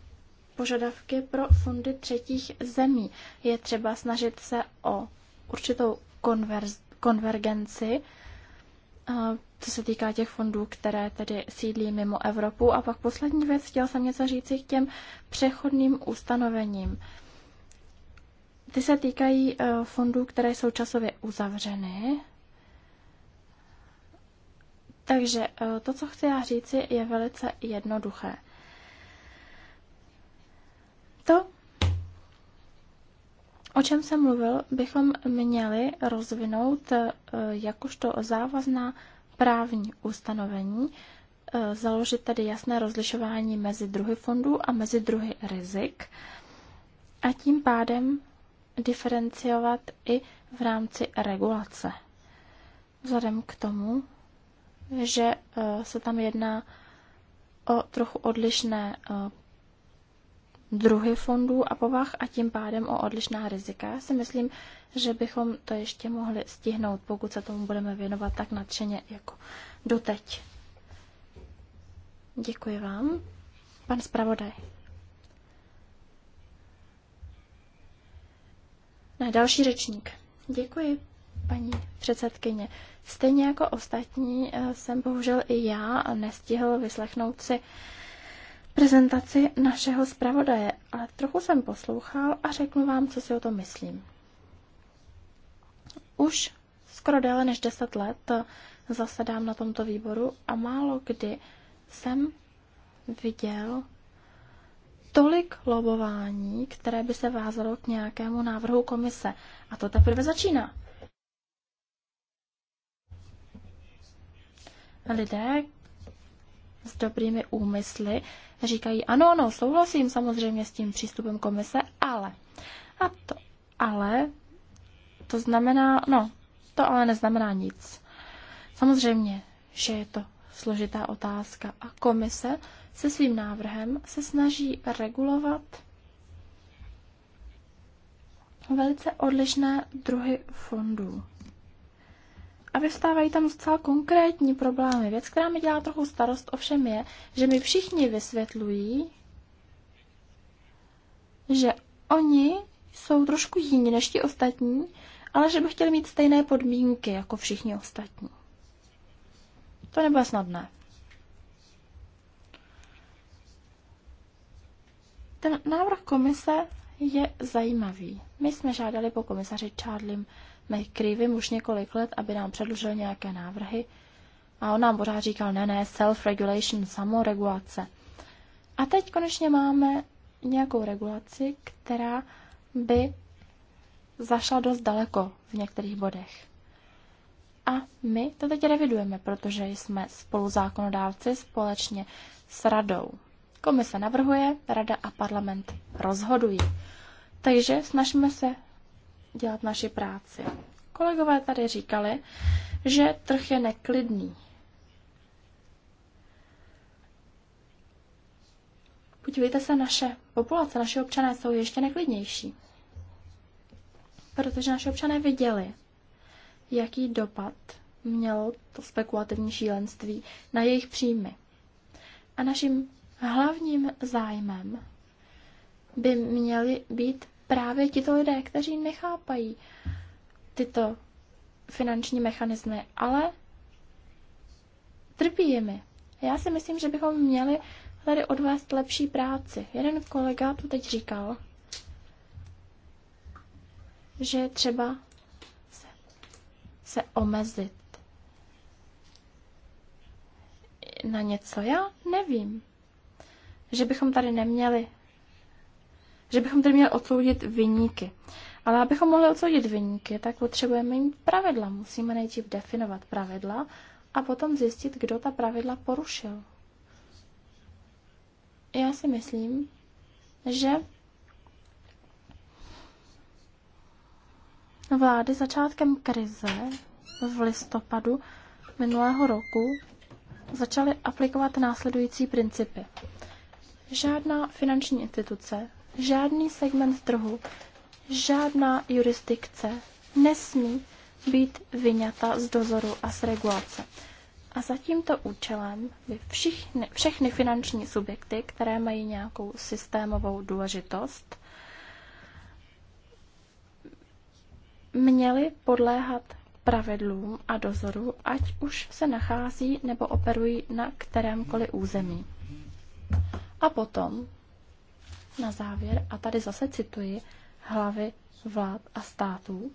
požadavky pro fondy třetích zemí. Je třeba snažit se o určitou konverz, konvergenci, eh, co se týká těch fondů, které tedy sídlí mimo Evropu. A pak poslední věc, chtěl jsem něco říci k těm přechodným ustanovením. Ty se týkají eh, fondů, které jsou časově uzavřeny. Takže eh, to, co chci já říci, je velice jednoduché. To, o čem jsem mluvil, bychom měli rozvinout eh, jakožto závazná právní ustanovení, založit tedy jasné rozlišování mezi druhy fondů a mezi druhy rizik a tím pádem diferenciovat i v rámci regulace. Vzhledem k tomu, že e, se tam jedná o trochu odlišné e, druhy fondů a povah a tím pádem o odlišná rizika. Já si myslím, že bychom to ještě mohli stihnout, pokud se tomu budeme věnovat tak nadšeně jako doteď. Děkuji vám. Pan zpravodaj. Na další řečník. Děkuji, paní předsedkyně. Stejně jako ostatní eh, jsem bohužel i já nestihl vyslechnout si prezentaci našeho zpravodaje, ale trochu jsem poslouchal a řeknu vám, co si o tom myslím. Už skoro déle než 10 let eh, zasedám na tomto výboru a málo kdy jsem viděl tolik lobování, které by se vázalo k nějakému návrhu komise. A to teprve začíná. Lidé s dobrými úmysly říkají, ano, ano, souhlasím samozřejmě s tím přístupem komise, ale. A to ale, to znamená, no, to ale neznamená nic. Samozřejmě, že je to složitá otázka a komise se svým návrhem se snaží regulovat velice odlišné druhy fondů. A vyvstávají tam zcela konkrétní problémy. Věc, která mi dělá trochu starost, ovšem je, že mi všichni vysvětlují, že oni jsou trošku jiní než ti ostatní, ale že by chtěli mít stejné podmínky jako všichni ostatní. To nebude snadné. Ten návrh komise je zajímavý. My jsme žádali po komisaři Charlie McCreevym už několik let, aby nám předložil nějaké návrhy. A on nám pořád říkal, ne, ne, self-regulation, samoregulace. A teď konečně máme nějakou regulaci, která by zašla dost daleko v některých bodech. A my to teď revidujeme, protože jsme spoluzákonodávci společně s radou. Komise navrhuje, rada a parlament rozhodují. Takže snažíme se dělat naši práci. Kolegové tady říkali, že trh je neklidný. Podívejte se, naše populace, naše občané jsou ještě neklidnější. Protože naše občané viděli, jaký dopad měl to spekulativní šílenství na jejich příjmy. A naším Hlavním zájmem by měli být právě tito lidé, kteří nechápají tyto finanční mechanismy, ale trpí jimi. Já si myslím, že bychom měli tady odvést lepší práci. Jeden kolega tu teď říkal, že třeba se, se omezit na něco. Já nevím že bychom tady neměli, že bychom tady měli odsoudit vyníky. Ale abychom mohli odsoudit vyníky, tak potřebujeme mít pravidla. Musíme nejdřív definovat pravidla a potom zjistit, kdo ta pravidla porušil. Já si myslím, že vlády začátkem krize v listopadu minulého roku začaly aplikovat následující principy žádná finanční instituce, žádný segment trhu, žádná jurisdikce nesmí být vyňata z dozoru a z regulace. A za tímto účelem by všichni, všechny finanční subjekty, které mají nějakou systémovou důležitost, měly podléhat pravidlům a dozoru, ať už se nachází nebo operují na kterémkoliv území. A potom, na závěr, a tady zase cituji hlavy vlád a států,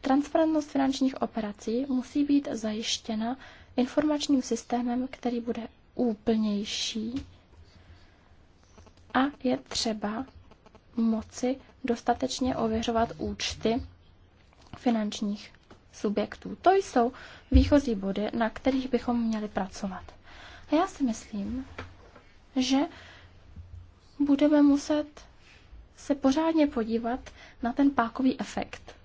transparentnost finančních operací musí být zajištěna informačním systémem, který bude úplnější a je třeba moci dostatečně ověřovat účty finančních subjektů. To jsou výchozí body, na kterých bychom měli pracovat. A já si myslím, že budeme muset se pořádně podívat na ten pákový efekt.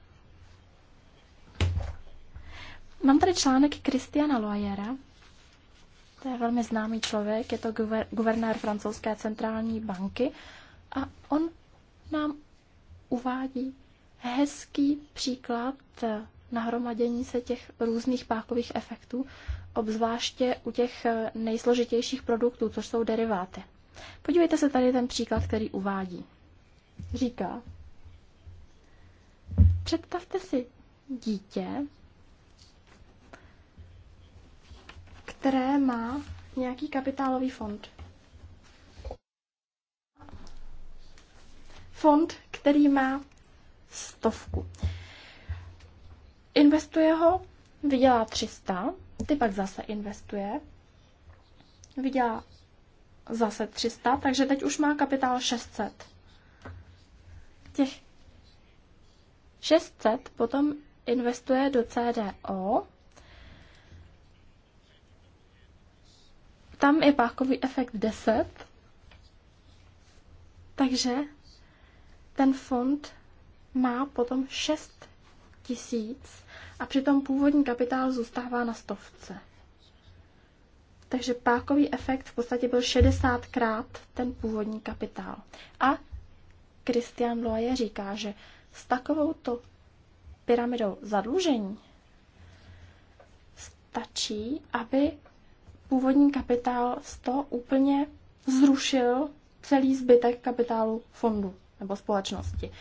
Mám tady článek Kristiana Loajera, to je velmi známý člověk, je to guvernér francouzské centrální banky a on nám uvádí hezký příklad nahromadění se těch různých pákových efektů, obzvláště u těch nejsložitějších produktů, což jsou deriváty. Podívejte se tady ten příklad, který uvádí. Říká, představte si dítě, které má nějaký kapitálový fond. Fond, který má stovku. Investuje ho, vydělá 300, ty pak zase investuje, vydělá zase 300, takže teď už má kapitál 600. Těch 600 potom investuje do CDO. Tam je pákový efekt 10. Takže ten fond má potom 6 tisíc a přitom původní kapitál zůstává na stovce. Takže pákový efekt v podstatě byl 60krát ten původní kapitál. A Christian Loye říká, že s takovouto pyramidou zadlužení stačí, aby původní kapitál toho úplně zrušil celý zbytek kapitálu fondu nebo společnosti.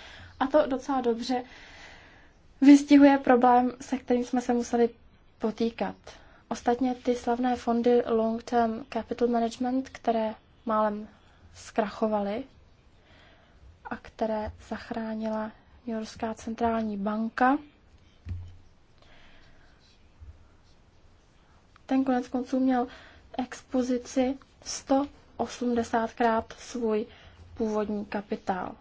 A to docela dobře vystihuje problém, se kterým jsme se museli potýkat. Ostatně ty slavné fondy Long Term Capital Management, které málem zkrachovaly a které zachránila New Yorkská centrální banka, ten konec konců měl expozici 180 krát svůj původní kapitál.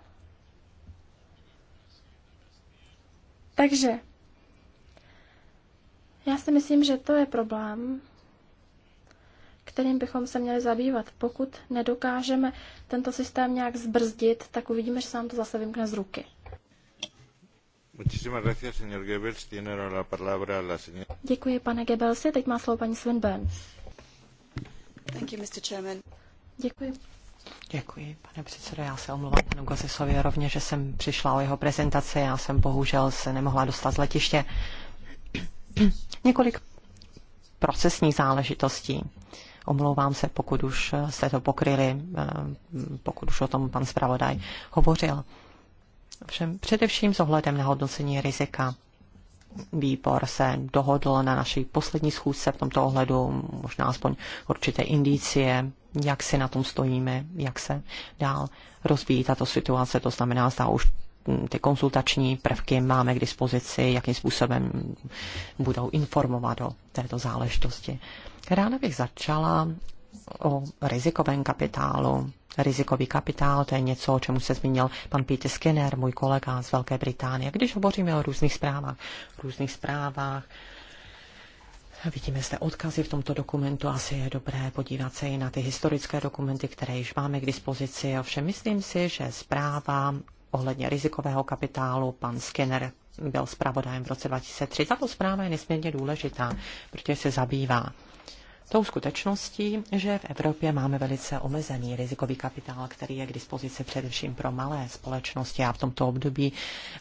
Takže já si myslím, že to je problém, kterým bychom se měli zabývat. Pokud nedokážeme tento systém nějak zbrzdit, tak uvidíme, že se nám to zase vymkne z ruky. Děkuji, pane Gebelsi. Teď má slovo paní Swinburne. Thank you, Mr. Chairman. Děkuji. Děkuji, pane předsedo. Já se omlouvám panu Gozisovi rovně, že jsem přišla o jeho prezentaci. Já jsem bohužel se nemohla dostat z letiště. Několik procesních záležitostí. Omlouvám se, pokud už jste to pokryli, eh, pokud už o tom pan zpravodaj hovořil. Všem, především s ohledem na hodnocení rizika. Výbor se dohodl na naší poslední schůzce v tomto ohledu, možná aspoň určité indicie, jak si na tom stojíme, jak se dál rozvíjí tato situace, to znamená, zda už Hm, ty konsultační prvky máme k dispozici, jakým způsobem budou informovat o této záležitosti. Ráda bych začala o rizikovém kapitálu. Rizikový kapitál, to je něco, o čemu se zmínil pan Peter Skinner, můj kolega z Velké Británie. Když hovoříme o různých zprávách, různých zprávách, Vidíme zde odkazy v tomto dokumentu. Asi je dobré podívat se i na ty historické dokumenty, které již máme k dispozici. Ovšem myslím si, že zpráva ohledně rizikového kapitálu. Pan Skinner byl zpravodajem v roce 2003. Tato zpráva je nesmírně důležitá, protože se zabývá tou skutečností, že v Evropě máme velice omezený rizikový kapitál, který je k dispozici především pro malé společnosti a v tomto období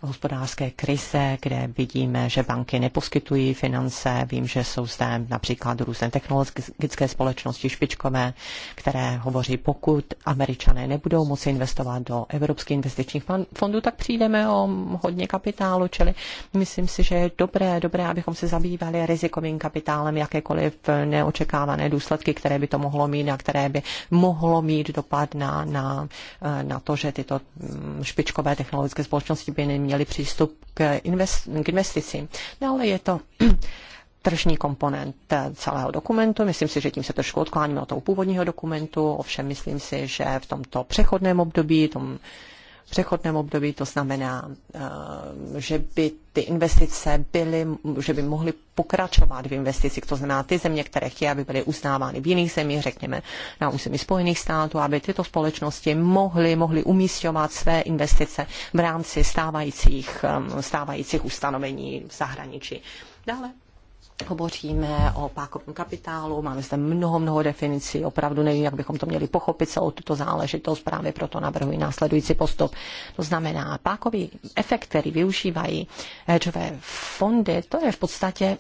hospodářské krize, kde vidíme, že banky neposkytují finance, vím, že jsou zde například různé technologické společnosti špičkové, které hovoří, pokud američané nebudou moci investovat do evropských investičních fondů, tak přijdeme o hodně kapitálu, čili myslím si, že je dobré, dobré, abychom se zabývali rizikovým kapitálem jakékoliv neočekávání očekávané důsledky, které by to mohlo mít a které by mohlo mít dopad na, na, na to, že tyto mm, špičkové technologické společnosti by neměly přístup k, invest, k investicím. No, ale je to tržní komponent celého dokumentu. Myslím si, že tím se trošku odkláníme od toho původního dokumentu, ovšem myslím si, že v tomto přechodném období, tom přechodném období, to znamená, eh, že by ty investice byly, že by mohly pokračovat v investicích, to znamená ty země, které chtějí, aby byly uznávány v jiných zemích, řekněme na území Spojených států, aby tyto společnosti mohly, mohly umístěvat své investice v rámci stávajících, eh, stávajících ustanovení v zahraničí. Dále hovoříme o pákovém kapitálu, máme zde mnoho, mnoho definicí, opravdu nevím, jak bychom to měli pochopit, celou tuto záležitost, právě proto navrhuji následující postup. To znamená, pákový efekt, který využívají hedžové fondy, to je v podstatě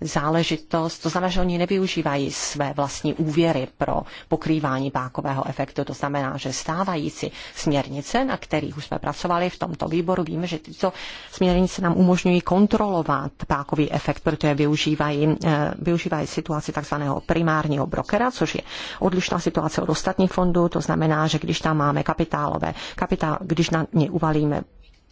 záležitost, to znamená, že oni nevyužívají své vlastní úvěry pro pokrývání pákového efektu. To znamená, že stávající směrnice, na kterých už jsme pracovali v tomto výboru, víme, že tyto směrnice nám umožňují kontrolovat pákový efekt, protože využívají, eh, využívají situaci takzvaného primárního brokera, což je odlišná situace od ostatních fondů. To znamená, že když tam máme kapitálové, kapitál, když na ně uvalíme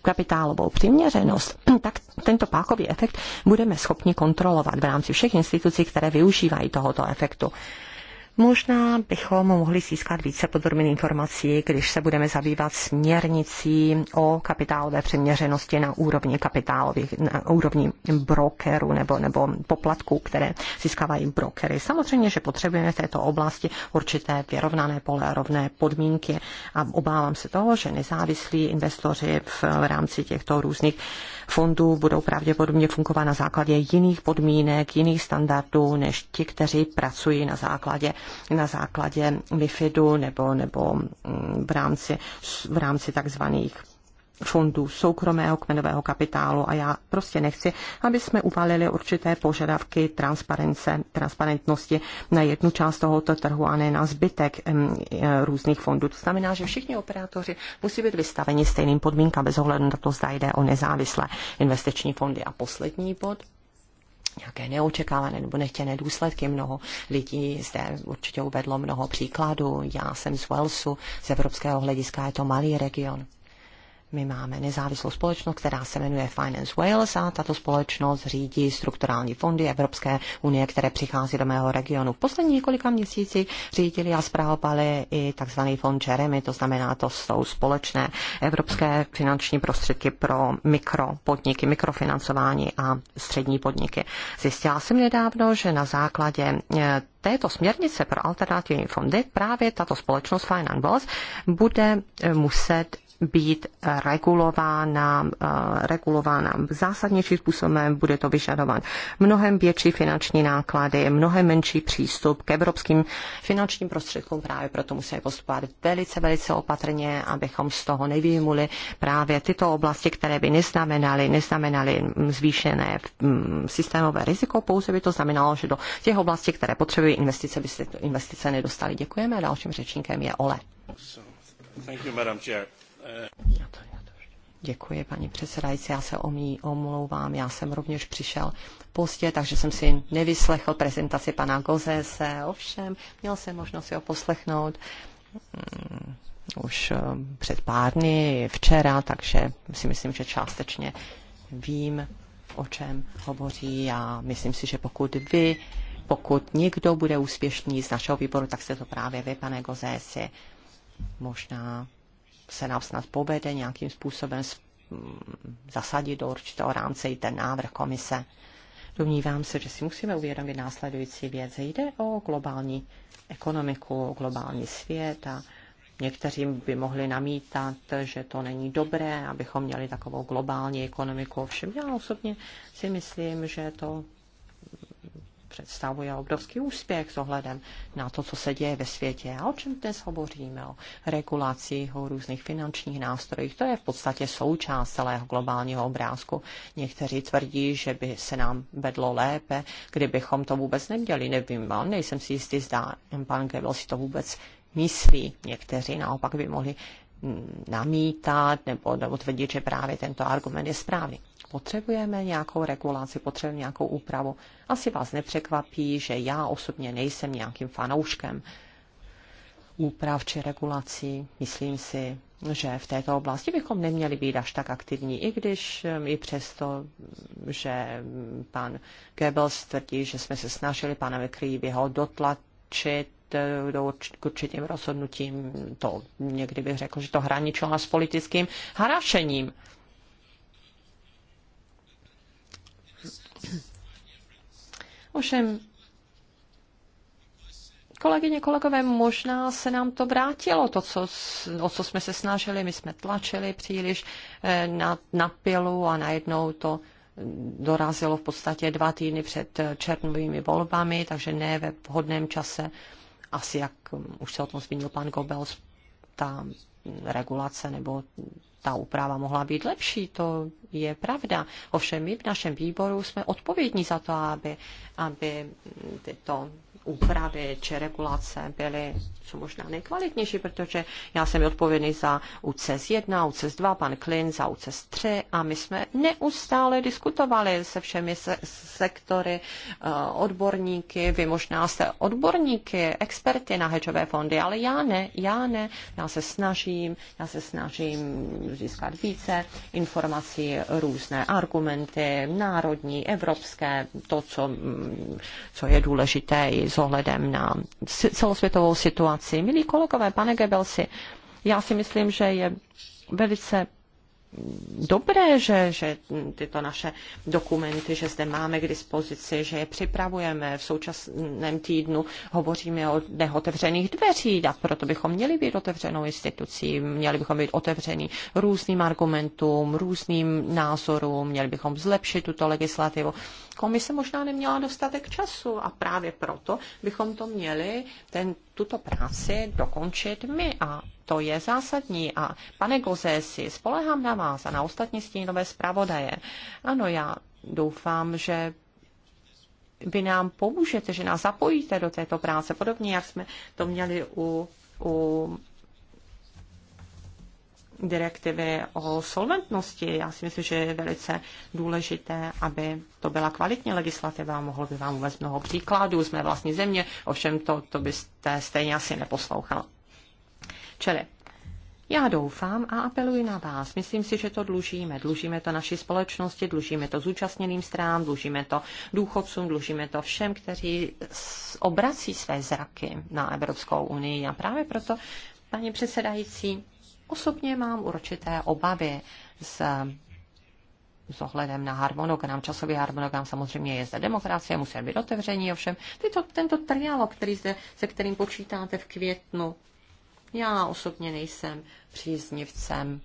kapitálovou přiměřenost, tak tento pákový efekt budeme schopni kontrolovat v rámci všech institucí, které využívají tohoto efektu. Možná bychom mohli získat více podrobných informací, když se budeme zabývat směrnicí o kapitálové přiměřenosti na úrovni kapitálových, na úrovni brokerů nebo, nebo poplatků, které získávají brokery. Samozřejmě, že potřebujeme v této oblasti určité vyrovnané pole, rovné podmínky a obávám se toho, že nezávislí investoři v rámci těchto různých fondů budou pravděpodobně fungovat na základě jiných podmínek, jiných standardů, než ti, kteří pracují na základě na základě MIFIDu nebo, nebo mm, v rámci, v rámci takzvaných fondů soukromého kmenového kapitálu a já prostě nechci, aby jsme uvalili určité požadavky transparence, transparentnosti na jednu část tohoto trhu a ne na zbytek mm, e, různých fondů. To znamená, že všichni operátoři musí být vystaveni stejným podmínkám bez ohledu na to, zda jde o nezávislé investiční fondy. A poslední bod, nějaké neočekávané nebo nechtěné důsledky. Mnoho lidí zde určitě uvedlo mnoho příkladů. Já jsem z Walesu, z evropského hlediska je to malý region. My máme nezávislou společnost, která se jmenuje Finance Wales a tato společnost řídí strukturální fondy Evropské unie, které přichází do mého regionu. V poslední několika měsíci řídili a zprávovali i tzv. fond Jeremy, to znamená, to jsou společné evropské finanční prostředky pro mikropodniky, mikrofinancování a střední podniky. Zjistila jsem nedávno, že na základě eh, této směrnice pro alternativní fondy právě tato společnost Finance Wales, bude eh, muset být regulována, eh, regulována zásadnějším způsobem, bude to vyžadovat mnohem větší finanční náklady, mnohem menší přístup k evropským finančním prostředkům. Právě proto musíme postupovat velice, velice opatrně, abychom z toho nevýmuli právě tyto oblasti, které by neznamenaly, neznamenaly zvýšené mm, systémové riziko, pouze by to znamenalo, že do těch oblastí, které potřebují investice, by se investice nedostaly. Děkujeme. Dalším řečníkem je Ole. So, thank you, Madam Chair. Děkuji, paní předsedající, já se omí, omlouvám, já jsem rovněž přišel pozdě, takže jsem si nevyslechl prezentaci pana Gozese, ovšem měl jsem možnost si ho poslechnout mm, už eh, před pár dny, včera, takže si myslím, že částečně vím, o čem hovoří a myslím si, že pokud vy, pokud někdo bude úspěšný z našeho výboru, tak jste to právě vy, pane Gozési. Možná se nám snad povede nějakým způsobem zasadit do určitého rámce i ten návrh komise. Domnívám se, že si musíme uvědomit následující věc. Jde o globální ekonomiku, o globální svět a někteřím by mohli namítat, že to není dobré, abychom měli takovou globální ekonomiku. Ovšem já osobně si myslím, že to představuje obrovský úspěch s ohledem na to, co se děje ve světě. A o čem dnes hovoříme? O regulaci, o různých finančních nástrojích. To je v podstatě součást celého globálního obrázku. Někteří tvrdí, že by se nám vedlo lépe, kdybychom to vůbec neměli. Nevím, ale nejsem si jistý, zda pan Gebel si to vůbec myslí. Někteří naopak by mohli namítat nebo, nebo tvrdit, že právě tento argument je správný potřebujeme nějakou regulaci, potřebujeme nějakou úpravu. Asi vás nepřekvapí, že já osobně nejsem nějakým fanouškem úprav či regulací. Myslím si, že v této oblasti bychom neměli být až tak aktivní, i když um, i přesto, že um, pan Goebbels tvrdí, že jsme se snažili pana ho dotlačit uh, do k určitým rozhodnutím, to někdy bych řekl, že to hraničilo s politickým harašením. Ovšem, kolegyně, kolegové, možná se nám to vrátilo, to, co, o co jsme se snažili. My jsme tlačili příliš eh, na, na pilu a najednou to mm, dorazilo v podstatě dva týdny před eh, černovými volbami, takže ne ve vhodném čase. Asi jak mm, už se o tom zmínil pan Gobel, ta mm, regulace nebo ta úprava mohla být lepší, to je pravda. Ovšem my v našem výboru jsme odpovědní za to, aby, aby tyto úpravy či regulace byly co možná nejkvalitnější, protože já jsem odpovědný za UCS 1, UCS 2, pan Klin za UCS 3 a my jsme neustále diskutovali se všemi se- sektory, eh, odborníky, vy možná jste odborníky, experty na hedžové fondy, ale já ne, já ne, já se snažím, já se snažím získat více informací, různé argumenty, národní, evropské, to, co, mm, co je důležité i s ohledem na celosvětovou situaci. Milí kolegové, pane Gebelsi, já si myslím, že je velice dobré, že, že tyto naše dokumenty, že zde máme k dispozici, že je připravujeme. V současném týdnu hovoříme o neotevřených dveří a proto bychom měli být otevřenou institucí, měli bychom být otevření různým argumentům, různým názorům, měli bychom zlepšit tuto legislativu komise možná neměla dostatek času a právě proto bychom to měli, ten, tuto práci dokončit my a to je zásadní. A pane Gozési, spolehám na vás a na ostatní stínové zpravodaje. Ano, já doufám, že vy nám pomůžete, že nás zapojíte do této práce, podobně jak jsme to měli u, u direktivy o solventnosti. Já si myslím, že je velice důležité, aby to byla kvalitní legislativa. Mohl by vám uvést mnoho příkladů z mé vlastní země, ovšem to, to byste stejně asi neposlouchal. Čili já doufám a apeluji na vás. Myslím si, že to dlužíme. Dlužíme to naší společnosti, dlužíme to zúčastněným strám, dlužíme to důchodcům, dlužíme to všem, kteří obrací své zraky na Evropskou unii. A právě proto, paní předsedající, osobně mám určité obavy s s ohledem na harmonogram, časový harmonogram, samozřejmě je zde demokracie, musí být otevření, ovšem tyto, tento trialog, který zde, se kterým počítáte v květnu, já osobně nejsem příznivcem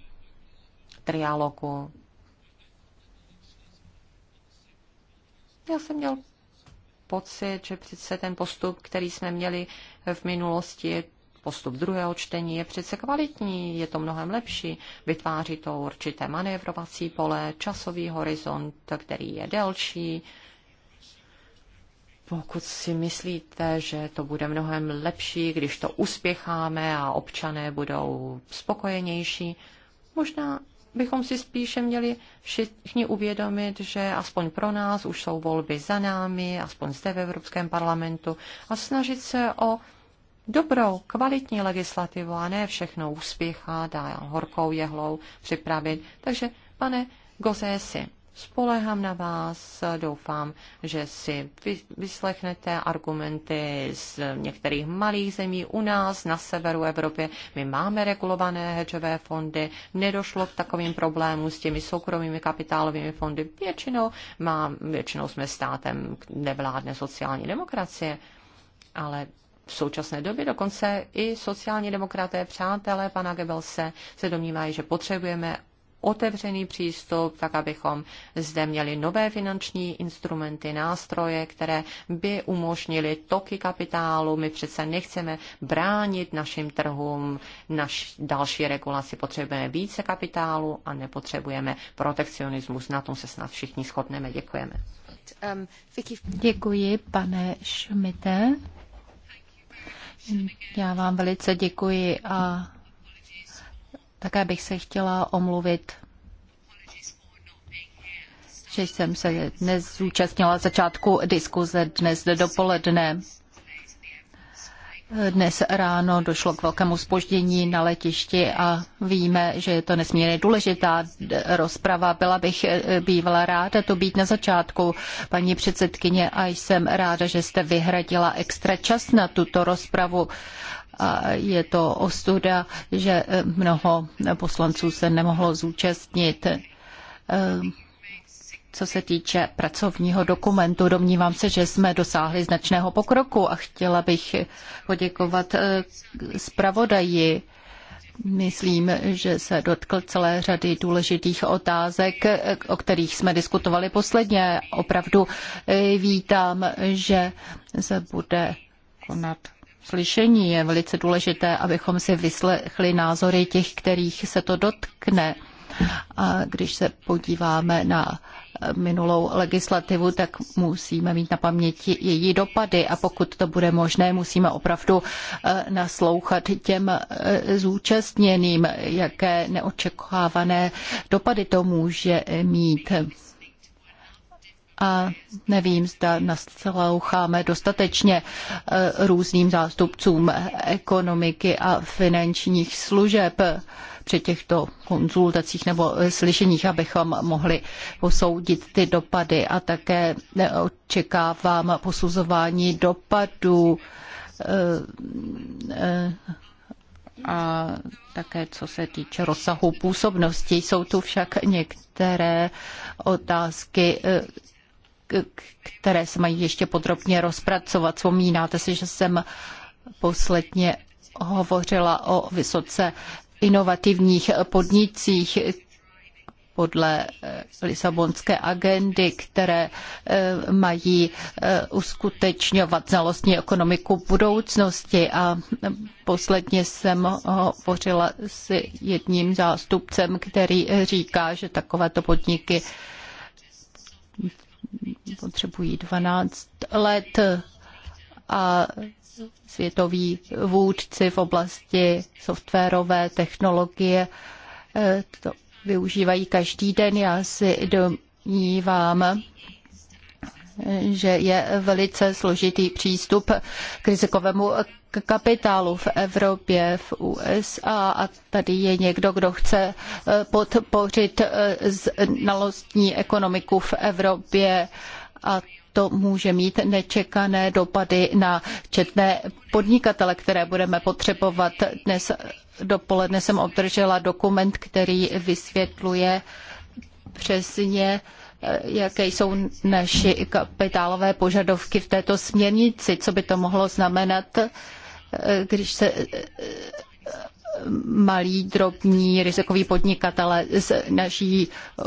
trialogu. Já jsem měl pocit, že přece ten postup, který jsme měli v minulosti, postup druhého čtení je přece kvalitní, je to mnohem lepší, vytváří to určité manévrovací pole, časový horizont, který je delší. Pokud si myslíte, že to bude mnohem lepší, když to uspěcháme a občané budou spokojenější, možná bychom si spíše měli všichni uvědomit, že aspoň pro nás už jsou volby za námi, aspoň zde v Evropském parlamentu, a snažit se o dobrou, kvalitní legislativu a ne všechno úspěchá, a horkou jehlou připravit. Takže, pane Gozési, spolehám na vás, doufám, že si vyslechnete argumenty z některých malých zemí u nás na severu Evropy. My máme regulované hedžové fondy, nedošlo k takovým problémům s těmi soukromými kapitálovými fondy. Většinou, má, většinou jsme státem nevládne sociální demokracie, ale v současné době dokonce i sociální demokraté, přátelé pana Gebelse se domnívají, že potřebujeme otevřený přístup, tak abychom zde měli nové finanční instrumenty, nástroje, které by umožnily toky kapitálu. My přece nechceme bránit našim trhům, naš další regulaci potřebujeme více kapitálu a nepotřebujeme protekcionismus. Na tom se snad všichni shodneme. Děkujeme. Um, Děkuji, pane Šmite. Hm, já vám velice děkuji a také bych se chtěla omluvit, že jsem se dnes zúčastnila začátku diskuze dnes dopoledne. Dnes ráno došlo k velkému spoždění na letišti a víme, že je to nesmírně důležitá rozprava. Byla bych eh, bývala ráda to být na začátku, paní předsedkyně, a jsem ráda, že jste vyhradila extra čas na tuto rozpravu. A je to ostuda, že eh, mnoho poslanců se nemohlo zúčastnit. Eh, co se týče pracovního dokumentu, domnívám se, že jsme dosáhli značného pokroku a chtěla bych poděkovat eh, zpravodaji. Myslím, že se dotkl celé řady důležitých otázek, eh, o kterých jsme diskutovali posledně. Opravdu eh, vítám, že se bude konat slyšení. Je velice důležité, abychom si vyslechli názory těch, kterých se to dotkne. A když se podíváme na minulou legislativu, tak musíme mít na paměti její dopady a pokud to bude možné, musíme opravdu eh, naslouchat těm eh, zúčastněným, jaké neočekávané dopady to může mít a nevím, zda nasloucháme dostatečně eh, různým zástupcům ekonomiky a finančních služeb při těchto konzultacích nebo eh, slyšeních, abychom mohli posoudit ty dopady a také eh, očekávám posuzování dopadů eh, a také co se týče rozsahu působnosti. Jsou tu však některé otázky, které se mají ještě podrobně rozpracovat. Vzpomínáte si, že jsem posledně hovořila o vysoce inovativních podnicích podle eh, Lisabonské agendy, které eh, mají eh, uskutečňovat znalostní ekonomiku budoucnosti. A posledně jsem hovořila s jedním zástupcem, který říká, že takovéto podniky potřebují 12 let a světoví vůdci v oblasti softwarové technologie eh, to využívají každý den. Já si domnívám, že je velice složitý přístup k rizikovému kapitálu v Evropě, v USA a tady je někdo, kdo chce eh, podpořit eh, znalostní ekonomiku v Evropě a to může mít nečekané dopady na četné podnikatele, které budeme potřebovat. Dnes dopoledne jsem obdržela dokument, který vysvětluje přesně, eh, jaké jsou naše kapitálové požadovky v této směrnici, co by to mohlo znamenat, eh, když se eh, malí, drobní, rizikoví podnikatele naší eh,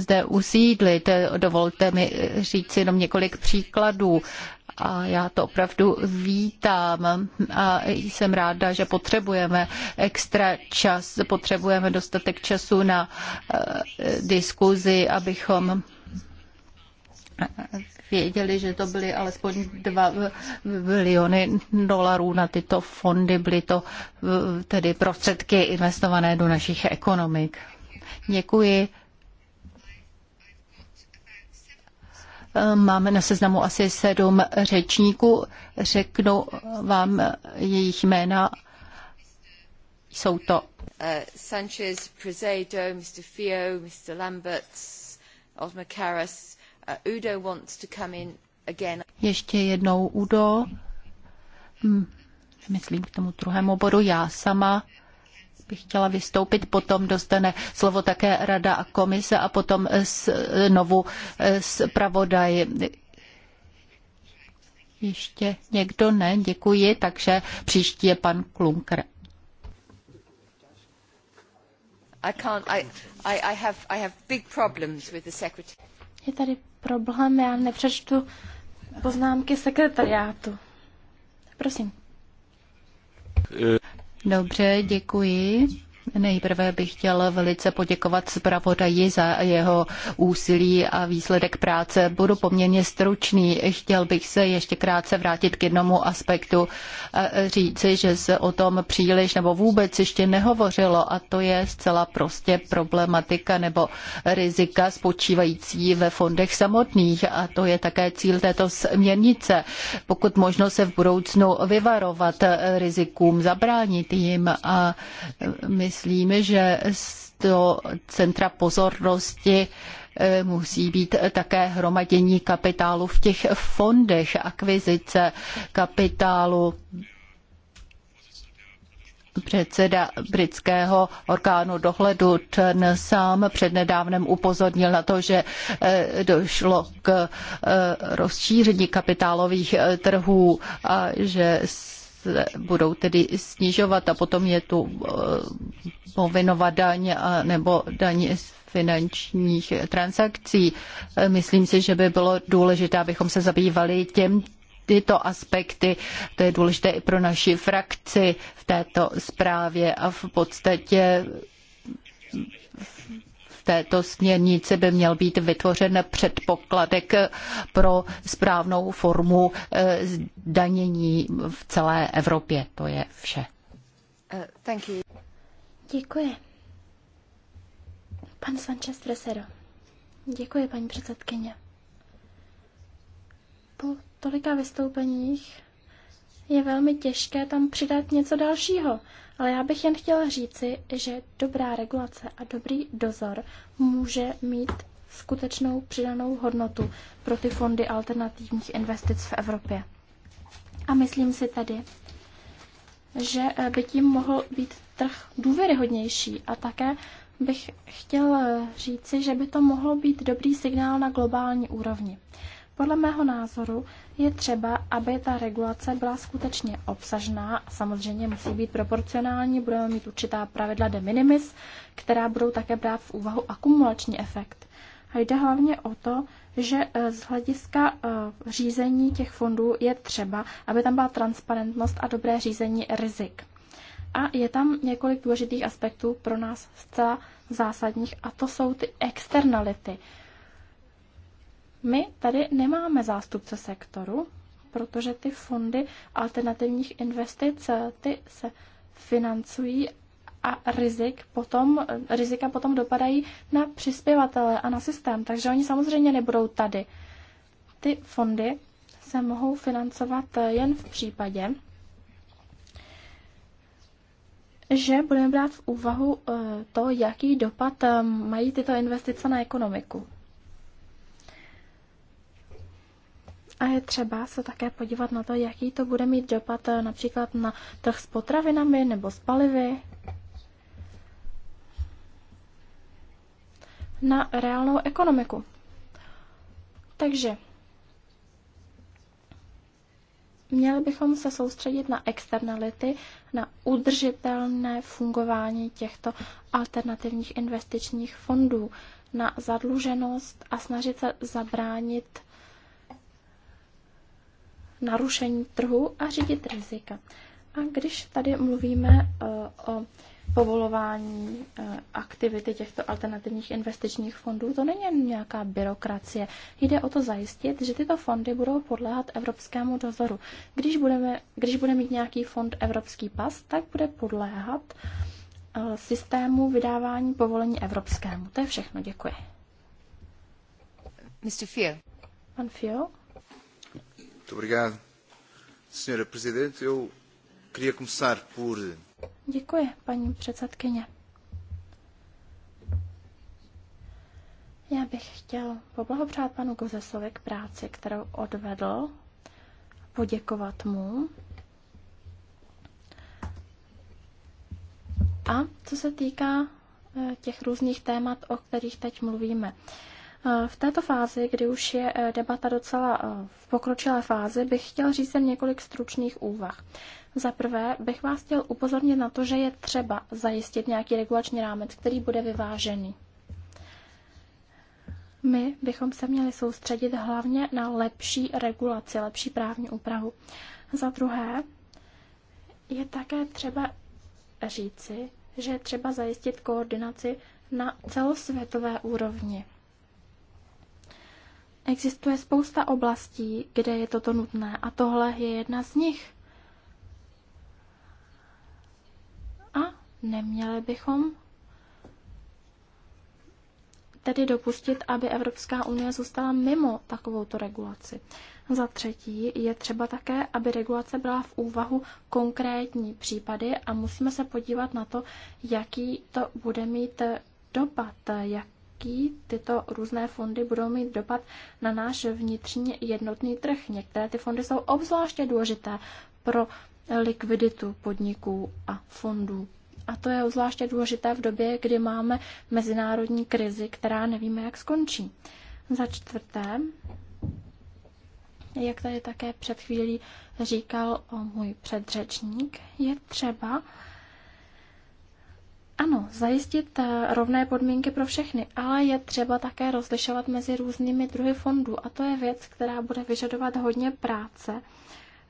zde usídlit. Dovolte mi říct jenom několik příkladů. A já to opravdu vítám a jsem ráda, že potřebujeme extra čas, potřebujeme dostatek času na eh, diskuzi, abychom věděli, že to byly alespoň 2 biliony dolarů na tyto fondy, byly to tedy prostředky investované do našich ekonomik. Děkuji. Máme na seznamu asi sedm řečníků. Řeknu vám jejich jména. Jsou to eh, Sanchez, Prezedo, Mr. Fio, Mr. Lambert, Osmer Karas, Uh, Udo wants to come in again. Ještě jednou Udo. Hmm, myslím k tomu druhému bodu. Já sama bych chtěla vystoupit, potom dostane slovo také rada a komise a potom znovu eh, zpravodaj. Ještě někdo ne, děkuji, takže příští je pan Klunker. I can't, I, I, I have, I have big problems with the secretary. Je tady problém, já nepřečtu poznámky sekretariátu. Prosím. Dobře, děkuji. Nejprve bych chtěl velice poděkovat zpravodaji za jeho úsilí a výsledek práce. Budu poměrně stručný. Chtěl bych se ještě krátce vrátit k jednomu aspektu a říci, že se o tom příliš nebo vůbec ještě nehovořilo a to je zcela prostě problematika nebo rizika spočívající ve fondech samotných a to je také cíl této směrnice. Pokud možno se v budoucnu vyvarovat rizikům, zabránit jim a my myslím, že do centra pozornosti eh, musí být také hromadění kapitálu v těch fondech, akvizice kapitálu. Předseda britského orgánu dohledu ten sám přednedávnem upozornil na to, že eh, došlo k eh, rozšíření kapitálových trhů a že se budou tedy snižovat a potom je tu eh, povinova daň a nebo daň z finančních transakcí. Eh, myslím si, že by bylo důležité, abychom se zabývali těm tyto aspekty. To je důležité i pro naši frakci v této zprávě a v podstatě této směrnici by měl být vytvořen předpokladek pro správnou formu eh, danění v celé Evropě. To je vše. Uh, Děkuji. Pan Sanchez Fresero. Děkuji, paní předsedkyně. Po tolika vystoupeních je velmi těžké tam přidat něco dalšího. Ale já bych jen chtěla říci, že dobrá regulace a dobrý dozor může mít skutečnou přidanou hodnotu pro ty fondy alternativních investic v Evropě. A myslím si tedy, že eh, by tím mohl být trh důvěryhodnější a také bych chtěl eh, říci, že by to mohlo být dobrý signál na globální úrovni. Podle mého názoru je třeba, aby ta regulace byla skutečně obsažná samozřejmě musí být proporcionální, budeme mít určitá pravidla de minimis, která budou také brát v úvahu akumulační efekt. A jde hlavně o to, že eh, z hlediska eh, řízení těch fondů je třeba, aby tam byla transparentnost a dobré řízení rizik. A je tam několik důležitých aspektů pro nás zcela zásadních, a to jsou ty externality. My tady nemáme zástupce sektoru, protože ty fondy alternativních investic, eh, ty se financují a rizik potom, eh, rizika potom dopadají na přispěvatele a na systém, takže oni samozřejmě nebudou tady. Ty fondy se mohou financovat eh, jen v případě, že budeme brát v úvahu to, jaký dopad mají tyto investice na ekonomiku. A je třeba se také podívat na to, jaký to bude mít dopad eh, například na trh s potravinami nebo s palivy. Na reálnou ekonomiku. Takže měli bychom se soustředit na externality, na udržitelné fungování těchto alternativních investičních fondů, na zadluženost a snažit se zabránit narušení trhu a řídit rizika. A když tady mluvíme eh, o povolování eh, aktivity těchto alternativních investičních fondů, to není jen nějaká byrokracie. Jde o to zajistit, že tyto fondy budou podléhat evropskému dozoru. Když, budeme, když bude mít nějaký fond evropský pas, tak bude podléhat eh, systému vydávání povolení evropskému. To je všechno. Děkuji. Mr. Fio. Pan Fio. Muito obrigado, senhora presidente. Eu queria começar por... Děkuji, paní předsedkyně. Já bych chtěl poblahopřát panu Gozesovi k práci, kterou odvedl, poděkovat mu. A co se týká eh, těch různých témat, o kterých teď mluvíme, v této fázi, kdy už je eh, debata docela eh, v pokročilé fázi, bych chtěl říct jen několik stručných úvah. Za prvé bych vás chtěl upozornit na to, že je třeba zajistit nějaký regulační rámec, který bude vyvážený. My bychom se měli soustředit hlavně na lepší regulaci, lepší právní úpravu. Za druhé je také třeba říci, že je třeba zajistit koordinaci na celosvětové úrovni. Existuje spousta oblastí, kde je toto nutné a tohle je jedna z nich. A neměli bychom tedy dopustit, aby Evropská unie zůstala mimo takovouto regulaci. Za třetí je třeba také, aby regulace byla v úvahu konkrétní případy a musíme se podívat na to, jaký to bude mít dopad, jak jaký tyto různé fondy budou mít dopad na náš vnitřní jednotný trh. Některé ty fondy jsou obzvláště důležité pro likviditu podniků a fondů. A to je obzvláště důležité v době, kdy máme mezinárodní krizi, která nevíme, jak skončí. Za čtvrté, jak tady také před chvílí říkal můj předřečník, je třeba ano, zajistit eh, rovné podmínky pro všechny, ale je třeba také rozlišovat mezi různými druhy fondů a to je věc, která bude vyžadovat hodně práce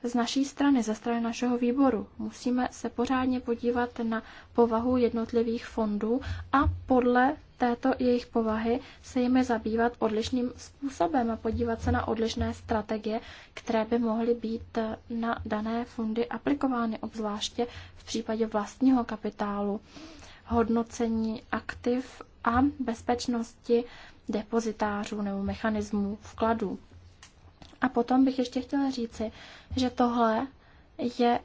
z naší strany, ze strany našeho výboru. Musíme se pořádně podívat na povahu jednotlivých fondů a podle této jejich povahy se jimi zabývat odlišným způsobem a podívat se na odlišné strategie, které by mohly být eh, na dané fondy aplikovány, obzvláště v případě vlastního kapitálu hodnocení aktiv a bezpečnosti depozitářů nebo mechanismů vkladů. A potom bych ještě chtěla říci, že tohle je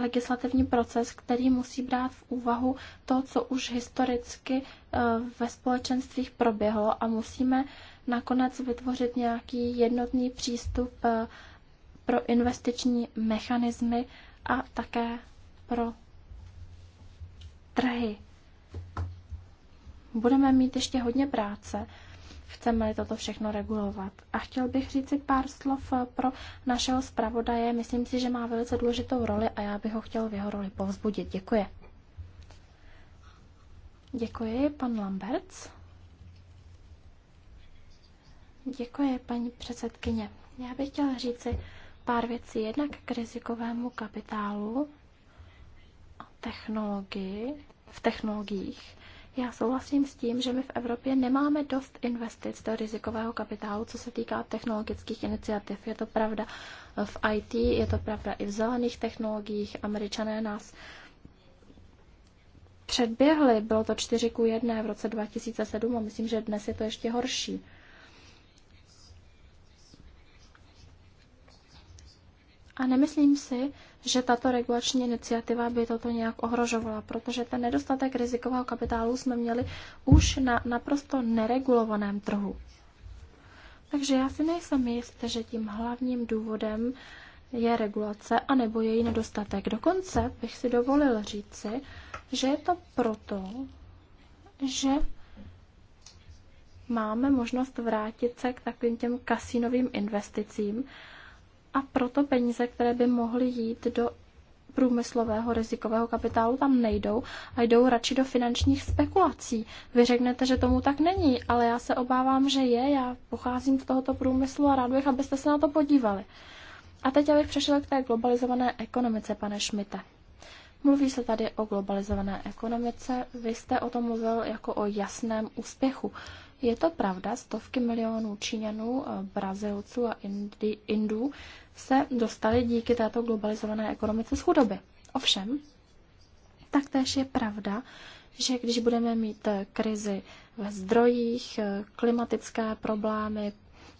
legislativní proces, který musí brát v úvahu to, co už historicky eh, ve společenstvích proběhlo a musíme nakonec vytvořit nějaký jednotný přístup eh, pro investiční mechanismy a také pro trhy. Budeme mít ještě hodně práce, chceme-li toto všechno regulovat. A chtěl bych říct si pár slov eh, pro našeho zpravodaje. Myslím si, že má velice důležitou roli a já bych ho chtěl v jeho roli povzbudit. Děkuji. Děkuji, pan Lamberts. Děkuji, paní předsedkyně. Já bych chtěla říci pár věcí jednak k rizikovému kapitálu a technologii v technologiích. Já souhlasím s tím, že my v Evropě nemáme dost investic do rizikového kapitálu, co se týká technologických iniciativ. Je to pravda v IT, je to pravda i v zelených technologiích. Američané nás předběhli, bylo to 4 k 1 v roce 2007 a myslím, že dnes je to ještě horší. A nemyslím si, že tato regulační iniciativa by toto nějak ohrožovala, protože ten nedostatek rizikového kapitálu jsme měli už na naprosto neregulovaném trhu. Takže já si nejsem jistý, že tím hlavním důvodem je regulace anebo její nedostatek. Dokonce bych si dovolil říci, že je to proto, že máme možnost vrátit se k takovým těm kasinovým investicím, a proto peníze, které by mohly jít do průmyslového rizikového kapitálu tam nejdou a jdou radši do finančních spekulací. Vy řeknete, že tomu tak není, ale já se obávám, že je. Já pocházím z tohoto průmyslu a rád bych, abyste se na to podívali. A teď abych přešel k té globalizované ekonomice, pane Šmite. Mluví se tady o globalizované ekonomice, vy jste o tom mluvil jako o jasném úspěchu. Je to pravda, stovky milionů Číňanů, eh, Brazilců a Indi, Indů se dostali díky této globalizované ekonomice z chudoby. Ovšem, taktéž je pravda, že když budeme mít eh, krizi ve zdrojích, eh, klimatické problémy,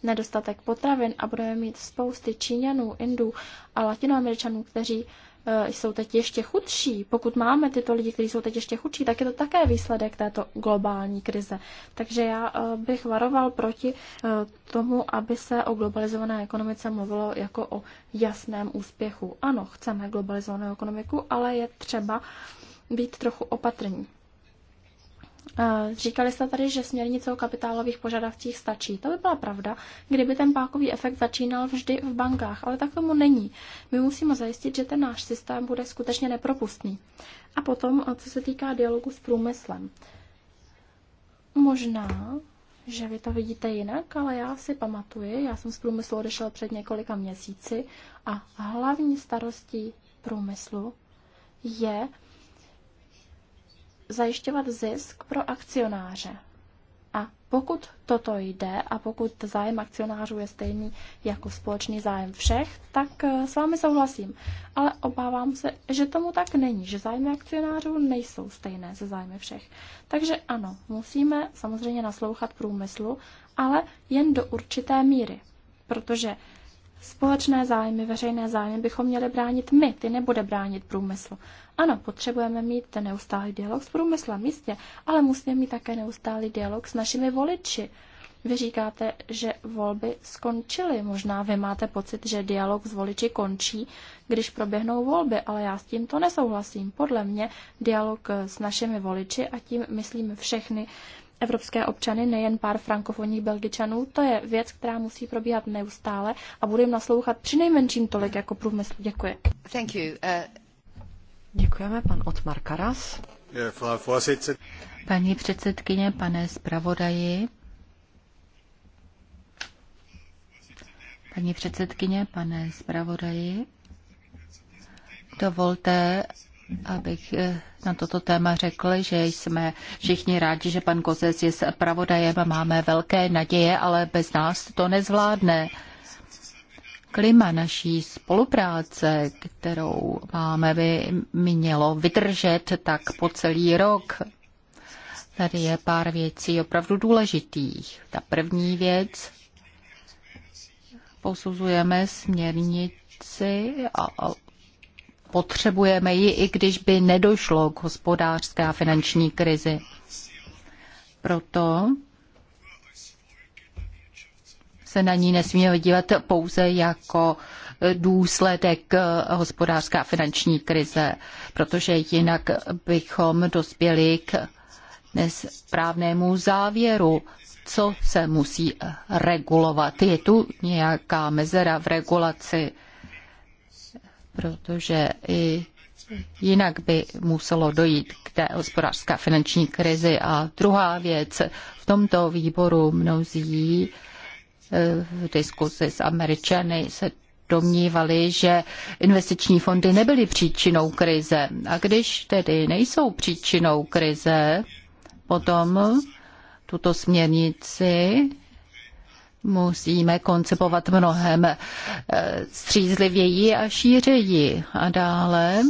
nedostatek potravin a budeme mít spousty Číňanů, Indů a Latinoameričanů, kteří Eh, jsou teď ještě chudší, pokud máme tyto lidi, kteří jsou teď ještě chudší, tak je to také výsledek této globální krize. Takže já eh, bych varoval proti eh, tomu, aby se o globalizované ekonomice mluvilo jako o jasném úspěchu. Ano, chceme globalizovanou ekonomiku, ale je třeba být trochu opatrní. Říkali jste tady, že směrnice o kapitálových požadavcích stačí. To by byla pravda, kdyby ten pákový efekt začínal vždy v bankách, ale tak tomu není. My musíme zajistit, že ten náš systém bude skutečně nepropustný. A potom, co se týká dialogu s průmyslem. Možná, že vy to vidíte jinak, ale já si pamatuji, já jsem z průmyslu odešel před několika měsíci a hlavní starostí průmyslu je zajišťovat zisk pro akcionáře. A pokud toto jde a pokud zájem akcionářů je stejný jako společný zájem všech, tak eh, s vámi souhlasím. Ale obávám se, že tomu tak není, že zájmy akcionářů nejsou stejné se zájmy všech. Takže ano, musíme samozřejmě naslouchat průmyslu, ale jen do určité míry. Protože Společné zájmy, veřejné zájmy bychom měli bránit my, ty nebude bránit průmysl. Ano, potřebujeme mít ten neustálý dialog s průmyslem, jistě, ale musíme mít také neustálý dialog s našimi voliči. Vy říkáte, že volby skončily. Možná vy máte pocit, že dialog s voliči končí, když proběhnou volby, ale já s tím to nesouhlasím. Podle mě dialog s našimi voliči, a tím myslím všechny evropské občany, nejen pár frankofonních belgičanů. To je věc, která musí probíhat neustále a budu jim naslouchat při nejmenším tolik jako průmysl. Děkuji. Thank you. Uh... Děkujeme, pan Otmar Karas. Paní předsedkyně, pane zpravodaji, paní předsedkyně, pane zpravodaji, dovolte, abych eh, na toto téma řekl, že jsme všichni rádi, že pan Kozec je pravodajem a máme velké naděje, ale bez nás to nezvládne. Klima naší spolupráce, kterou máme, by mělo vydržet tak po celý rok. Tady je pár věcí opravdu důležitých. Ta první věc, posuzujeme směrnici a potřebujeme ji, i když by nedošlo k hospodářské a finanční krizi. Proto se na ní nesmíme dívat pouze jako důsledek hospodářské a finanční krize, protože jinak bychom dospěli k nesprávnému závěru, co se musí regulovat. Je tu nějaká mezera v regulaci protože i jinak by muselo dojít k té hospodářské finanční krizi. A druhá věc, v tomto výboru mnozí eh, v diskusi s Američany se domnívali, že investiční fondy nebyly příčinou krize. A když tedy nejsou příčinou krize, potom tuto směrnici musíme koncipovat mnohem eh, střízlivěji a šířeji. A dále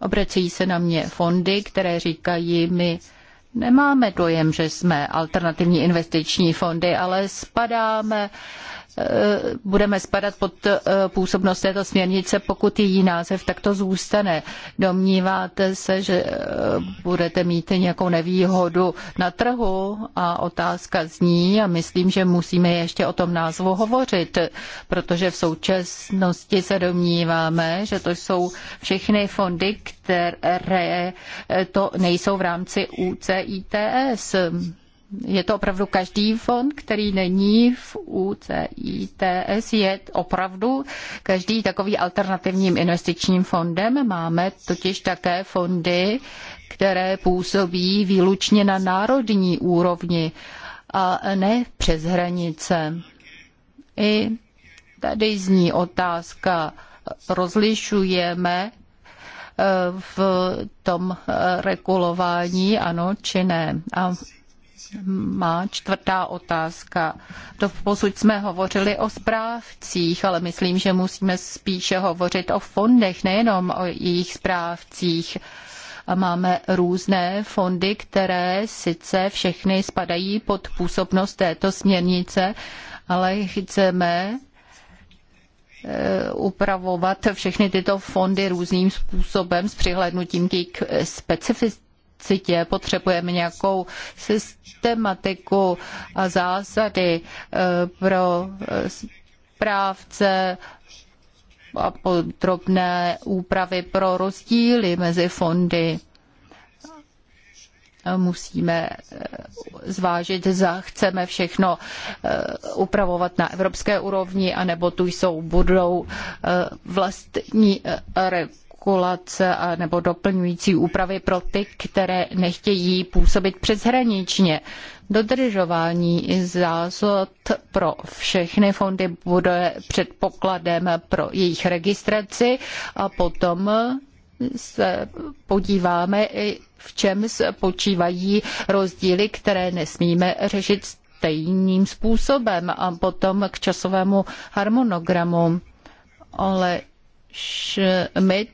obracejí se na mě fondy, které říkají mi, nemáme dojem, že jsme alternativní investiční fondy, ale spadáme Eh, budeme spadat pod eh, působnost této směrnice, pokud její název takto zůstane. Domníváte se, že eh, budete mít nějakou nevýhodu na trhu a otázka zní a myslím, že musíme ještě o tom názvu hovořit, protože v současnosti se domníváme, že to jsou všechny fondy, které to nejsou v rámci UCITS je to opravdu každý fond, který není v UCITS, je opravdu každý takový alternativním investičním fondem. Máme totiž také fondy, které působí výlučně na národní úrovni a ne přes hranice. I tady zní otázka, rozlišujeme eh, v tom eh, regulování, ano či ne. A má čtvrtá otázka. Doposud jsme hovořili o správcích, ale myslím, že musíme spíše hovořit o fondech, nejenom o jejich správcích. A máme různé fondy, které sice všechny spadají pod působnost této směrnice, ale chceme eh, upravovat všechny tyto fondy různým způsobem s přihlédnutím k specific, kapacitě, potřebujeme nějakou systematiku a zásady eh, pro eh, správce a podrobné úpravy pro rozdíly mezi fondy musíme eh, zvážit, zda chceme všechno upravovat na evropské úrovni, anebo tu jsou budou vlastní regulace a, nebo doplňující úpravy pro ty, které nechtějí působit přeshraničně. Dodržování zásad pro všechny fondy bude předpokladem pro jejich registraci a potom se podíváme, v čem spočívají rozdíly, které nesmíme řešit stejným způsobem a potom k časovému harmonogramu. Ale Schmidt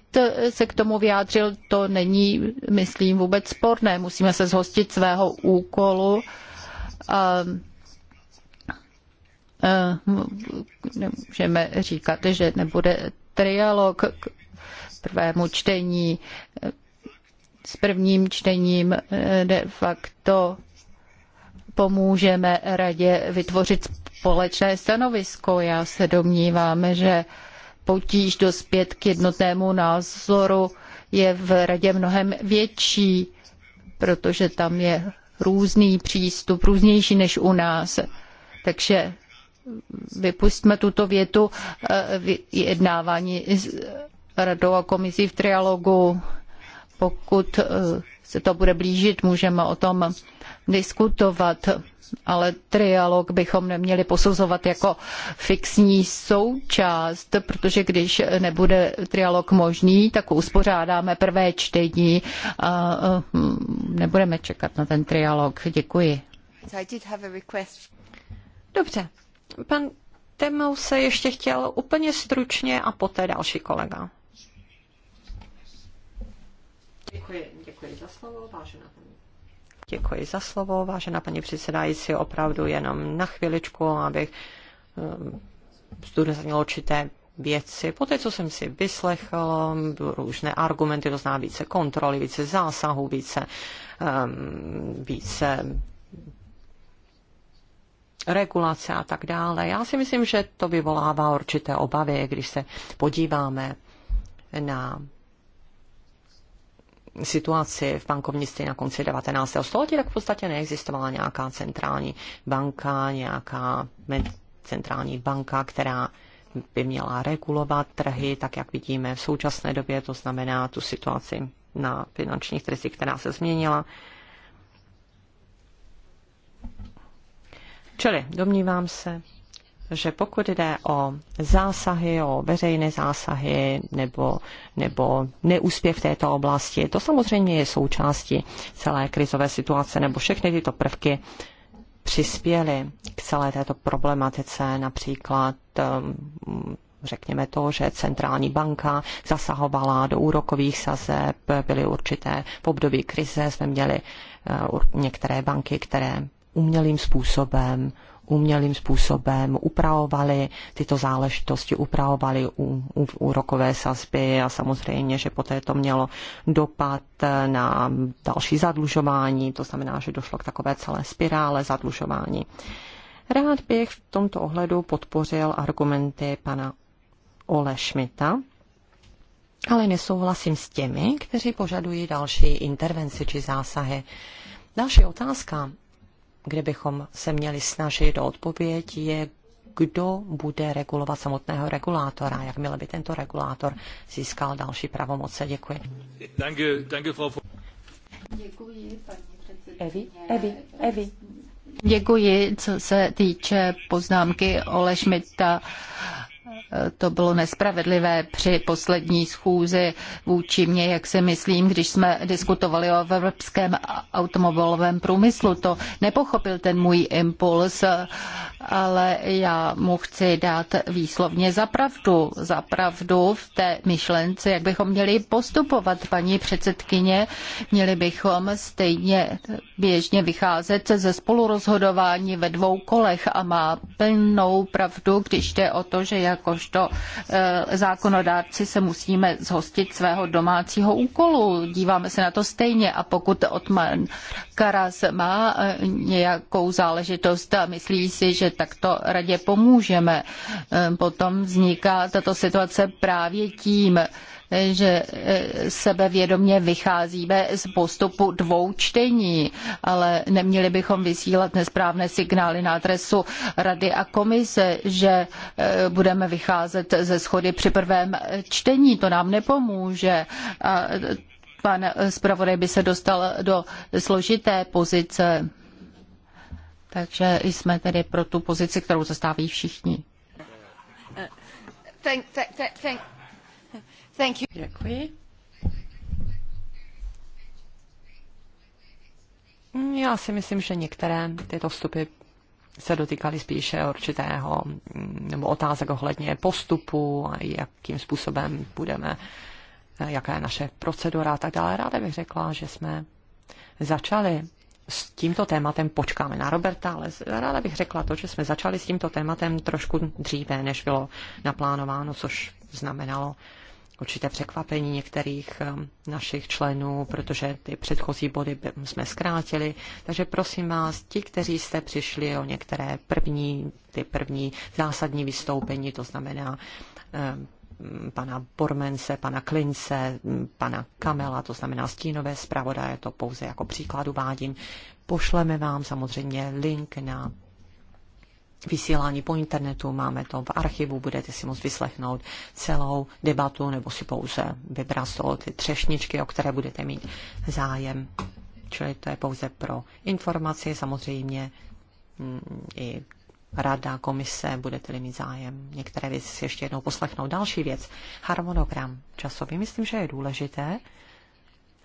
se k tomu vyjádřil, to není, myslím, vůbec sporné. Musíme se zhostit svého úkolu. A eh, nemůžeme eh, říkat, že nebude trialog k prvému čtení. S prvním čtením eh, de facto pomůžeme radě vytvořit společné stanovisko. Já se domnívám, že potíž dospět k jednotnému názoru je v radě mnohem větší, protože tam je různý přístup, různější než u nás. Takže vypustme tuto větu eh, jednávání s radou a komisí v trialogu. Pokud eh, se to bude blížit, můžeme o tom diskutovat, ale trialog bychom neměli posuzovat jako fixní součást, protože když nebude trialog možný, tak uspořádáme prvé čtení a hm, nebudeme čekat na ten trialog. Děkuji. Dobře. Pan Temou se ještě chtěl úplně stručně a poté další kolega. Děkuji, děkuji za slovo, vážená paní. Děkuji za slovo, vážená paní předsedající. Opravdu jenom na chviličku, abych eh, zdůraznil určité věci. Poté, co jsem si vyslechl, různé argumenty, to zná více kontroly, více zásahů, více, um, více regulace a tak dále. Já si myslím, že to vyvolává určité obavy, když se podíváme na situaci v bankovnictví na konci 19. století, tak v podstatě neexistovala nějaká centrální banka, nějaká centrální banka, která by měla regulovat trhy, tak jak vidíme v současné době, to znamená tu situaci na finančních trzích, která se změnila. Čili domnívám se, že pokud jde o zásahy, o veřejné zásahy nebo, nebo neúspěch v této oblasti, to samozřejmě je součástí celé krizové situace, nebo všechny tyto prvky přispěly k celé této problematice, například um, řekněme to, že centrální banka zasahovala do úrokových sazeb, byly určité v období krize, jsme měli uh, některé banky, které umělým způsobem umělým způsobem upravovali tyto záležitosti, upravovali úrokové sazby a samozřejmě, že poté to mělo dopad na další zadlužování, to znamená, že došlo k takové celé spirále zadlužování. Rád bych v tomto ohledu podpořil argumenty pana Ole Schmidta, ale nesouhlasím s těmi, kteří požadují další intervenci či zásahy. Další otázka kde bychom se měli snažit o odpověď, je, kdo bude regulovat samotného regulátora, jakmile by tento regulátor získal další pravomoce. Děkuji. Děkuji, paní Evi, Evi, Evi. Děkuji, co se týče poznámky Ole Schmidta to bylo nespravedlivé při poslední schůzi vůči mně, jak si myslím, když jsme diskutovali o evropském automobilovém průmyslu. To nepochopil ten můj impuls, ale já mu chci dát výslovně za pravdu. Za pravdu v té myšlence, jak bychom měli postupovat, paní předsedkyně, měli bychom stejně běžně vycházet ze spolurozhodování ve dvou kolech a má plnou pravdu, když jde o to, že jak jakožto eh, zákonodárci se musíme zhostit svého domácího úkolu. Díváme se na to stejně a pokud Otman Karas má eh, nějakou záležitost a myslí si, že takto radě pomůžeme, eh, potom vzniká tato situace právě tím, že e, sebevědomě vycházíme z postupu dvou čtení, ale neměli bychom vysílat nesprávné signály na adresu Rady a komise, že e, budeme vycházet ze schody při prvém e, čtení. To nám nepomůže. A pan zpravodaj by se dostal do složité pozice. Takže jsme tedy pro tu pozici, kterou zastávají všichni. Thank, thank, thank Thank you. Děkuji. Já si myslím, že některé tyto vstupy se dotýkaly spíše určitého nebo otázek ohledně postupu, a jakým způsobem budeme, jaká je naše procedura a tak dále. Ráda bych řekla, že jsme začali s tímto tématem, počkáme na Roberta, ale ráda bych řekla to, že jsme začali s tímto tématem trošku dříve, než bylo naplánováno, což znamenalo určité překvapení některých eh, našich členů, protože ty předchozí body jsme zkrátili. Takže prosím vás, ti, kteří jste přišli o některé první, ty první zásadní vystoupení, to znamená eh, pana Bormense, pana Klince, pana Kamela, to znamená stínové zpravodaje, to pouze jako příkladu. vádím. Pošleme vám samozřejmě link na vysílání po internetu, máme to v archivu, budete si moct vyslechnout celou debatu nebo si pouze vybrat z toho ty třešničky, o které budete mít zájem. Čili to je pouze pro informaci, samozřejmě mm, i rada, komise, budete-li mít zájem. Některé věci si ještě jednou poslechnou. Další věc, harmonogram časový. Myslím, že je důležité,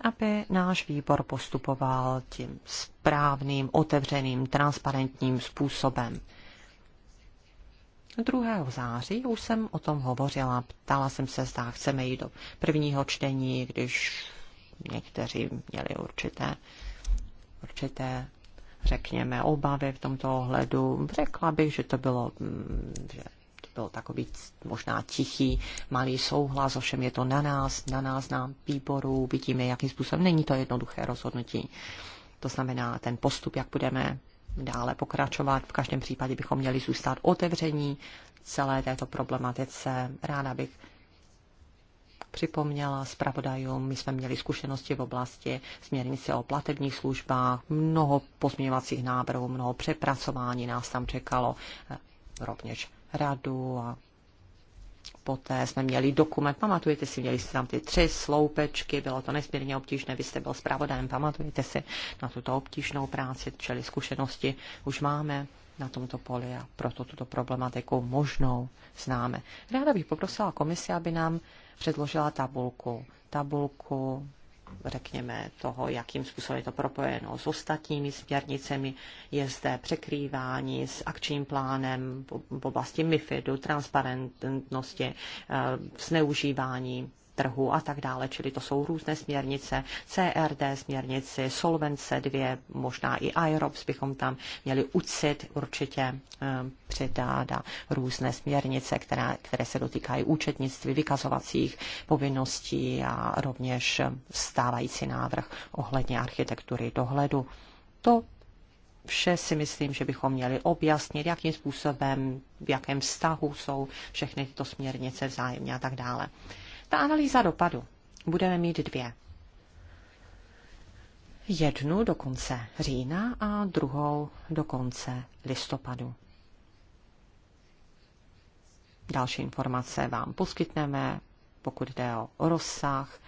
aby náš výbor postupoval tím správným, otevřeným, transparentním způsobem. 2. září už jsem o tom hovořila. Ptala jsem se, zda chceme jít do prvního čtení, když někteří měli určité, určité řekněme, obavy v tomto ohledu. Řekla bych, že to bylo, mm, že to byl takový možná tichý, malý souhlas, ovšem je to na nás, na nás, na výboru, vidíme, jakým způsobem není to jednoduché rozhodnutí. To znamená, ten postup, jak budeme dále pokračovat. V každém případě bychom měli zůstat otevření celé této problematice. Ráda bych připomněla zpravodajům, my jsme měli zkušenosti v oblasti směrnice o platebních službách, mnoho pozměňovacích návrhů, mnoho přepracování nás tam čekalo, rovněž radu a poté jsme měli dokument, pamatujete si, měli jste tam ty tři sloupečky, bylo to nesmírně obtížné, vy jste byl zpravodajem, pamatujete si na tuto obtížnou práci, čili zkušenosti už máme na tomto poli a proto tuto problematiku možnou známe. Ráda bych poprosila komisi, aby nám předložila tabulku. Tabulku řekněme, toho, jakým způsobem je to propojeno s ostatními směrnicemi. Je zde překrývání s akčním plánem v oblasti MIFIDu, transparentnosti, zneužívání eh, trhu a tak dále. Čili to jsou různé směrnice, CRD směrnici, Solvence 2, možná i IROPS bychom tam měli ucit určitě eh, přidat a různé směrnice, která, které se dotýkají účetnictví, vykazovacích povinností a rovněž stávající návrh ohledně architektury dohledu. To vše si myslím, že bychom měli objasnit, jakým způsobem, v jakém vztahu jsou všechny tyto směrnice vzájemně a tak dále. Ta analýza dopadu. Budeme mít dvě. Jednu do konce října a druhou do konce listopadu. Další informace vám poskytneme, pokud jde o rozsah.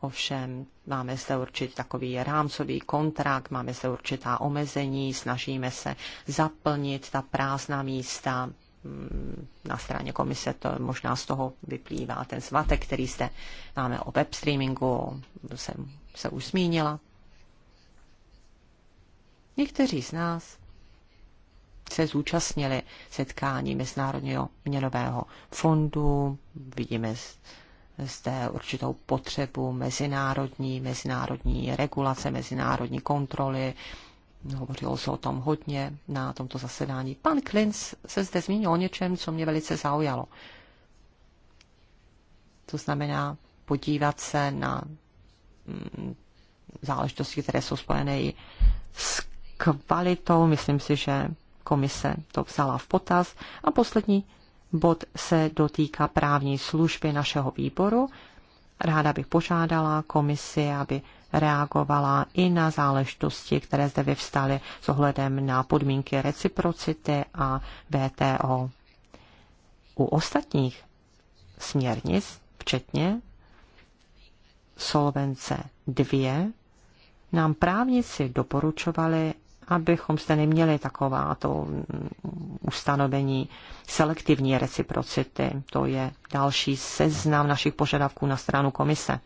Ovšem, máme zde určit takový rámcový kontrakt, máme zde určitá omezení, snažíme se zaplnit ta prázdná místa Mm, na straně komise to možná z toho vyplývá ten svatek, který jste máme o web streamingu, jsem se už zmínila. Někteří z nás se zúčastnili setkání Mezinárodního měnového fondu. Vidíme zde určitou potřebu mezinárodní, mezinárodní regulace, mezinárodní kontroly, Hovořilo se o tom hodně na tomto zasedání. Pan Klins se zde zmínil o něčem, co mě velice zaujalo. To znamená podívat se na mm, záležitosti, které jsou spojené i s kvalitou. Myslím si, že komise to vzala v potaz. A poslední bod se dotýká právní služby našeho výboru. Ráda bych požádala komisi, aby reagovala i na záležitosti, které zde vyvstaly s ohledem na podmínky reciprocity a VTO. U ostatních směrnic, včetně Solvence 2, nám právníci doporučovali, abychom zde neměli taková to ustanovení selektivní reciprocity. To je další seznam našich požadavků na stranu komise.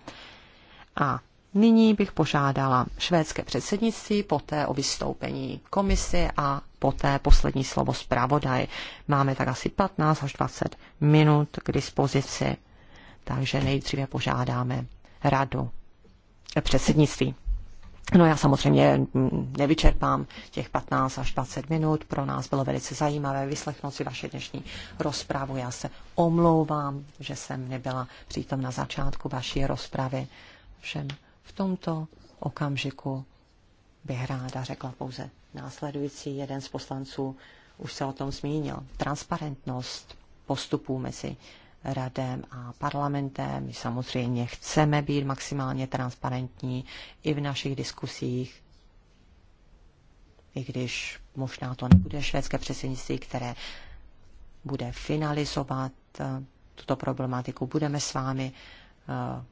A Nyní bych požádala švédské předsednictví, poté o vystoupení komisy a poté poslední slovo zpravodaj. Máme tak asi 15 až 20 minut k dispozici, takže nejdříve požádáme radu eh, předsednictví. No já samozřejmě mm, nevyčerpám těch 15 až 20 minut. Pro nás bylo velice zajímavé vyslechnout si vaše dnešní rozpravu. Já se omlouvám, že jsem nebyla přítom na začátku vaší rozpravy. Všem v tomto okamžiku bych ráda řekla pouze následující. Jeden z poslanců už se o tom zmínil. Transparentnost postupů mezi radem a parlamentem. My samozřejmě chceme být maximálně transparentní i v našich diskusích, i když možná to nebude švédské předsednictví, které bude finalizovat eh, tuto problematiku. Budeme s vámi eh,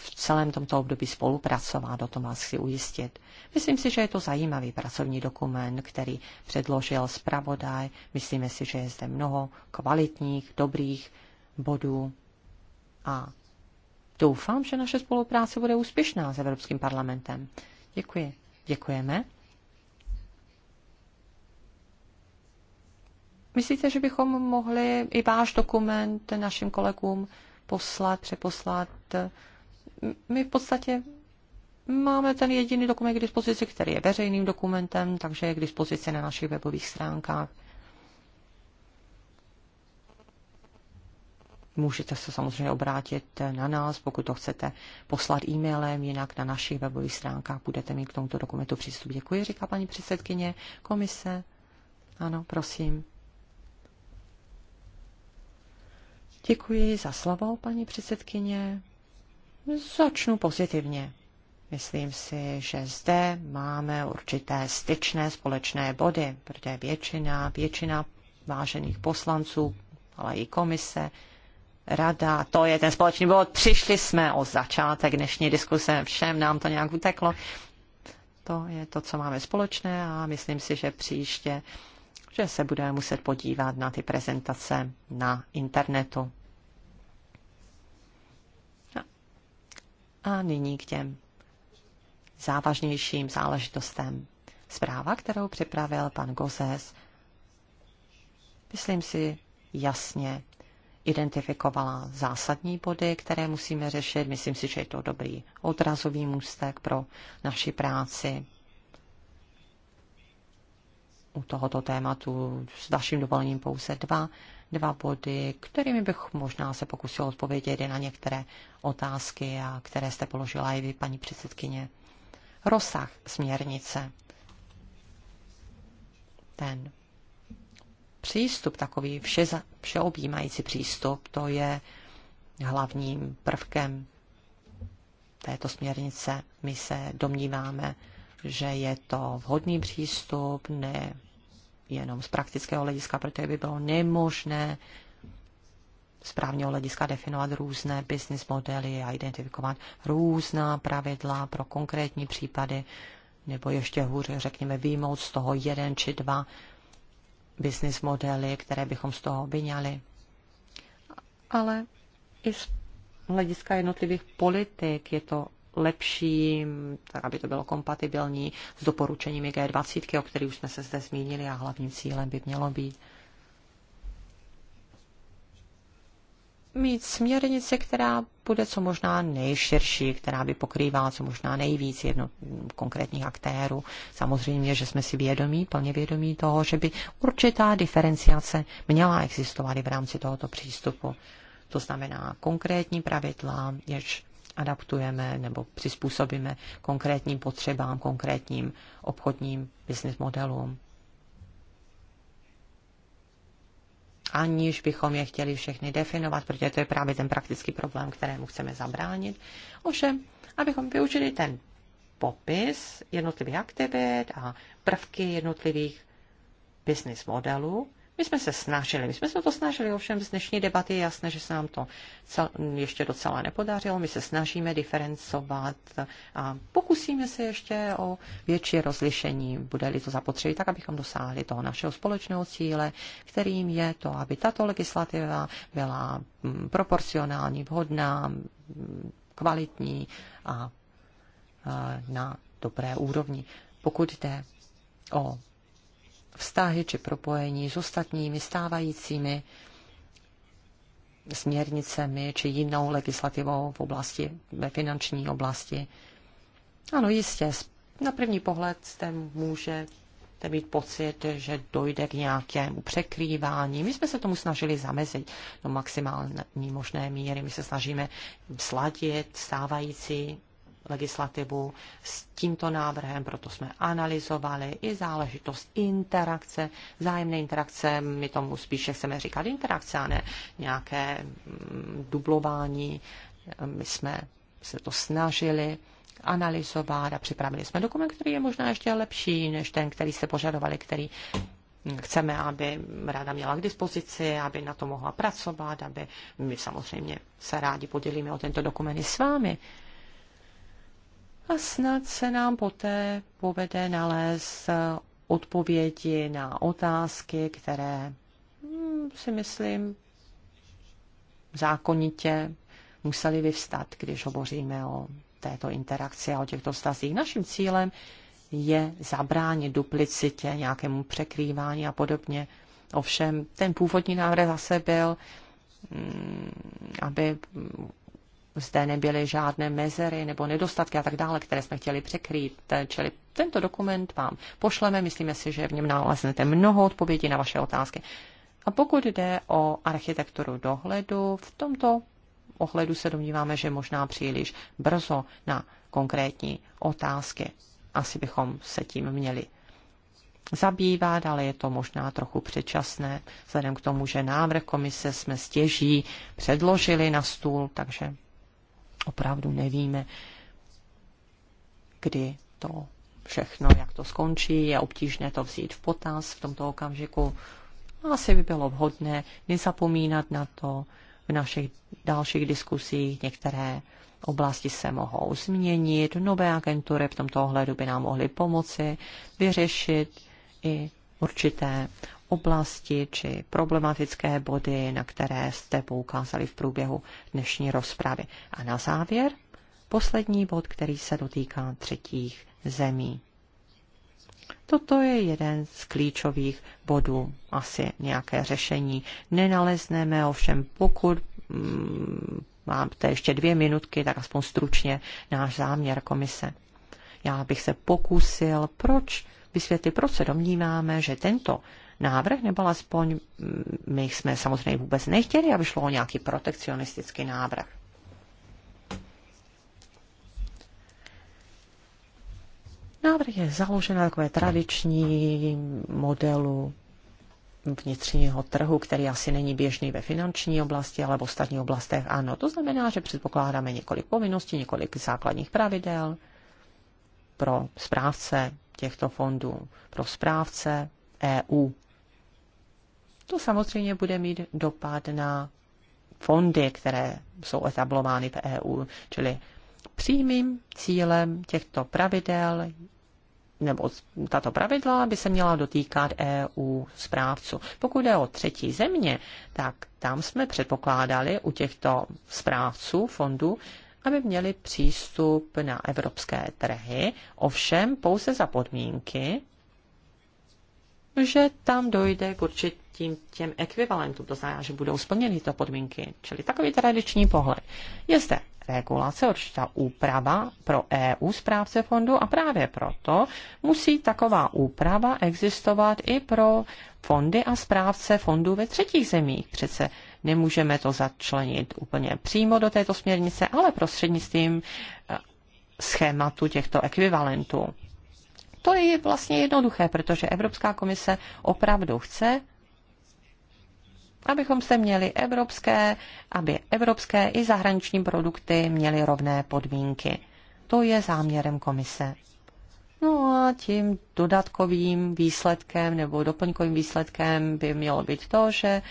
v celém tomto období spolupracovat, o tom vás chci ujistit. Myslím si, že je to zajímavý pracovní dokument, který předložil zpravodaj. Myslíme si, že je zde mnoho kvalitních, dobrých bodů a doufám, že naše spolupráce bude úspěšná s Evropským parlamentem. Děkuji. Děkujeme. Myslíte, že bychom mohli i váš dokument našim kolegům poslat, přeposlat my v podstatě máme ten jediný dokument k dispozici, který je veřejným dokumentem, takže je k dispozici na našich webových stránkách. Můžete se samozřejmě obrátit na nás, pokud to chcete poslat e-mailem, jinak na našich webových stránkách budete mít k tomuto dokumentu přístup. Děkuji, říká paní předsedkyně komise. Ano, prosím. Děkuji za slovo, paní předsedkyně. Začnu pozitivně. Myslím si, že zde máme určité styčné společné body, protože většina, většina vážených poslanců, ale i komise, rada, to je ten společný bod. Přišli jsme o začátek dnešní diskuse, všem nám to nějak uteklo. To je to, co máme společné a myslím si, že příště, že se budeme muset podívat na ty prezentace na internetu. A nyní k těm závažnějším záležitostem. Zpráva, kterou připravil pan Gozes, myslím si, jasně identifikovala zásadní body, které musíme řešit. Myslím si, že je to dobrý odrazový můstek pro naši práci u tohoto tématu s dalším dovolením pouze dva dva body, kterými bych možná se pokusil odpovědět i na některé otázky, a které jste položila i vy, paní předsedkyně. Rozsah směrnice. Ten přístup, takový vše, všeobjímající přístup, to je hlavním prvkem této směrnice. My se domníváme, že je to vhodný přístup, ne jenom z praktického hlediska, protože by bylo nemožné z právního hlediska definovat různé business modely a identifikovat různá pravidla pro konkrétní případy, nebo ještě hůře, řekněme, výjmout z toho jeden či dva business modely, které bychom z toho vyňali. Ale i z hlediska jednotlivých politik je to lepší, tak aby to bylo kompatibilní s doporučeními G20, o kterých už jsme se zde zmínili a hlavním cílem by mělo být mít směrnici, která bude co možná nejširší, která by pokrývala co možná nejvíc jedno, konkrétních aktérů. Samozřejmě, že jsme si vědomí, plně vědomí toho, že by určitá diferenciace měla existovat i v rámci tohoto přístupu. To znamená konkrétní pravidla, jež adaptujeme nebo přizpůsobíme konkrétním potřebám, konkrétním obchodním business modelům. Aniž bychom je chtěli všechny definovat, protože to je právě ten praktický problém, kterému chceme zabránit. Ovšem, abychom využili ten popis jednotlivých aktivit a prvky jednotlivých business modelů, my jsme se snažili, my jsme se to snažili, ovšem z dnešní debaty je jasné, že se nám to cel, ještě docela nepodařilo. My se snažíme diferencovat a pokusíme se ještě o větší rozlišení, bude-li to zapotřebí, tak abychom dosáhli toho našeho společného cíle, kterým je to, aby tato legislativa byla mm, proporcionální, vhodná, mm, kvalitní a e, na dobré úrovni. Pokud jde o vztahy či propojení s ostatními stávajícími směrnicemi či jinou legislativou v oblasti, ve finanční oblasti. Ano, jistě, na první pohled jste může mít pocit, že dojde k nějakému překrývání. My jsme se tomu snažili zamezit do maximální možné míry. My se snažíme sladit stávající legislativu s tímto návrhem, proto jsme analyzovali i záležitost interakce, zájemné interakce, my tomu spíše chceme říkat interakce a ne nějaké mm, dublování. My jsme se to snažili analyzovat a připravili jsme dokument, který je možná ještě lepší než ten, který jste požadovali, který mm, chceme, aby ráda měla k dispozici, aby na to mohla pracovat, aby my samozřejmě se rádi podělíme o tento dokument i s vámi a snad se nám poté povede nalézt eh, odpovědi na otázky, které hm, si myslím zákonitě museli vyvstat, když hovoříme o této interakci a o těchto stazích. Naším cílem je zabránit duplicitě, nějakému překrývání a podobně. Ovšem ten původní návrh zase byl, hm, aby zde nebyly žádné mezery nebo nedostatky a tak dále, které jsme chtěli překrýt. Čili tento dokument vám pošleme, myslíme si, že v něm naleznete mnoho odpovědí na vaše otázky. A pokud jde o architekturu dohledu, v tomto ohledu se domníváme, že možná příliš brzo na konkrétní otázky. Asi bychom se tím měli zabývat, ale je to možná trochu předčasné, vzhledem k tomu, že návrh komise jsme stěží předložili na stůl, takže opravdu nevíme, kdy to všechno, jak to skončí, je obtížné to vzít v potaz v tomto okamžiku. Asi by bylo vhodné nezapomínat na to v našich dalších diskusích. Některé oblasti se mohou změnit, nové agentury v tomto ohledu by nám mohly pomoci vyřešit i určité oblasti či problematické body, na které jste poukázali v průběhu dnešní rozpravy. A na závěr poslední bod, který se dotýká třetích zemí. Toto je jeden z klíčových bodů, asi nějaké řešení. Nenalezneme ovšem, pokud mám máte ještě dvě minutky, tak aspoň stručně náš záměr komise. Já bych se pokusil, proč vysvětlit, proč se domníváme, že tento návrh, nebo alespoň mm, my jsme samozřejmě vůbec nechtěli, aby šlo o nějaký protekcionistický návrh. Návrh je založen na takové tradiční modelu vnitřního trhu, který asi není běžný ve finanční oblasti, ale v ostatních oblastech ano. To znamená, že předpokládáme několik povinností, několik základních pravidel pro správce těchto fondů, pro správce EU to samozřejmě bude mít dopad na fondy, které jsou etablovány v EU, čili přímým cílem těchto pravidel nebo tato pravidla by se měla dotýkat EU správců. Pokud je o třetí země, tak tam jsme předpokládali u těchto správců fondů, aby měli přístup na evropské trhy, ovšem pouze za podmínky, že tam dojde k určitým těm ekvivalentům, to znamená, že budou splněny tyto podmínky, čili takový tradiční pohled. Je zde regulace, určitá úprava pro EU správce fondu a právě proto musí taková úprava existovat i pro fondy a správce fondů ve třetích zemích. Přece nemůžeme to začlenit úplně přímo do této směrnice, ale prostřednictvím eh, schématu těchto ekvivalentů. To je vlastně jednoduché, protože Evropská komise opravdu chce, abychom se měli evropské, aby evropské i zahraniční produkty měly rovné podmínky. To je záměrem komise. No a tím dodatkovým výsledkem nebo doplňkovým výsledkem by mělo být to, že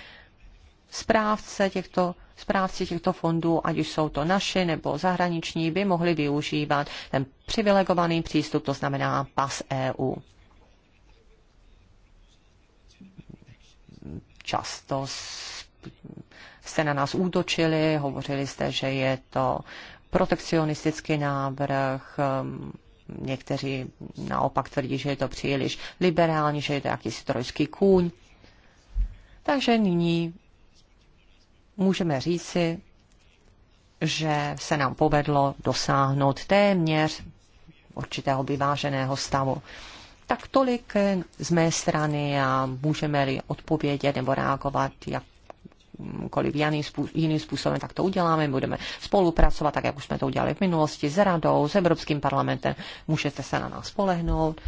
správce těchto správci těchto fondů, ať už jsou to naše nebo zahraniční, by mohli využívat ten privilegovaný přístup, to znamená pas EU. Často jste na nás útočili, hovořili jste, že je to protekcionistický návrh, um, někteří naopak tvrdí, že je to příliš liberální, že je to jakýsi trojský kůň. Takže nyní můžeme říci, že se nám povedlo dosáhnout téměř určitého vyváženého stavu. Tak tolik z mé strany a můžeme-li odpovědět nebo reagovat jakkoliv jiným způsobem, tak to uděláme. Budeme spolupracovat, tak jak už jsme to udělali v minulosti, s radou, s Evropským parlamentem. Můžete se na nás spolehnout.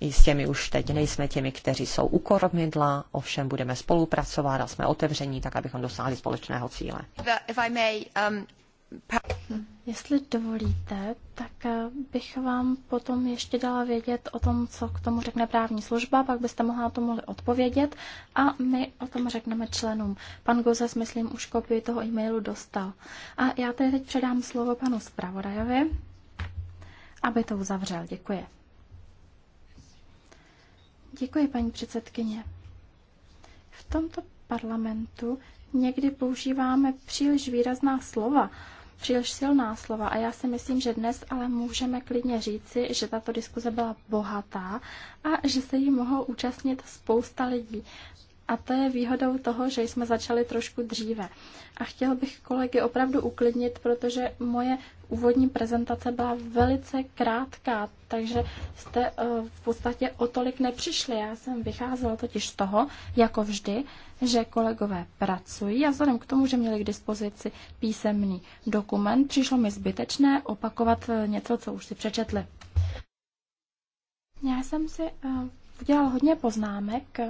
Jistě my už teď nejsme těmi, kteří jsou u kormidla, ovšem budeme spolupracovat a jsme otevření, tak abychom dosáhli společného cíle. Um, hm, jestli dovolíte, tak eh, bych vám potom ještě dala vědět o tom, co k tomu řekne právní služba, pak byste mohla na to mohli odpovědět a my o tom řekneme členům. Pan Gozes, myslím, už kopii toho e-mailu dostal. A já tady teď předám slovo panu zpravodajovi, aby to uzavřel. Děkuji. Děkuji, paní předsedkyně. V tomto parlamentu někdy používáme příliš výrazná slova, příliš silná slova a já si myslím, že dnes ale můžeme klidně říci, že tato diskuze byla bohatá a že se jí mohou účastnit spousta lidí. A to je výhodou toho, že jsme začali trošku dříve. A chtěl bych kolegy opravdu uklidnit, protože moje úvodní prezentace byla velice krátká, takže jste eh, v podstatě o tolik nepřišli. Já jsem vycházela totiž z toho, jako vždy, že kolegové pracují a vzhledem k tomu, že měli k dispozici písemný dokument, přišlo mi zbytečné opakovat eh, něco, co už si přečetli. Já jsem si eh, udělal hodně poznámek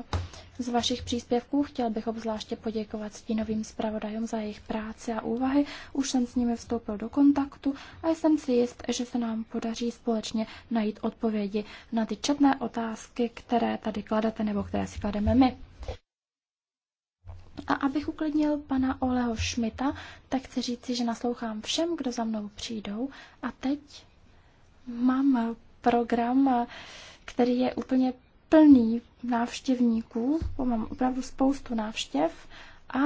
z vašich příspěvků. Chtěl bych obzvláště poděkovat stínovým zpravodajům za jejich práci a úvahy. Už jsem s nimi vstoupil do kontaktu a jsem si jist, že se nám podaří společně najít odpovědi na ty četné otázky, které tady kladete nebo které si klademe my. A abych uklidnil pana Oleho Šmita, tak chci říci, že naslouchám všem, kdo za mnou přijdou. A teď mám program, který je úplně plný návštěvníků, mám opravdu spoustu návštěv a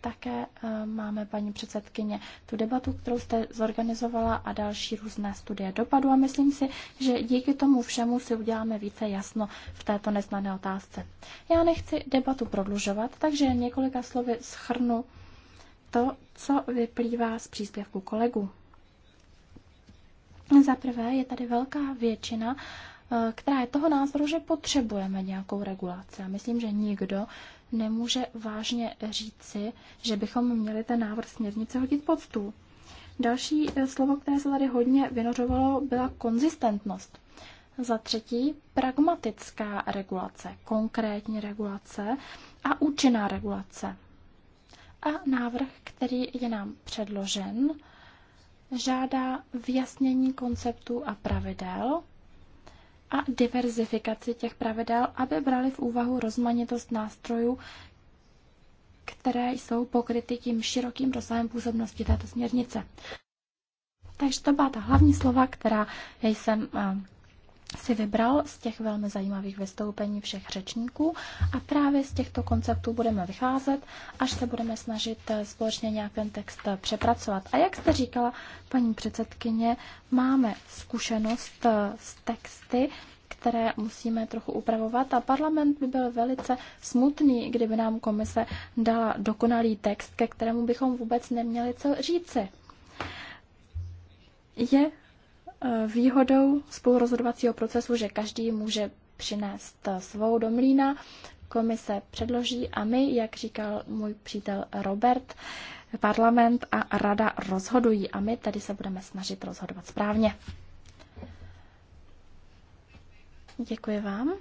také máme, paní předsedkyně, tu debatu, kterou jste zorganizovala a další různé studie dopadu a myslím si, že díky tomu všemu si uděláme více jasno v této neznané otázce. Já nechci debatu prodlužovat, takže několika slovy schrnu to, co vyplývá z příspěvku kolegů. Za prvé je tady velká většina která je toho názoru, že potřebujeme nějakou regulaci. A myslím, že nikdo nemůže vážně říci, že bychom měli ten návrh směrnice hodit pod stůl. Další eh, slovo, které se tady hodně vynořovalo, byla konzistentnost. Za třetí, pragmatická regulace, konkrétní regulace a účinná regulace. A návrh, který je nám předložen, žádá vyjasnění konceptů a pravidel, a diverzifikaci těch pravidel, aby brali v úvahu rozmanitost nástrojů, které jsou pokryty tím širokým rozsahem působnosti této směrnice. Takže to byla ta hlavní slova, která jsem eh, si vybral z těch velmi zajímavých vystoupení všech řečníků a právě z těchto konceptů budeme vycházet, až se budeme snažit eh, společně nějak ten text eh, přepracovat. A jak jste říkala, paní předsedkyně, máme zkušenost eh, s texty, které musíme trochu upravovat a parlament by byl velice smutný, kdyby nám komise dala dokonalý text, ke kterému bychom vůbec neměli co říci. Je Eh, výhodou spolurozhodovacího procesu, že každý může přinést eh, svou do mlína, komise předloží a my, jak říkal můj přítel Robert, parlament a rada rozhodují a my tady se budeme snažit rozhodovat správně. Děkuji vám.